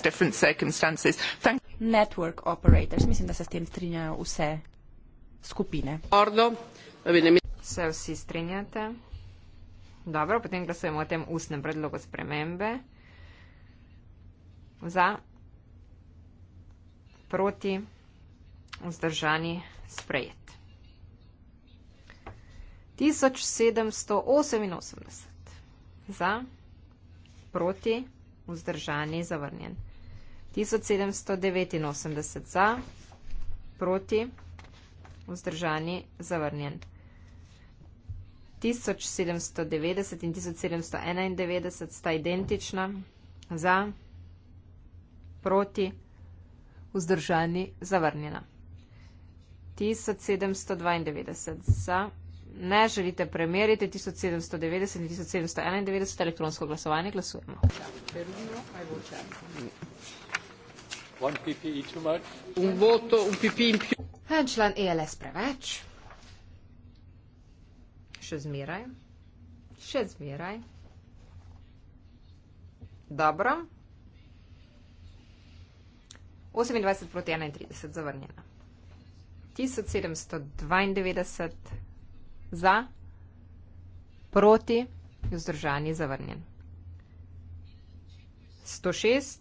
Speaker 1: different circumstances.
Speaker 3: Thank network operators. Mislim, da se s tem strinjajo vse skupine. Se vsi strinjate?
Speaker 2: Dobro, potem glasujemo o tem ustnem predlogu spremembe. Za? Proti? vzdržani sprejet. 1788 za, proti, vzdržani, zavrnjen. 1789 za, proti, vzdržani, zavrnjen. 1790 in 1791 sta identična, za, proti, vzdržani, zavrnjena. 1792 za, ne želite premeriti 1790 in 1791 elektronsko glasovanje, glasujemo.
Speaker 1: E un voto, un
Speaker 2: e en član ELS preveč. Še zmeraj. Še zmeraj. Dobro. 28 proti 31 zavrnjeno. 1792 za, proti, vzdržani, zavrnjen. 106,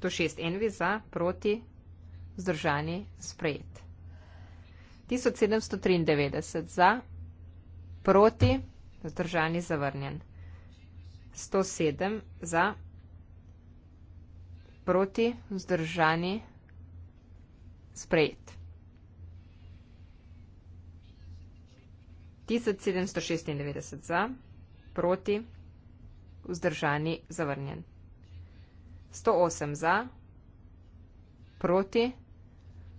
Speaker 2: 106 envi za, proti, vzdržani, sprejet. 1793 za, proti, vzdržani, zavrnjen. 107 za, proti, vzdržani, zavrnjen sprejet. 1796 za, proti, vzdržani, zavrnjen. 108 za, proti,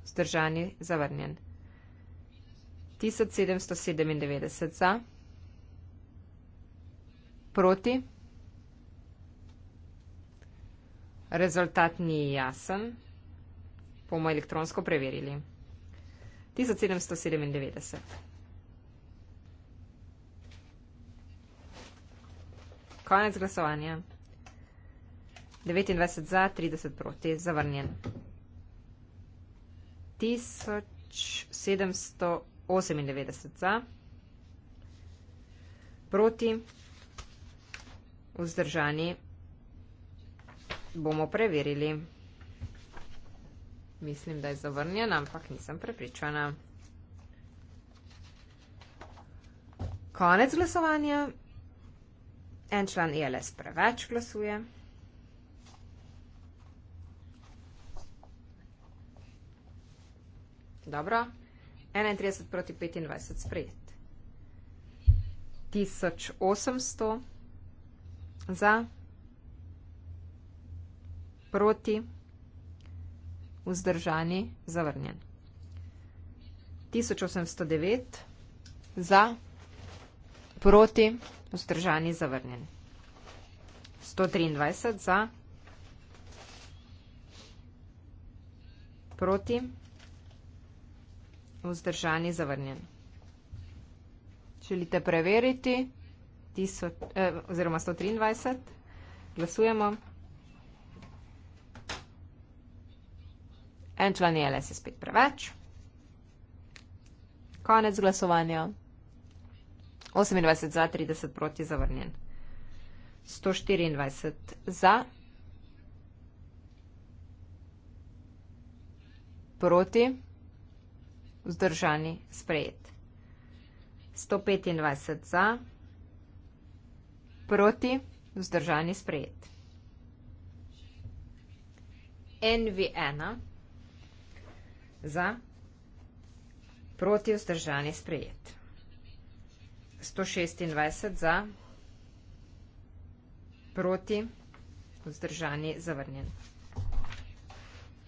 Speaker 2: vzdržani, zavrnjen. 1797 za, proti. Rezultat ni jasen bomo elektronsko preverili. 1797. Konec glasovanja. 29 za, 30 proti, zavrnjen. 1798 za, proti, vzdržani, bomo preverili mislim, da je zavrnjen, ampak nisem prepričana. Konec glasovanja. En član ILS e preveč glasuje. Dobro. 31 proti 25 sprejet. 1800 za proti vzdržani, zavrnjen. 1809 za, proti, vzdržani, zavrnjen. 123 za, proti, vzdržani, zavrnjen. Želite preveriti, tiso, eh, oziroma 123, glasujemo. En član je LS spet preveč. Konec glasovanja. 28 za, 30 proti zavrnjen. 124 za. Proti. Vzdržani sprejet. 125 za. Proti. Vzdržani sprejet. NV1 za, proti vzdržani sprejet. 126 za, proti vzdržani zavrnjen.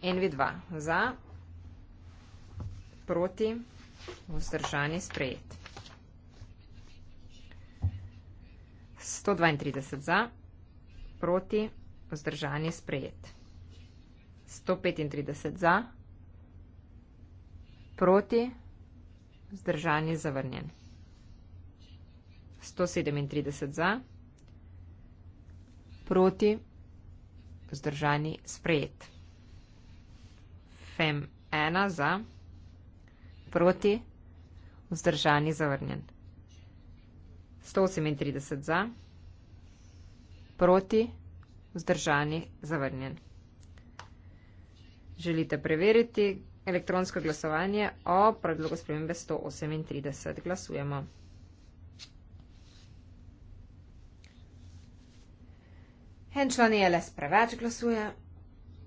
Speaker 2: NV2 za, proti vzdržani sprejet. 132 za, proti vzdržani sprejet. 135 za, proti vzdržani sprejet. Proti, vzdržanje zavrnjen. 137 za, proti, vzdržanje sprejet. Fem ena za, proti, vzdržanje zavrnjen. 138 za, proti, vzdržanje zavrnjen. Želite preveriti? elektronsko glasovanje o predlogu spremembe 138. Glasujemo. En član je le spreveč glasuje.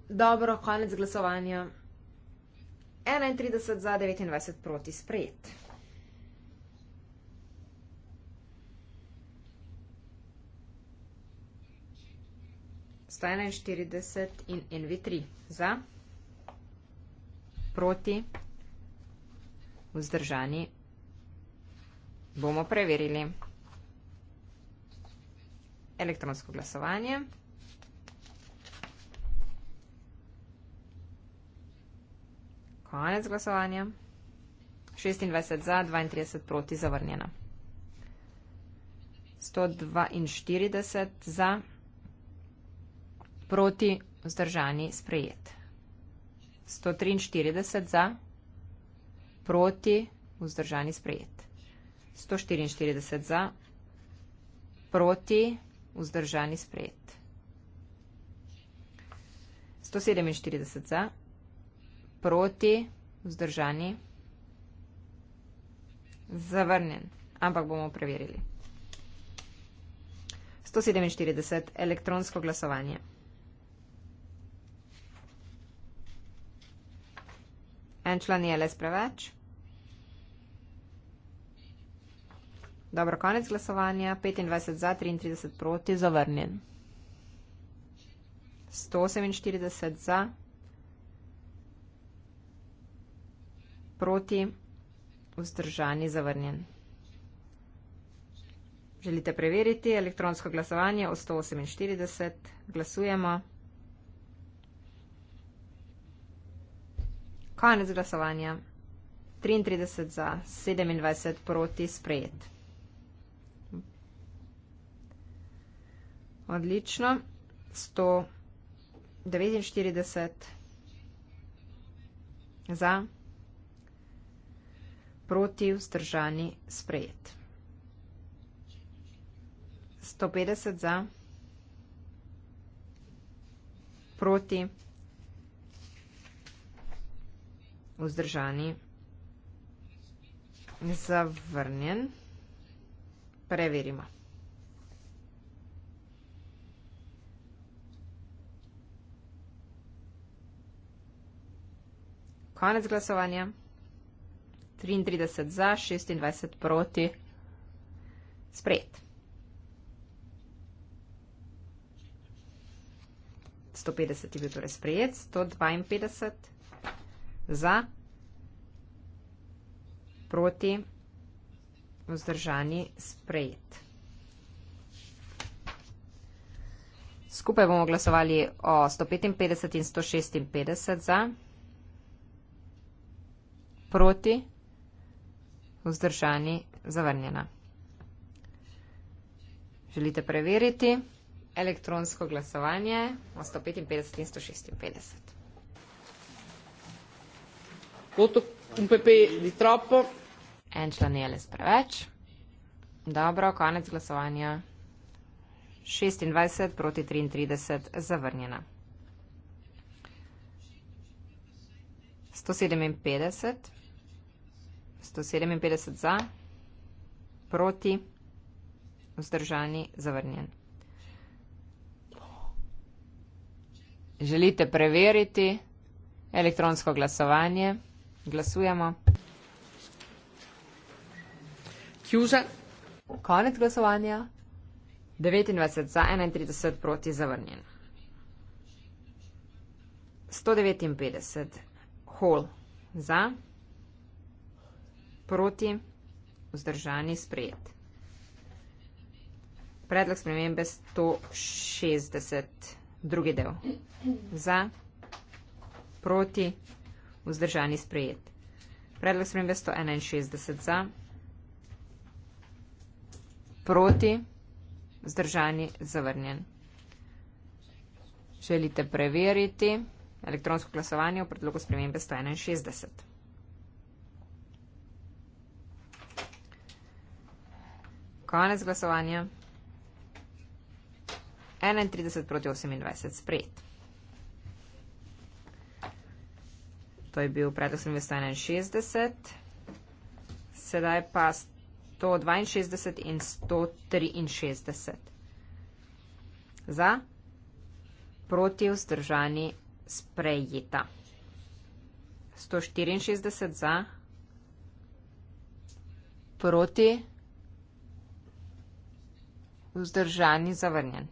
Speaker 2: Dobro, konec glasovanja. 31 za 29 proti sprejet. Sto enainštirideset in NV3 za proti, vzdržani. Bomo preverili. Elektronsko glasovanje. Konec glasovanja. 26 za, 32 proti, zavrnjena. 142 za, proti, vzdržani, sprejet. 143 za, proti, vzdržani sprejet. 144 za, proti, vzdržani sprejet. 147 za, proti, vzdržani, zavrnjen, ampak bomo preverili. 147 elektronsko glasovanje. En član je les preveč. Dobro, konec glasovanja. 25 za, 33 proti, zavrnjen. 147 za, proti, vzdržani, zavrnjen. Želite preveriti elektronsko glasovanje o 148? Glasujemo. Konec glasovanja. 33 za, 27 proti sprejet. Odlično. 149 za, proti vzdržani sprejet. 150 za, proti vzdržani sprejet. vzdržani. Zavrnjen. Preverimo. Konec glasovanja. 33 za, 26 proti. Sprejet. 150 je bil torej sprejet, 152. Za. Proti. Vzdržani. Sprejet. Skupaj bomo glasovali o 155 in 156 za. Proti. Vzdržani. Zavrnjena. Želite preveriti elektronsko glasovanje o 155 in 156. Voto un pepe di troppo. En članelec preveč. Dobro, konec glasovanja. 26 proti 33 zavrnjena. 157. 157 za, proti, vzdržani, zavrnjen. Želite preveriti elektronsko glasovanje? Glasujemo. Kjuža. Konec glasovanja. 29 za, 31 proti zavrnjen. 159. Hol za. Proti. Vzdržani sprejet. Predlog spremembe 160. Drugi del. Za. Proti vzdržani sprejet. Predlog spremembe 161 za, proti, vzdržani, zavrnjen. Želite preveriti elektronsko glasovanje v predlogu spremembe 161. Konec glasovanja. 31 proti 28 sprejet. pa je bil predlog 761, sedaj pa 162 in 163. Za, proti, vzdržani, sprejeta. 164 za, proti, vzdržani, zavrnjen.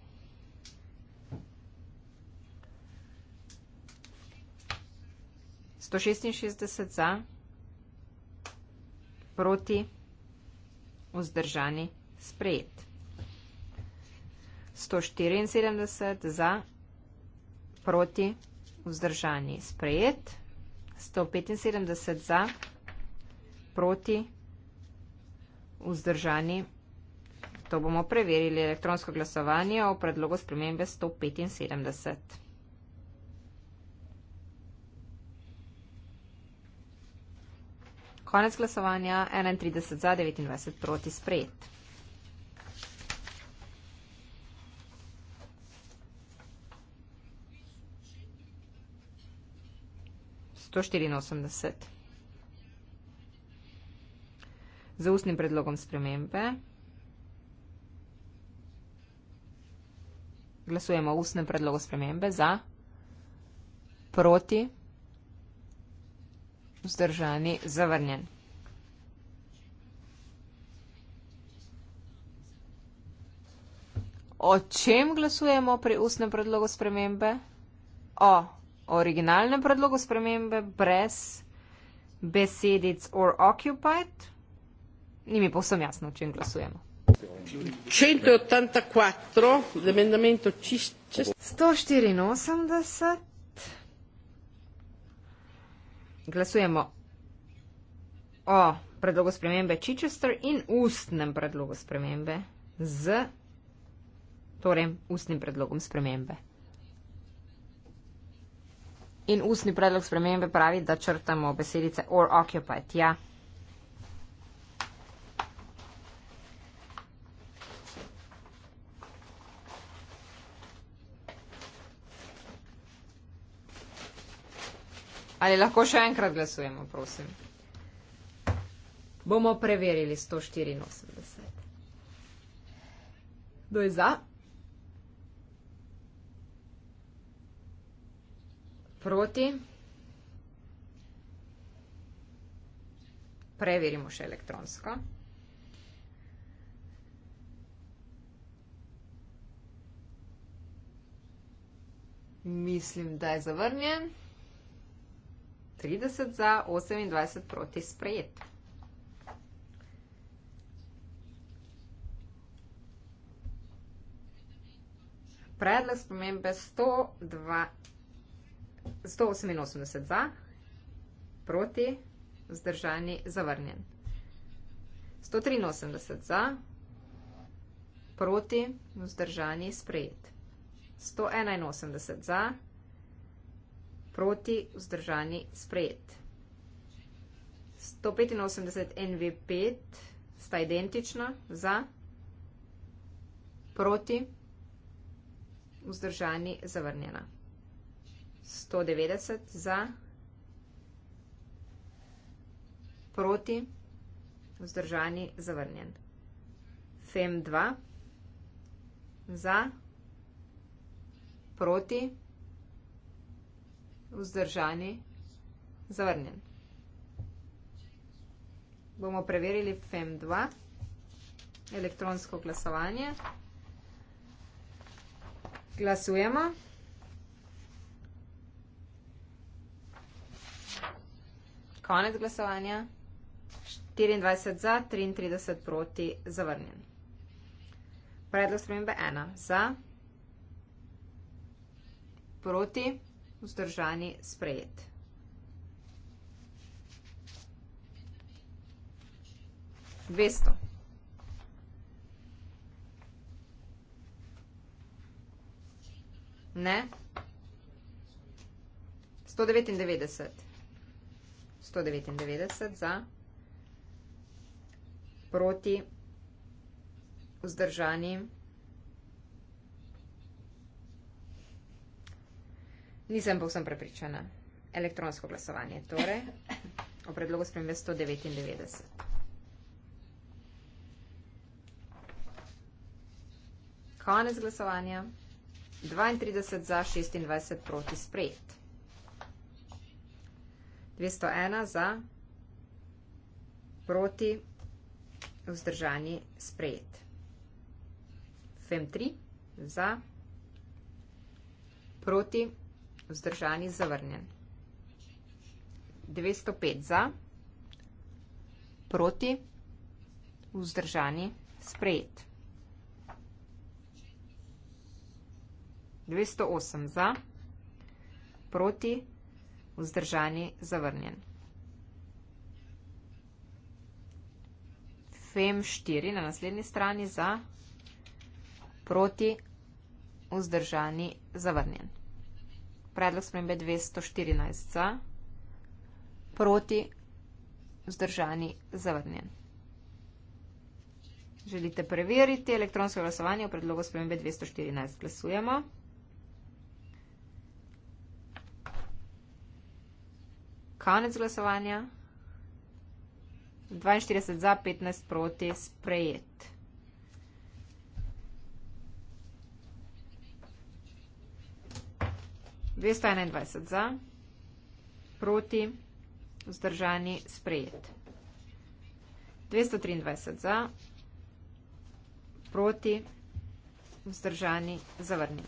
Speaker 2: 166 za, proti, vzdržani, sprejet. 174 za, proti, vzdržani, sprejet. 175 za, proti, vzdržani, To bomo preverili elektronsko glasovanje o predlogu spremembe 175. Konec glasovanja 31 za 29 proti sprejet. Za ustnim predlogom spremembe glasujemo o ustnem predlogu spremembe za proti Vzdržani zavrnjen. O čem glasujemo pri ustnem predlogu spremembe? O originalnem predlogu spremembe brez besedic or occupied? Ni mi
Speaker 1: povsem jasno, o čem glasujemo. 184, l'emendamento 184.
Speaker 2: Glasujemo o predlogu spremembe Chichester in ustnem predlogu spremembe z torej ustnim predlogom spremembe. In ustni predlog spremembe pravi, da črtamo besedice or occupied. Ja. Ali lahko še enkrat glasujemo, prosim? Bomo preverili 184. Kdo je za? Proti? Preverimo še elektronsko. Mislim, da je zavrnjen. 30 za, 28 proti sprejet. Predlog spomembe 188 za, proti, zdržani, zavrnjen. 183 za, proti, zdržani, sprejet. 181 za, proti proti vzdržani sprejet. 185 NV5 sta identična za, proti vzdržani zavrnjena. 190 za, proti vzdržani zavrnjen. FEM 2 za, proti vzdržani zavrnjen vzdržani, zavrnjen. Bomo preverili FEM2, elektronsko glasovanje. Glasujemo. Konec glasovanja. 24 za, 33 proti, zavrnjen. Predlog spremembe 1 za, proti vzdržani, sprejet. Dvesto. Ne. Sto devetindevetdeset. Sto devetindevetdeset za. Proti. Vzdržani. Nisem povsem prepričana. Elektronsko glasovanje. Torej, o predlogu spremembe 199. Konec glasovanja. 32 za, 26 proti sprejet. 201 za, proti vzdržani sprejet. FEM 3 za, proti vzdržani sprejet vzdržani zavrnjen. 205 za, proti, vzdržani sprejet. 208 za, proti, vzdržani zavrnjen. FEM 4 na naslednji strani za, proti, vzdržani zavrnjen predlog spremembe 214 za, proti, vzdržani, zavrnjen. Želite preveriti elektronsko glasovanje v predlogu spremembe 214? Glasujemo. Konec glasovanja. 42 za, 15 proti, sprejet. dvesto enaindvajset za, proti, vzdržani, sprejet. Dvesto triindvajset za, proti, vzdržani, zavrnjen.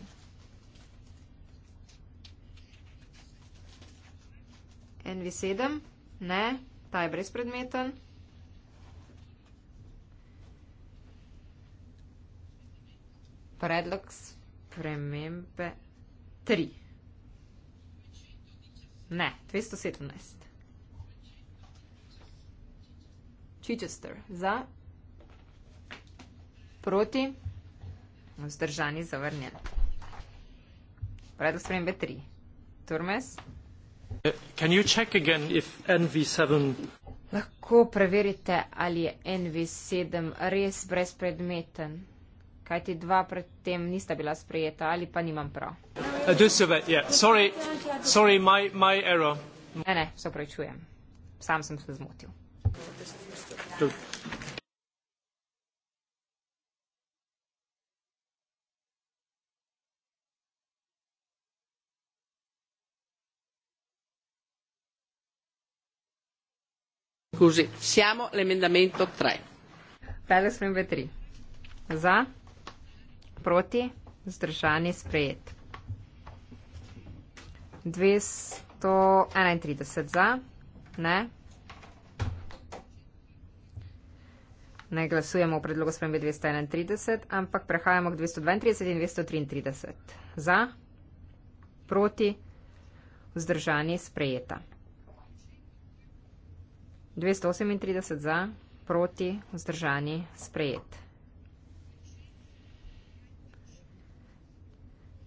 Speaker 2: NV sedem, ne, ta je brezpredmeten. Predlog spremembe tri. Ne, 217. Chichester za. Proti. Vzdržani zavrnjen. Predlog spremembe 3. Turmes.
Speaker 1: Eh, can you check again if NV7...
Speaker 2: Lahko preverite, ali je NV7 res brezpredmeten, kajti dva predtem nista bila sprejeta ali pa nimam prav.
Speaker 1: Adusovet, uh, yeah. Sorry, sorry, my, my error.
Speaker 2: Ne, ne, se opravičujem. Sam sem se zmotil.
Speaker 1: Scusi, siamo l'emendamento 3.
Speaker 2: Pelle sprem 3. Za? Proti? Zdržani sprejet. 231 za, ne. Ne glasujemo v predlogu spremembe 231, ampak prehajamo k 232 in 233 za, proti, vzdržani, sprejeta. 238 za, proti, vzdržani, sprejet.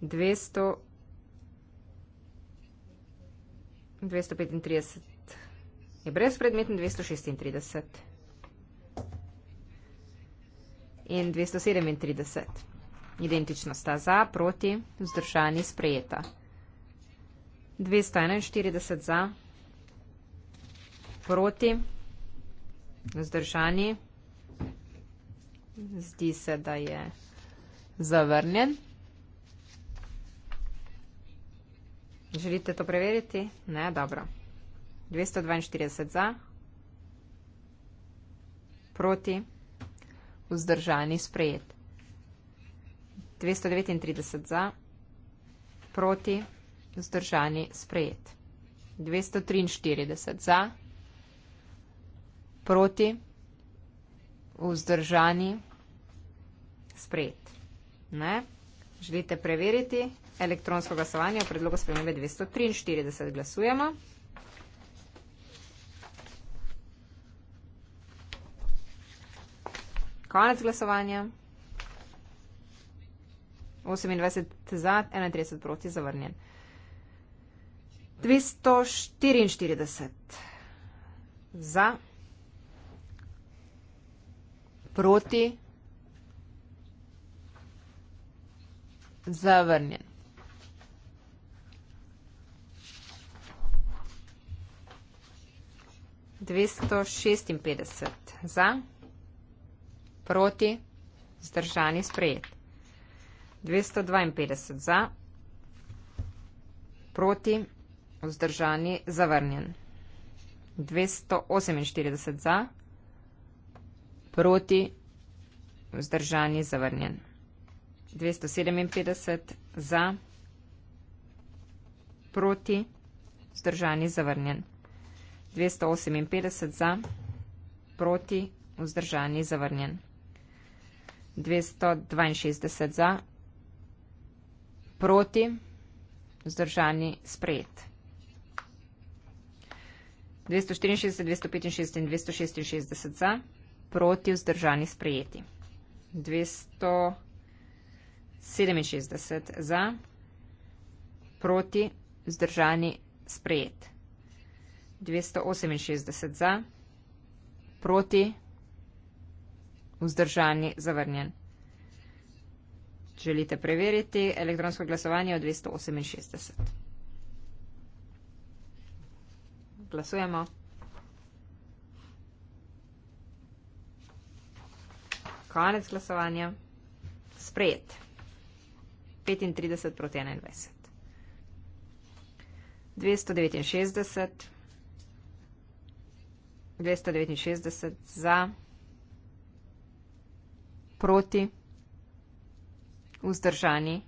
Speaker 2: 238. 235 je brezpredmeten, 236 in 237. Identično sta za, proti, vzdržani, sprejeta. 241 za, proti, vzdržani, zdi se, da je zavrnjen. Želite to preveriti? Ne, dobro. 242 za. Proti. Vzdržani sprejet. 239 za. Proti. Vzdržani sprejet. 243 za. Proti. Vzdržani sprejet. Ne. Želite preveriti? elektronsko glasovanje o predlogu spremembe 243. Glasujemo. Konec glasovanja. 28 za, 31 proti, zavrnjen. 244 za, proti, zavrnjen. 256 za, proti, zdržani sprejet. 252 za, proti, vzdržani zavrnjen. 248 za, proti, vzdržani zavrnjen. 257 za, proti, vzdržani zavrnjen. 258 za, proti, vzdržani, zavrnjen. 262 za, proti, vzdržani, sprejet. 264, 265 in 266 za, proti vzdržani sprejeti. 267 za, proti vzdržani sprejeti. 268 za, proti, vzdržani, zavrnjen. Želite preveriti elektronsko glasovanje o 268. Glasujemo. Konec glasovanja. Sprejet. 35 proti 21. 269. 269 za, proti, vzdržani.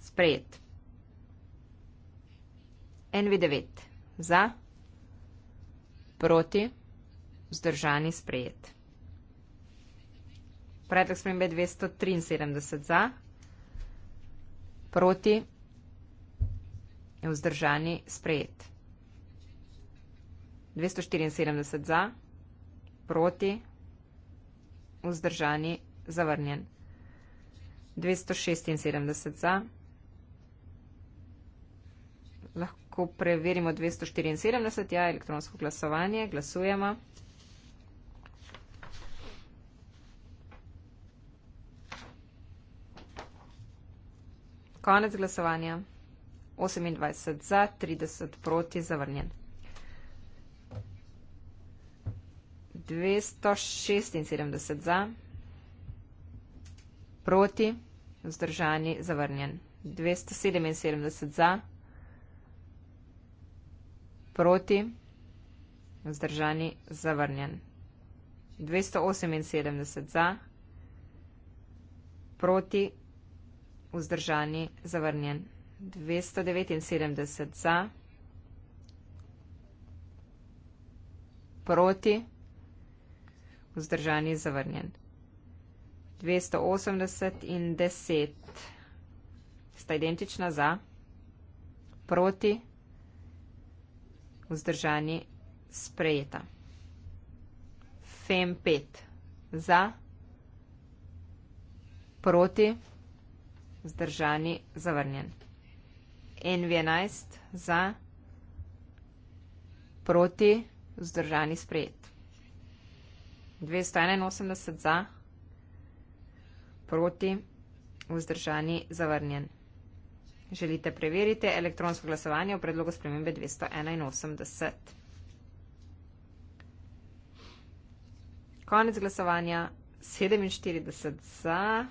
Speaker 2: Sprejet. NV9 za, proti, vzdržani, sprejet. Predlog smem B273 za, proti, vzdržani vzdržani sprejet. 274 za, proti, vzdržani zavrnjen. 276 za, lahko preverimo 274, ja, elektronsko glasovanje, glasujemo. Konec glasovanja. 28 za, 30 proti, zavrnjen. 276 za, proti, vzdržani, zavrnjen. 277 za, proti, vzdržani, zavrnjen. 278 za, proti, vzdržani, zavrnjen. 279 za, proti, vzdržani zavrnjen. 280 in 10 sta identična za, proti, vzdržani sprejeta. FEM 5 za, proti, vzdržani zavrnjen enaindvajset za, proti, vzdržani, sprejet. Dvesto enainosemdeset za, proti, vzdržani, zavrnjen. Želite preveriti elektronsko glasovanje o predlogu spremembe dvesto enainosemdeset? Konec glasovanja, sedeminštirideset za,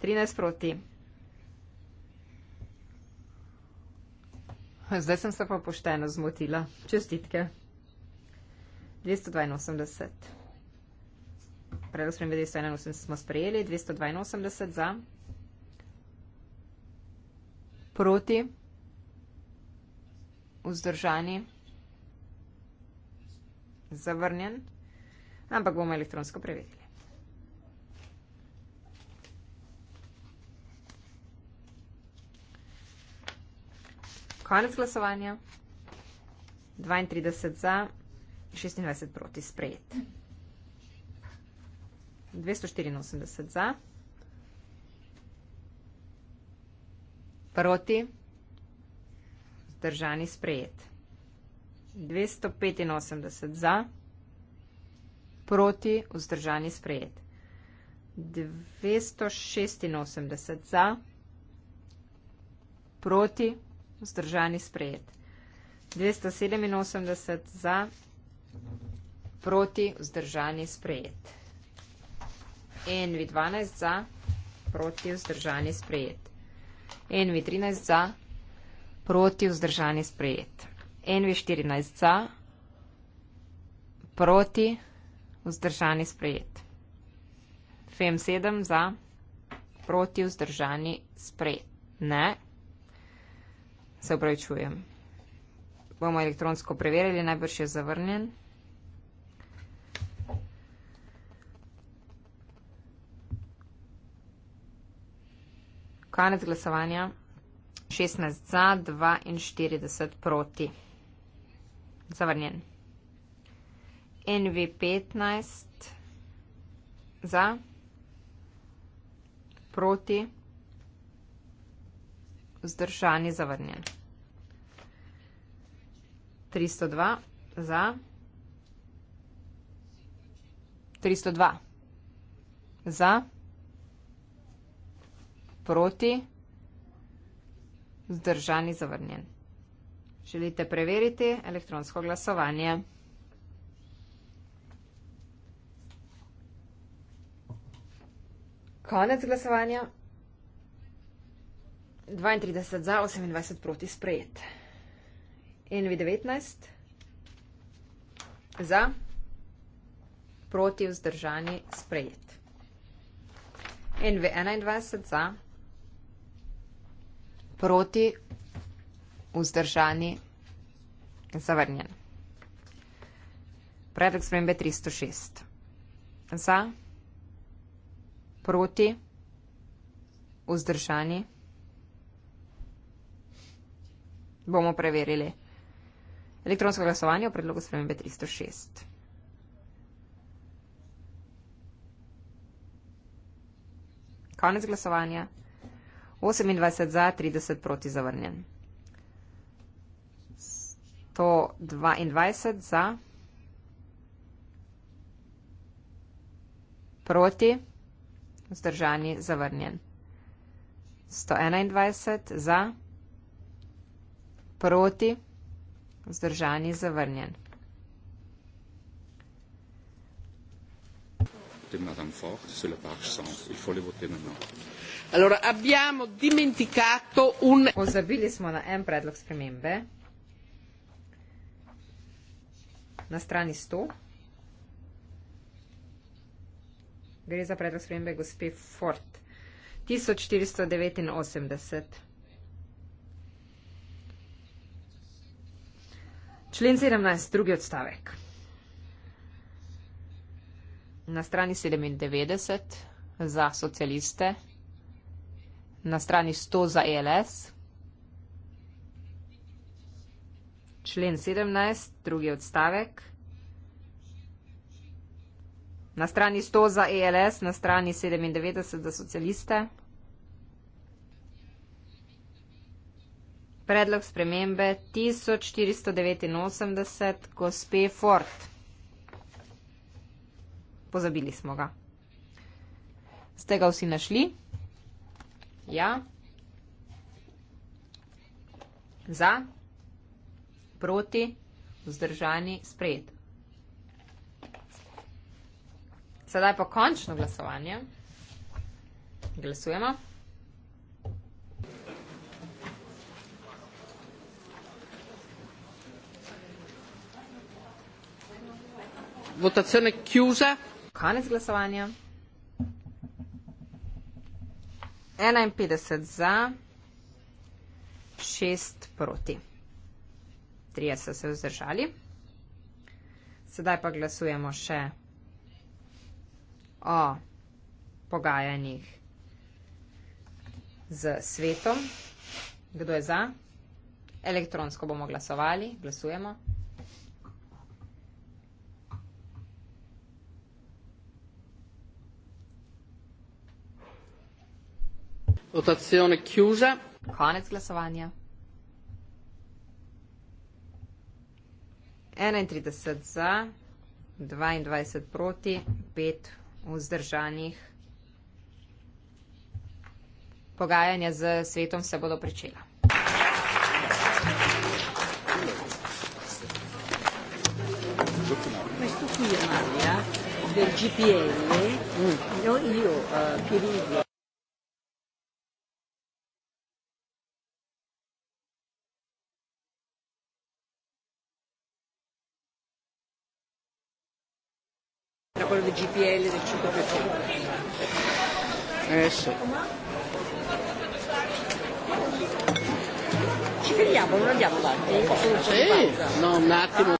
Speaker 2: trinajst proti. Zdaj sem se pa pošteno zmotila. Čestitke. 282. Predlog spremembe 281 smo sprejeli. 282 za. Proti. Vzdržani. Zavrnjen. Ampak bomo elektronsko preverili. konec glasovanja. 32 za, 26 proti sprejet. 284 za, proti, zdržani sprejet. 285 za, proti, vzdržani sprejet. 286 za, proti, vzdržani sprejet. 287 za, proti vzdržani sprejet. NV12 za, proti vzdržani sprejet. NV13 za, proti vzdržani sprejet. NV14 za, proti vzdržani sprejet. FEM7 za, proti vzdržani sprejet. Ne. Se upravičujem. Bomo elektronsko preverili, najbrž je zavrnjen. Konec glasovanja. 16 za, 42 proti. Zavrnjen. NV15 za, proti vzdržani zavrnjen. 302 za. 302 za. Proti. Vzdržani zavrnjen. Želite preveriti elektronsko glasovanje? Konec glasovanja. 32 za, 28 proti sprejet. NV19 za, proti vzdržani sprejet. NV21 za, proti vzdržani zavrnjen. Predlog spremembe 306. Za, proti, vzdržani sprejet. Bomo preverili. Elektronsko glasovanje o predlogu spremembe 306. Konec glasovanja. 28 za, 30 proti zavrnjen. 122 za, proti, vzdržani, zavrnjen. 121 za proti, vzdržani, zavrnjen. Pozabili smo na en predlog spremembe. Na strani 100 gre za predlog spremembe gospe Ford 1489. Člen 17, drugi odstavek. Na strani 97 za socialiste, na strani 100 za ELS. Člen 17, drugi odstavek. Na strani 100 za ELS, na strani 97 za socialiste. predlog spremembe 1489 gospe Ford. Pozabili smo ga. Ste ga vsi našli? Ja. Za. Proti. Vzdržani. Sprejet. Sedaj pa končno glasovanje. Glasujemo.
Speaker 1: votazione chiusa. Konec glasovanja.
Speaker 2: 51 za, 6 proti. 30 so se vzdržali. Sedaj pa glasujemo še o pogajanjih z svetom. Kdo je za? Elektronsko bomo glasovali. Glasujemo.
Speaker 1: votazione chiusa. Konec glasovanja.
Speaker 2: 31 za, 22 proti, 5 vzdržanih. Pogajanja z svetom se bodo pričela.
Speaker 1: Questo qui è Maria, del GPL,
Speaker 4: mm. io, io uh, eh, che vivo. GPL del 5%.
Speaker 1: Eh sì. Ci
Speaker 4: fermiamo, non andiamo avanti? Sì,
Speaker 1: no, un attimo.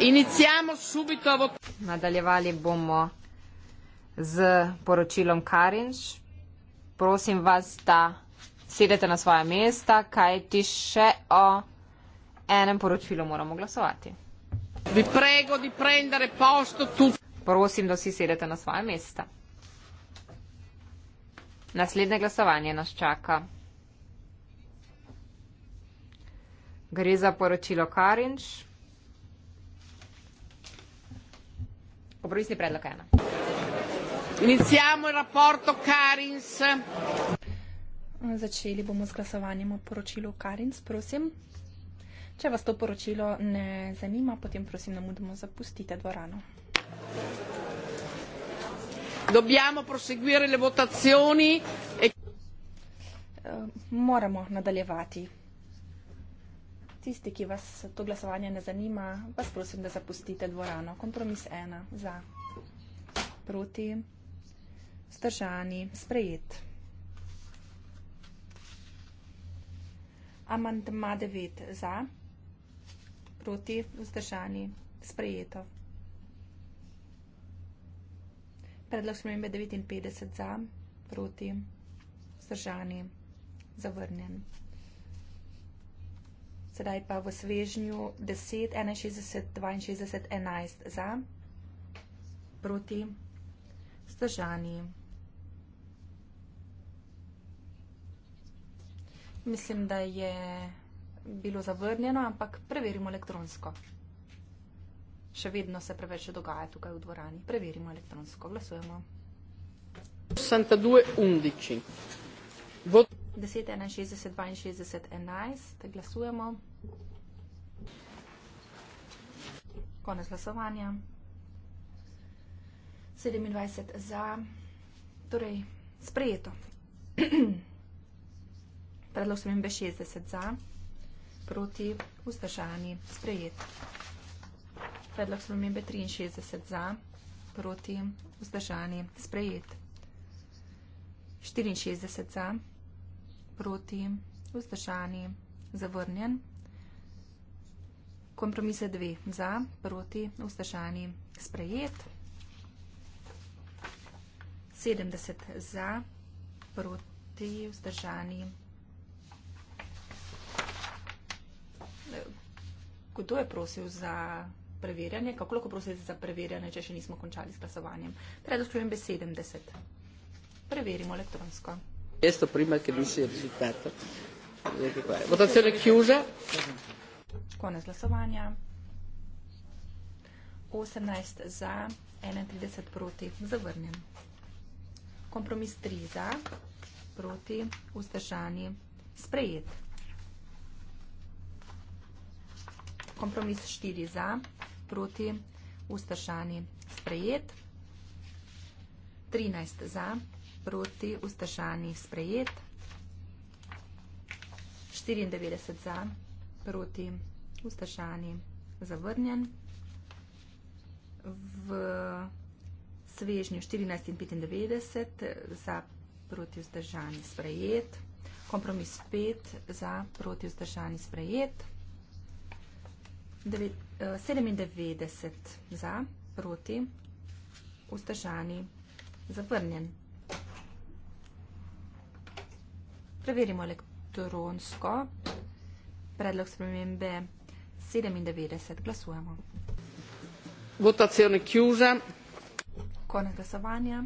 Speaker 1: Iniciamo subito.
Speaker 2: Nadaljevali bomo z poročilom Karinč. Prosim vas, da sedete na svoje mesta, kaj ti še o enem poročilu moramo glasovati.
Speaker 1: Vi prego di prendere
Speaker 2: posto tu. Prosim, da si sedete na svoje mesta. Naslednje glasovanje nas čaka. Gre za poročilo Karinč. Compromessi predlog ena.
Speaker 3: Iniciamo il rapporto Karins. Začeli bomo z glasovanjem o poročilu Karins, prosim. Če vas to poročilo ne zanima, potem prosim, da mudimo zapustite dvorano.
Speaker 1: Dobbiamo proseguire le votazioni.
Speaker 3: E... Eh, moramo nadaljevati Tisti, ki vas to glasovanje ne zanima, vas prosim, da zapustite dvorano. Kompromis ena za, proti, vzdržani, sprejet. Amantma devet za, proti, vzdržani, sprejeto. Predlog spremembe 59 za, proti, vzdržani, zavrnjen. Sedaj pa v svežnju 10, 61, 62, 11 za, proti stržani. Mislim, da je bilo zavrnjeno, ampak preverimo elektronsko. Še vedno se preveč dogaja tukaj v dvorani. Preverimo elektronsko. Glasujemo.
Speaker 1: Santa 2, 11.
Speaker 3: 10, 61, 62, 11, te glasujemo. Konec glasovanja. 27 za, torej sprejeto. <clears throat> Predlog sem imel 60 za, proti vzdržani, sprejet. Predlog sem imel 63 za, proti vzdržani, sprejet. 64 za, sprejet proti, vzdržani, zavrnjen. Kompromise dve, za, proti, vzdržani, sprejet. 70 za, proti, vzdržani. Kdo je prosil za preverjanje? Kako lahko prosite za preverjanje, če še nismo končali s glasovanjem? Predostujem B70. Preverimo elektronsko
Speaker 1: chiesto prima che lui sia risultato. Votazione chiusa.
Speaker 3: Konec glasovanja. 18 za, 31 proti. Zavrnjen. Kompromis 3 za, proti, vzdržani. Sprejet. Kompromis 4 za, proti, vzdržani. Sprejet. 13 za, proti vzdržanih sprejet, 94 za proti vzdržanih zavrnjen, v svežnju 14 in 95 za proti vzdržanih sprejet, kompromis 5 za proti vzdržanih sprejet, 97 za proti vzdržanih zavrnjen. Preverimo elektronsko. Predlog spremembe 97. Glasujemo.
Speaker 1: Votacijone Kjuza.
Speaker 3: Konec glasovanja.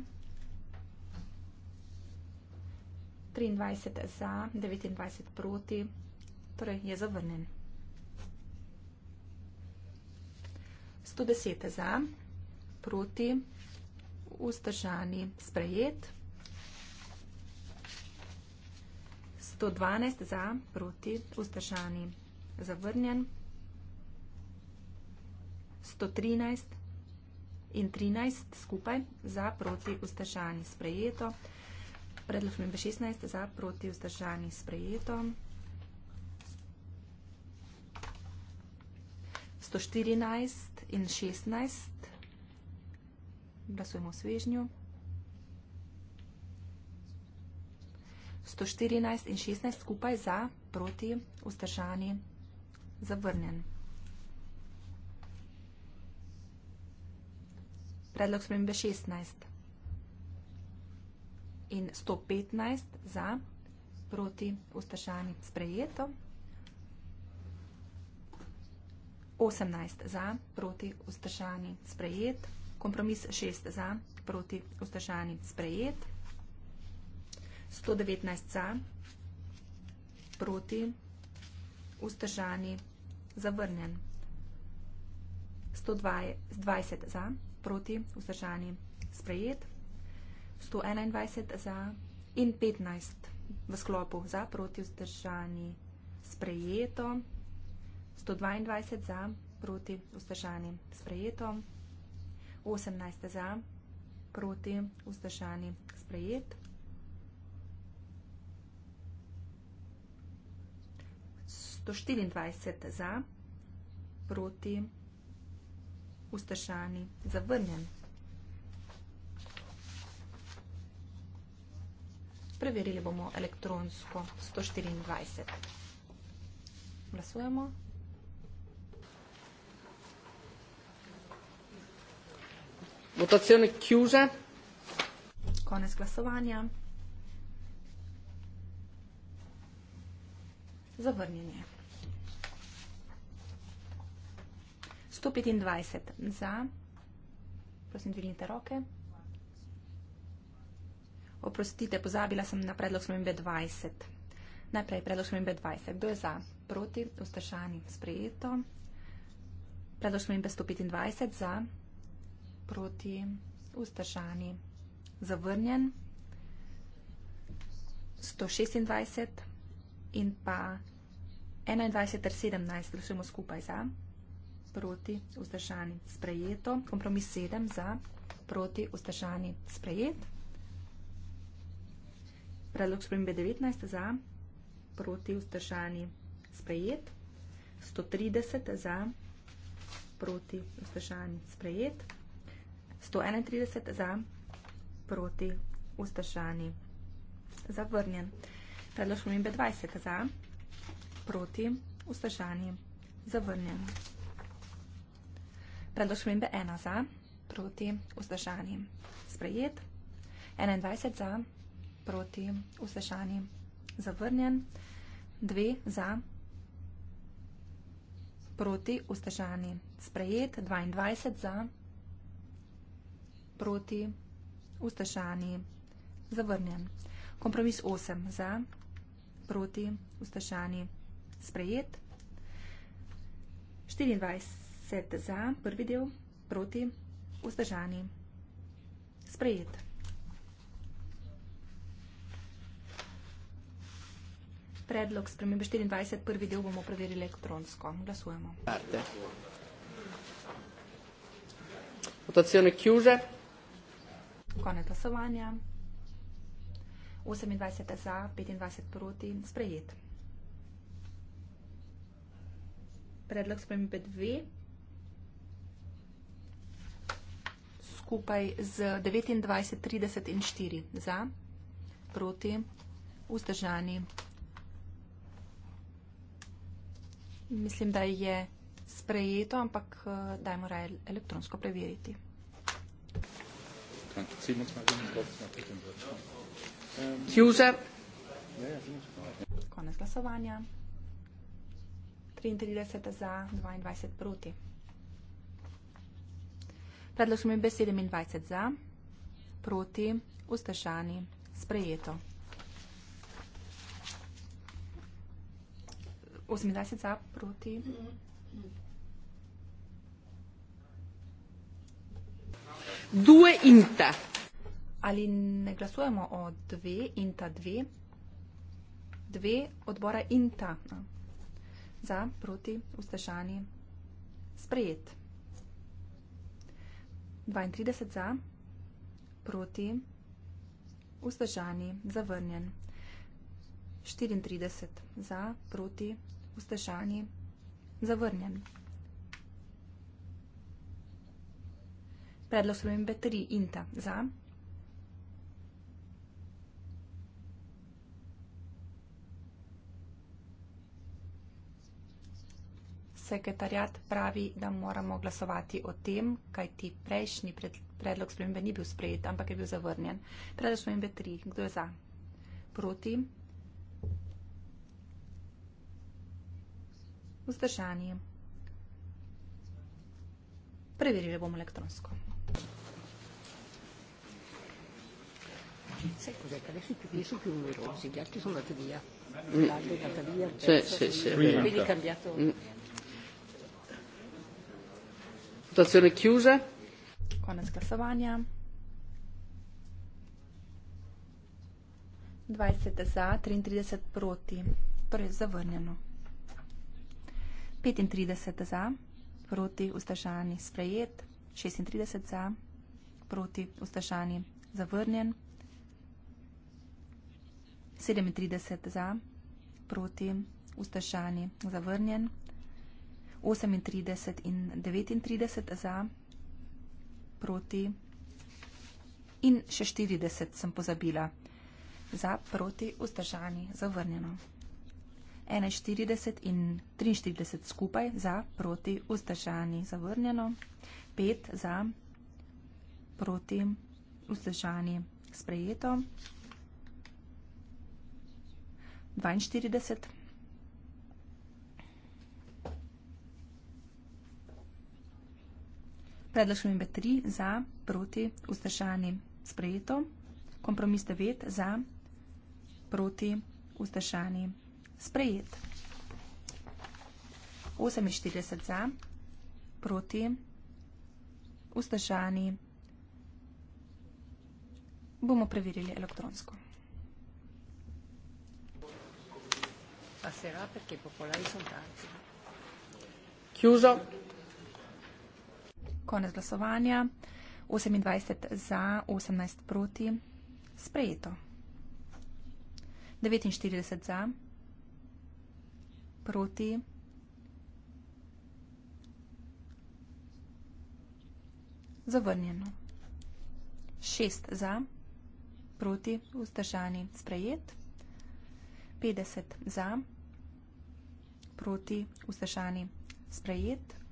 Speaker 3: 23 za, 29 proti. Torej je zavrnen. 110 za, proti, vzdržani, sprejet. 112 za, proti, vzdržani, zavrnjen. 113 in 13 skupaj, za, proti, vzdržani, sprejeto. Predlog mi 16 za, proti, vzdržani, sprejeto. 114 in 16, glasujemo v svežnju. 114 in 16 skupaj za, proti, vzdržani, zavrnen. Predlog spremembe 16. In 115 za, proti, vzdržani, sprejeto. 18 za, proti, vzdržani, sprejet. Kompromis 6 za, proti, vzdržani, sprejet. 119 za, proti, vzdržani, zavrnjen. 120 za, proti, vzdržani, sprejet. 121 za in 15 v sklopu za, proti, vzdržani, sprejeto. 122 za, proti, vzdržani, sprejeto. 18 za, proti, vzdržani, sprejeto. 124 za, proti, ustašani, zavrnjen. Preverili bomo elektronsko 124. Glasujemo.
Speaker 1: Votacijone kjuže.
Speaker 3: Konec glasovanja. Zavrnjenje. 125 za. Prosim, dvignite roke. Oprostite, pozabila sem na predlog spremembe 20. Najprej predlog spremembe 20. Kdo je za? Proti? Vstršani? Sprejeto. Predlog spremembe 125 za. Proti? Vstršani? Zavrnjen. 126 in pa 21 ter 17. Glasujemo skupaj za proti, vzdržani, sprejeto. Kompromis sedem za, proti, vzdržani, sprejet. Predlog spremembe 19 za, proti, vzdržani, sprejet. 130 za, proti, vzdržani, sprejet. 131 za, proti, vzdržani, zavrnjen. Predlog spremembe 20 za, proti, vzdržani, zavrnjen. Predlog spremembe ena za, proti vzdržani. Sprejet. Enaindvajset za, proti vzdržani. Zavrnjen. Dve za, proti vzdržani. Sprejet. Dvaindvajset za, proti vzdržani. Zavrnjen. Kompromis osem za, proti vzdržani. Sprejet. Štiriindvajset. 10 za, prvi del, proti, vzdržani. Sprejet. Predlog spremembe 24, prvi del bomo preverili elektronsko. Glasujemo.
Speaker 1: Parte. Votazione chiuse.
Speaker 3: Konec glasovanja. 28 za, 25 proti, sprejet. Predlog spremembe 2, skupaj z 29, 30 in 4 za, proti, vzdržani. Mislim, da je sprejeto, ampak eh, dajmo raje elektronsko preveriti. Hjuse. Konec glasovanja. 33 za, 22 proti. Predložene besede dvajset za, proti, vzdržani, sprejeto. Osemindvajset za, proti. Due inta. Ali ne glasujemo o dve, inta dve? Dve odbora inta. No. Za, proti, vzdržani, sprejet. 32 za, proti, vzdržani, zavrnjen. 34 za, proti, vzdržani, zavrnjen. Predlog spremembe 3 inta za. sekretarjat pravi, da moramo glasovati o tem, kaj ti prejšnji predlog spremembe ni bil sprejet, ampak je bil zavrnjen. Predlog spremembe 3. Kdo je za? Proti? Vzdržani? Preverili bomo elektronsko.
Speaker 2: Mm. Sì,
Speaker 1: sì, sì situazione chiusa.
Speaker 3: Con esclasavania. 20 za, 33 proti, torej zavrnjeno. 35 za, proti, vzdržani, sprejet. 36 za, proti, vzdržani, zavrnjen. 37 za, proti, vzdržani, zavrnjen. 38 in 39 za, proti in še 40 sem pozabila. Za, proti, vzdržani, zavrnjeno. 41 in 43 skupaj, za, proti, vzdržani, zavrnjeno. 5 za, proti, vzdržani, sprejeto. 42. Predlog spremembe tri, za, proti, vzdržani, sprejeto. Kompromis devet, za, proti, vzdržani, sprejet. 48 za, proti, vzdržani. Bomo preverili elektronsko. Chiuso. Konec glasovanja. 28 za, 18 proti. Sprejeto. 49 za, proti. Zavrnjeno. 6 za, proti, vzdržani, sprejet. 50 za, proti, vzdržani, sprejet.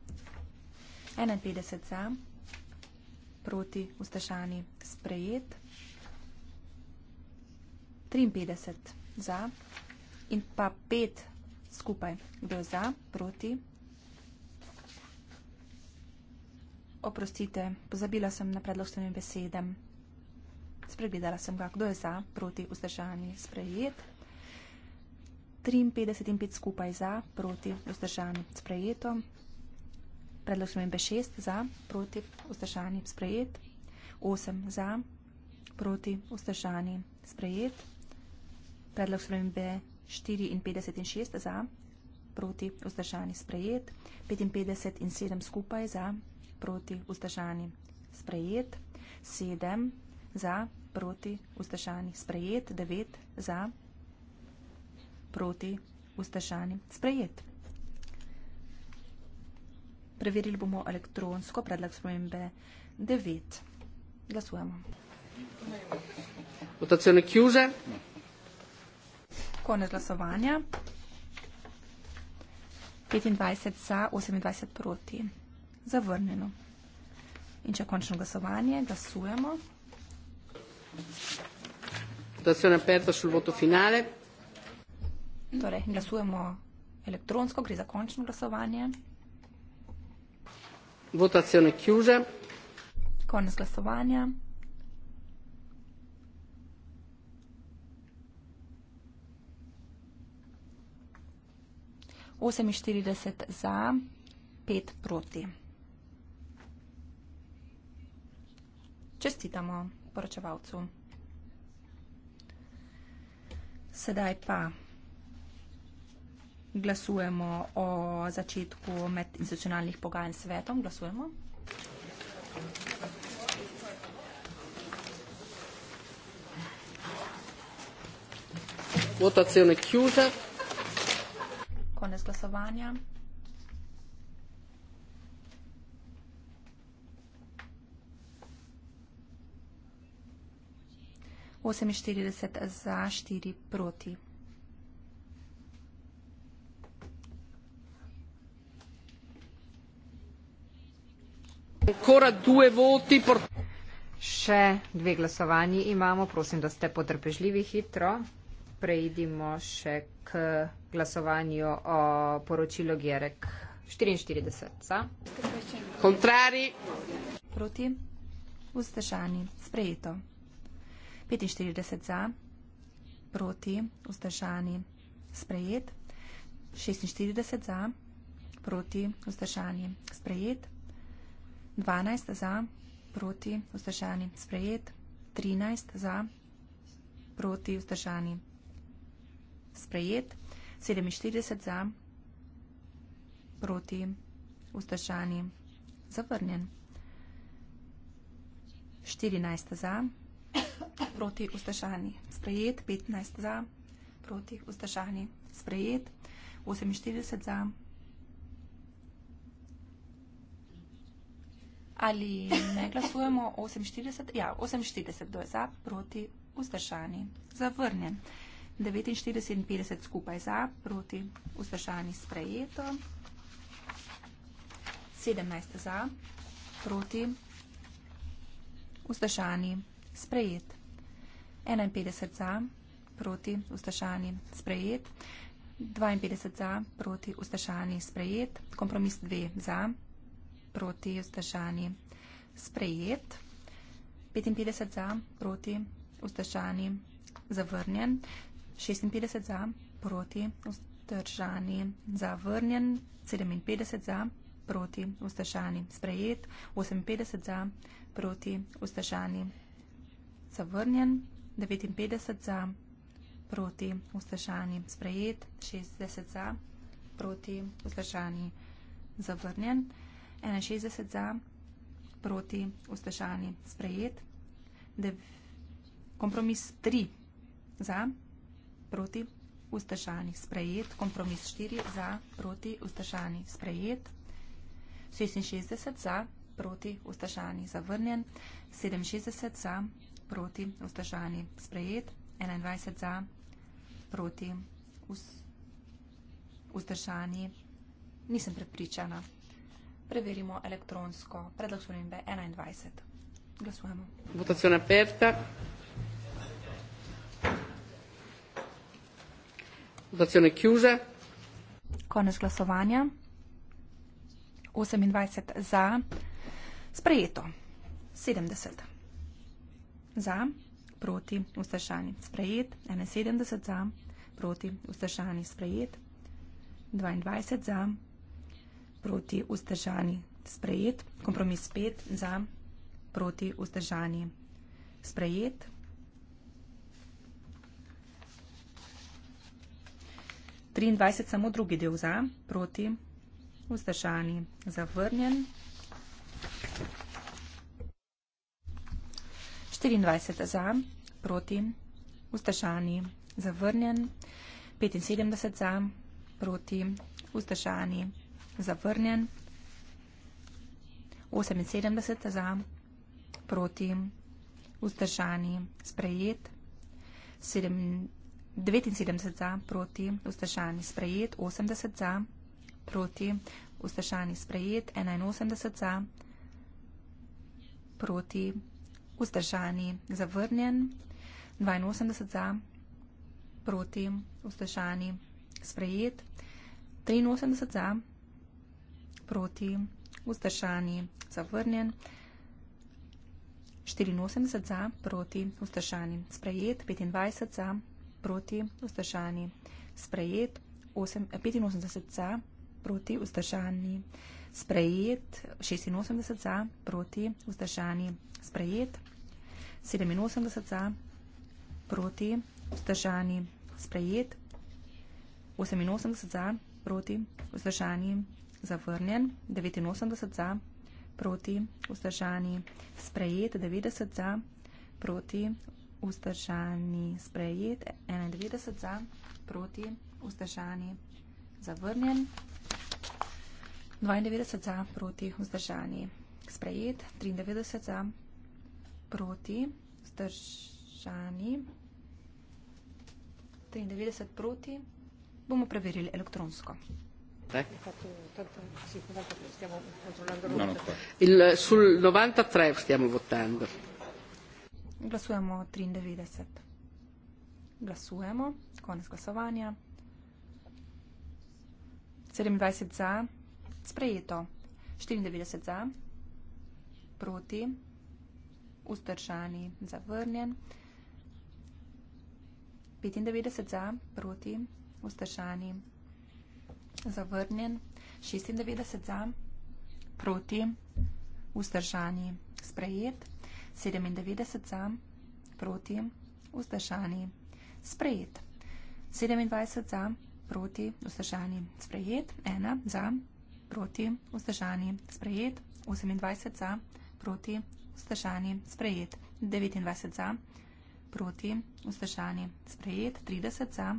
Speaker 3: 51 za, proti ustašani sprejet, 53 za in pa 5 skupaj, kdo je za, proti. Oprostite, pozabila sem na predlog s temi besedem. Spregledala sem ga, kdo je za, proti, vzdržani, sprejet. 53 in 5 skupaj za, proti, vzdržani, sprejeto. Predlog spremembe 6 za, proti vzdržani sprejet, 8 za, proti vzdržani sprejet, predlog spremembe 4 in 50 in 6 za, proti vzdržani sprejet, 55 in 7 skupaj za, proti vzdržani sprejet, 7 za, proti vzdržani sprejet, 9 za, proti vzdržani sprejet. Preverili bomo elektronsko predlog spremembe 9. Glasujemo.
Speaker 1: Votacione chiuse.
Speaker 3: Konec glasovanja. 25 za, 28 proti. Zavrnjeno. In če končno glasovanje, glasujemo.
Speaker 1: Votacione aperta sul voto finale.
Speaker 3: Torej, glasujemo elektronsko, gre za končno glasovanje
Speaker 1: votazione chiusa.
Speaker 3: Con sglasovanja. Oseminštirideset za, pet proti. Čestitamo poročevalcu. Sedaj pa glasujemo o začetku medinstitucionalnih pogajanj s svetom. Glasujemo.
Speaker 1: Votazione chiusa.
Speaker 3: Konec glasovanja. 48 za, 4 proti.
Speaker 2: Še dve glasovanji imamo, prosim, da ste potrpežljivi hitro. Preidimo še k glasovanju o poročilu Gerek 44. Za.
Speaker 1: Kontrari.
Speaker 2: Proti.
Speaker 3: Vzdržani. Sprejeto. 45 za. Proti. Vzdržani. Sprejet. 46 za. Proti. Vzdržani. Sprejet. 12 za, proti, vzdržani, sprejet. 13 za, proti, vzdržani, sprejet. 47 za, proti, vzdržani, zavrnjen. 14 za, proti, vzdržani, sprejet. 15 za, proti, vzdržani, sprejet. 48 za, proti, vzdržani, sprejet. ali ne glasujemo 48, ja, 48 do je za, proti vzdržani, zavrnjen. 49 in 50 skupaj za, proti vzdržani sprejeto, 17 za, proti vzdržani sprejet, 51 za, proti vzdržani sprejet, 52 za, proti vzdržani sprejet, kompromis 2 za, proti vzdržani sprejet, 55 za proti vzdržani zavrnjen, 56 za proti vzdržani zavrnjen, 57 za proti vzdržani sprejet, 58 za proti vzdržani zavrnjen, 59 za proti vzdržani sprejet, 60 za proti vzdržani zavrnjen. 61 za, proti vzdržani sprejet. Dev, kompromis 3 za, proti vzdržani sprejet. Kompromis 4 za, proti vzdržani sprejet. 66 za, proti vzdržani zavrnjen. 67 za, proti vzdržani sprejet. 21 za, proti vzdržani. Nisem prepričana. Preverimo elektronsko predlagatelje 21. Glasujemo.
Speaker 1: Votacija odprta. Votacija kjuže.
Speaker 3: Konec glasovanja. 28 za, sprejeto. 70 za, proti, vzdržani, sprejet. 71 za, proti, vzdržani, sprejet. 22 za, proti vzdržani sprejet, kompromis pet za proti vzdržani sprejet. Triindvajset samo drugi del za, proti vzdržani zavrnjen. Štiriindvajset za, proti vzdržani zavrnjen. Petinsedemdeset za, proti vzdržani zavrnjen zavrnjen, 78 za, proti, vzdržani, sprejet, 7, 79 za, proti, vzdržani, sprejet, 80 za, proti, vzdržani, sprejet, 81 za, proti, vzdržani, zavrnjen, 82 za, proti, vzdržani, sprejet, 83 za, proti, proti, vzdržani, zavrnjen. 84 za, proti, vzdržani, sprejet. 25 za, proti, vzdržani, sprejet. 8, 85 za, proti, vzdržani, sprejet. 86 za, proti, vzdržani, sprejet. 87 za, proti, vzdržani, sprejet. 88 za, proti, vzdržani, zavrnjen, 89 za, proti, vzdržani, sprejet, 90 za, proti, vzdržani, sprejet, 91 za, proti, vzdržani, zavrnjen, 92 za, proti, vzdržani, sprejet, 93 za, proti, vzdržani, 93 proti, bomo preverili elektronsko. Eh? No,
Speaker 1: no, sul 93 stiamo votando.
Speaker 3: Glasujemo 93. Glasujemo. Konec glasovanja. 27 za. Sprejeto. 94 za. Proti. Ustržani. Zavrnjen. 95 za. Proti. Ustržani zavrnjen, 96 za, proti, vzdržani, sprejet, 97 za, proti, vzdržani, sprejet, 27 za, proti, vzdržani, sprejet, 1 za, proti, vzdržani, sprejet, 28 za, proti, vzdržani, sprejet, 29 za, proti, vzdržani, sprejet, 30 za, proti, vzdržani, sprejet,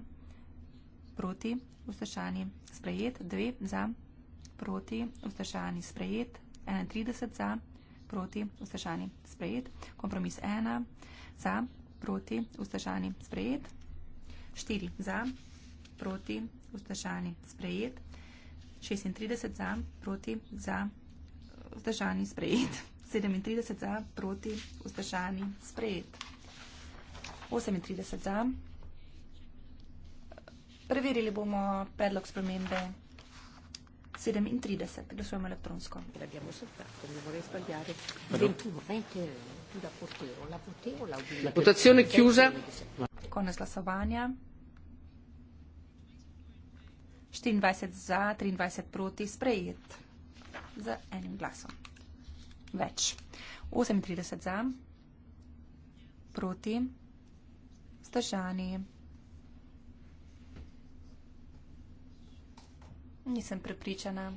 Speaker 3: proti, vzdržani, sprejet, dve za, proti, vzdržani, sprejet, 31 za, proti, vzdržani, sprejet, kompromis 1 za, proti, vzdržani, sprejet, 4 za, proti, vzdržani, sprejet, 36 za, proti, za, vzdržani, sprejet, 37 za, proti, vzdržani, sprejet, 38 za, Preverili bomo predlog spremembe 37, glasujemo elektronsko. Votazione chiusa. Konec glasovanja. 24 za, 23 proti, sprejet z enim glasom. Več. 38 za, proti, zdržani. Nisem prepričana,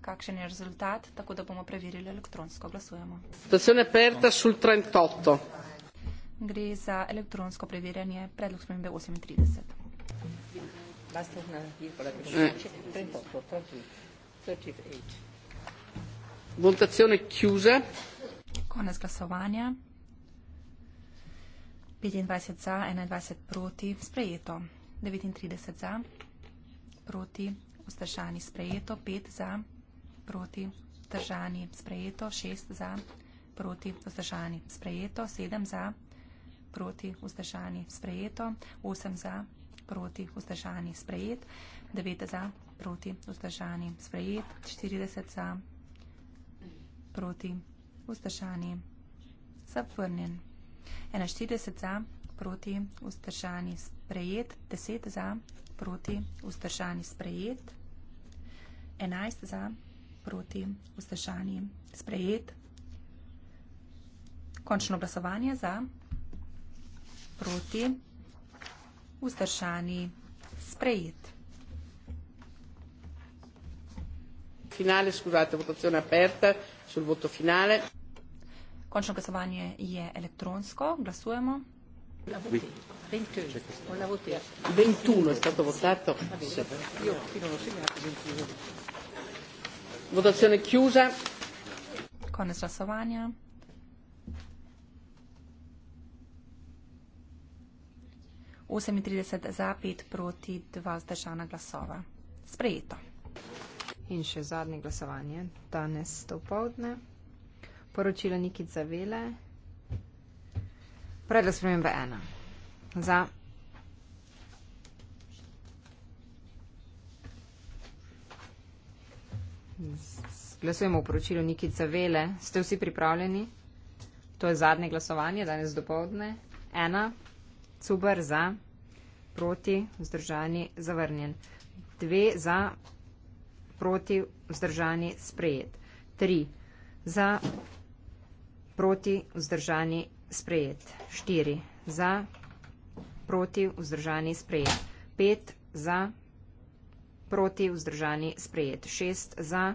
Speaker 3: kakšen je rezultat, tako da bomo preverili elektronsko. Glasujemo. Stacione Perta
Speaker 1: sul 38.
Speaker 3: Gre za elektronsko preverjanje, predlog spremembe 38. Eh. E Votazione chiusa. Konec glasovanja. 25 za, 21 proti, sprejeto. 39 za, proti, vzdržani, sprejeto, pet za, proti, vzdržani, sprejeto, šest za, proti, vzdržani, sprejeto, sedem za, proti, vzdržani, sprejeto, osem za, proti, vzdržani, sprejet, devet za, proti, vzdržani, sprejet, štirideset za, proti, vzdržani, zavrnjen, enaštirideset za, proti vzdržani sprejet, 10 za proti vzdržani sprejet, 11 za proti vzdržani sprejet, končno glasovanje za proti vzdržani sprejet.
Speaker 1: Finale, skusate, votazione aperta sul voto finale.
Speaker 3: Končno glasovanje je elektronsko, glasujemo. La voti. Oui.
Speaker 1: 20, on l'a voté. 21 è stato votato. Io, io non ho segnato 21.
Speaker 3: Votazione chiusa. Con la Savania. Osem in 30 za, 5 proti, 2 zdržana glasova. Sprejeto. In
Speaker 2: še zadnje glasovanje danes to povdne. Poročilo Nikit Zavele, Predlog spremembe ena. Za. Glasujemo o poročilu Nikice Vele. Ste vsi pripravljeni? To je zadnje glasovanje danes dopoldne. Ena. Cuber za. Proti. Vzdržani. Zavrnjen. Dve. Za. Proti. Vzdržani. Sprejet. Tri. Za. Proti. Vzdržani sprejet. 4 za, proti, vzdržani, sprejet. 5 za, proti, vzdržani, sprejet. 6 za,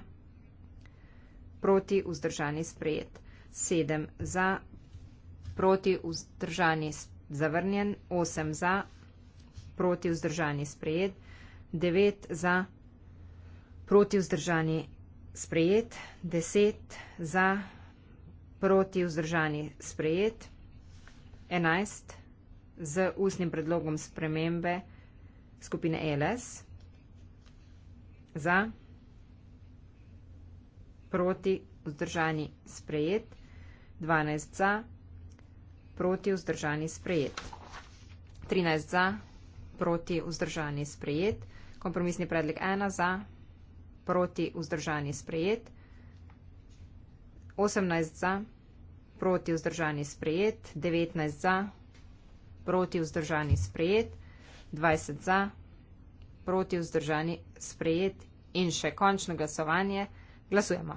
Speaker 2: proti, vzdržani, sprejet. 7 za, proti, vzdržani, zavrnjen. 8 za, proti, vzdržani, sprejet. 9 za, proti, vzdržani, sprejet. 10 za, proti, vzdržani, sprejet proti vzdržani sprejet, 11 z ustnim predlogom spremembe skupine ELS, za proti vzdržani sprejet, 12 za proti vzdržani sprejet, 13 za proti vzdržani sprejet, kompromisni predlog 1 za proti vzdržani sprejet, 18 za, proti vzdržani sprejet, 19 za, proti vzdržani sprejet, 20 za, proti vzdržani sprejet in še končno glasovanje. Glasujemo.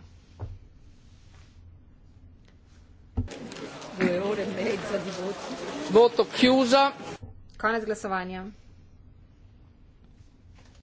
Speaker 2: Voto Kjuza. Konec glasovanja.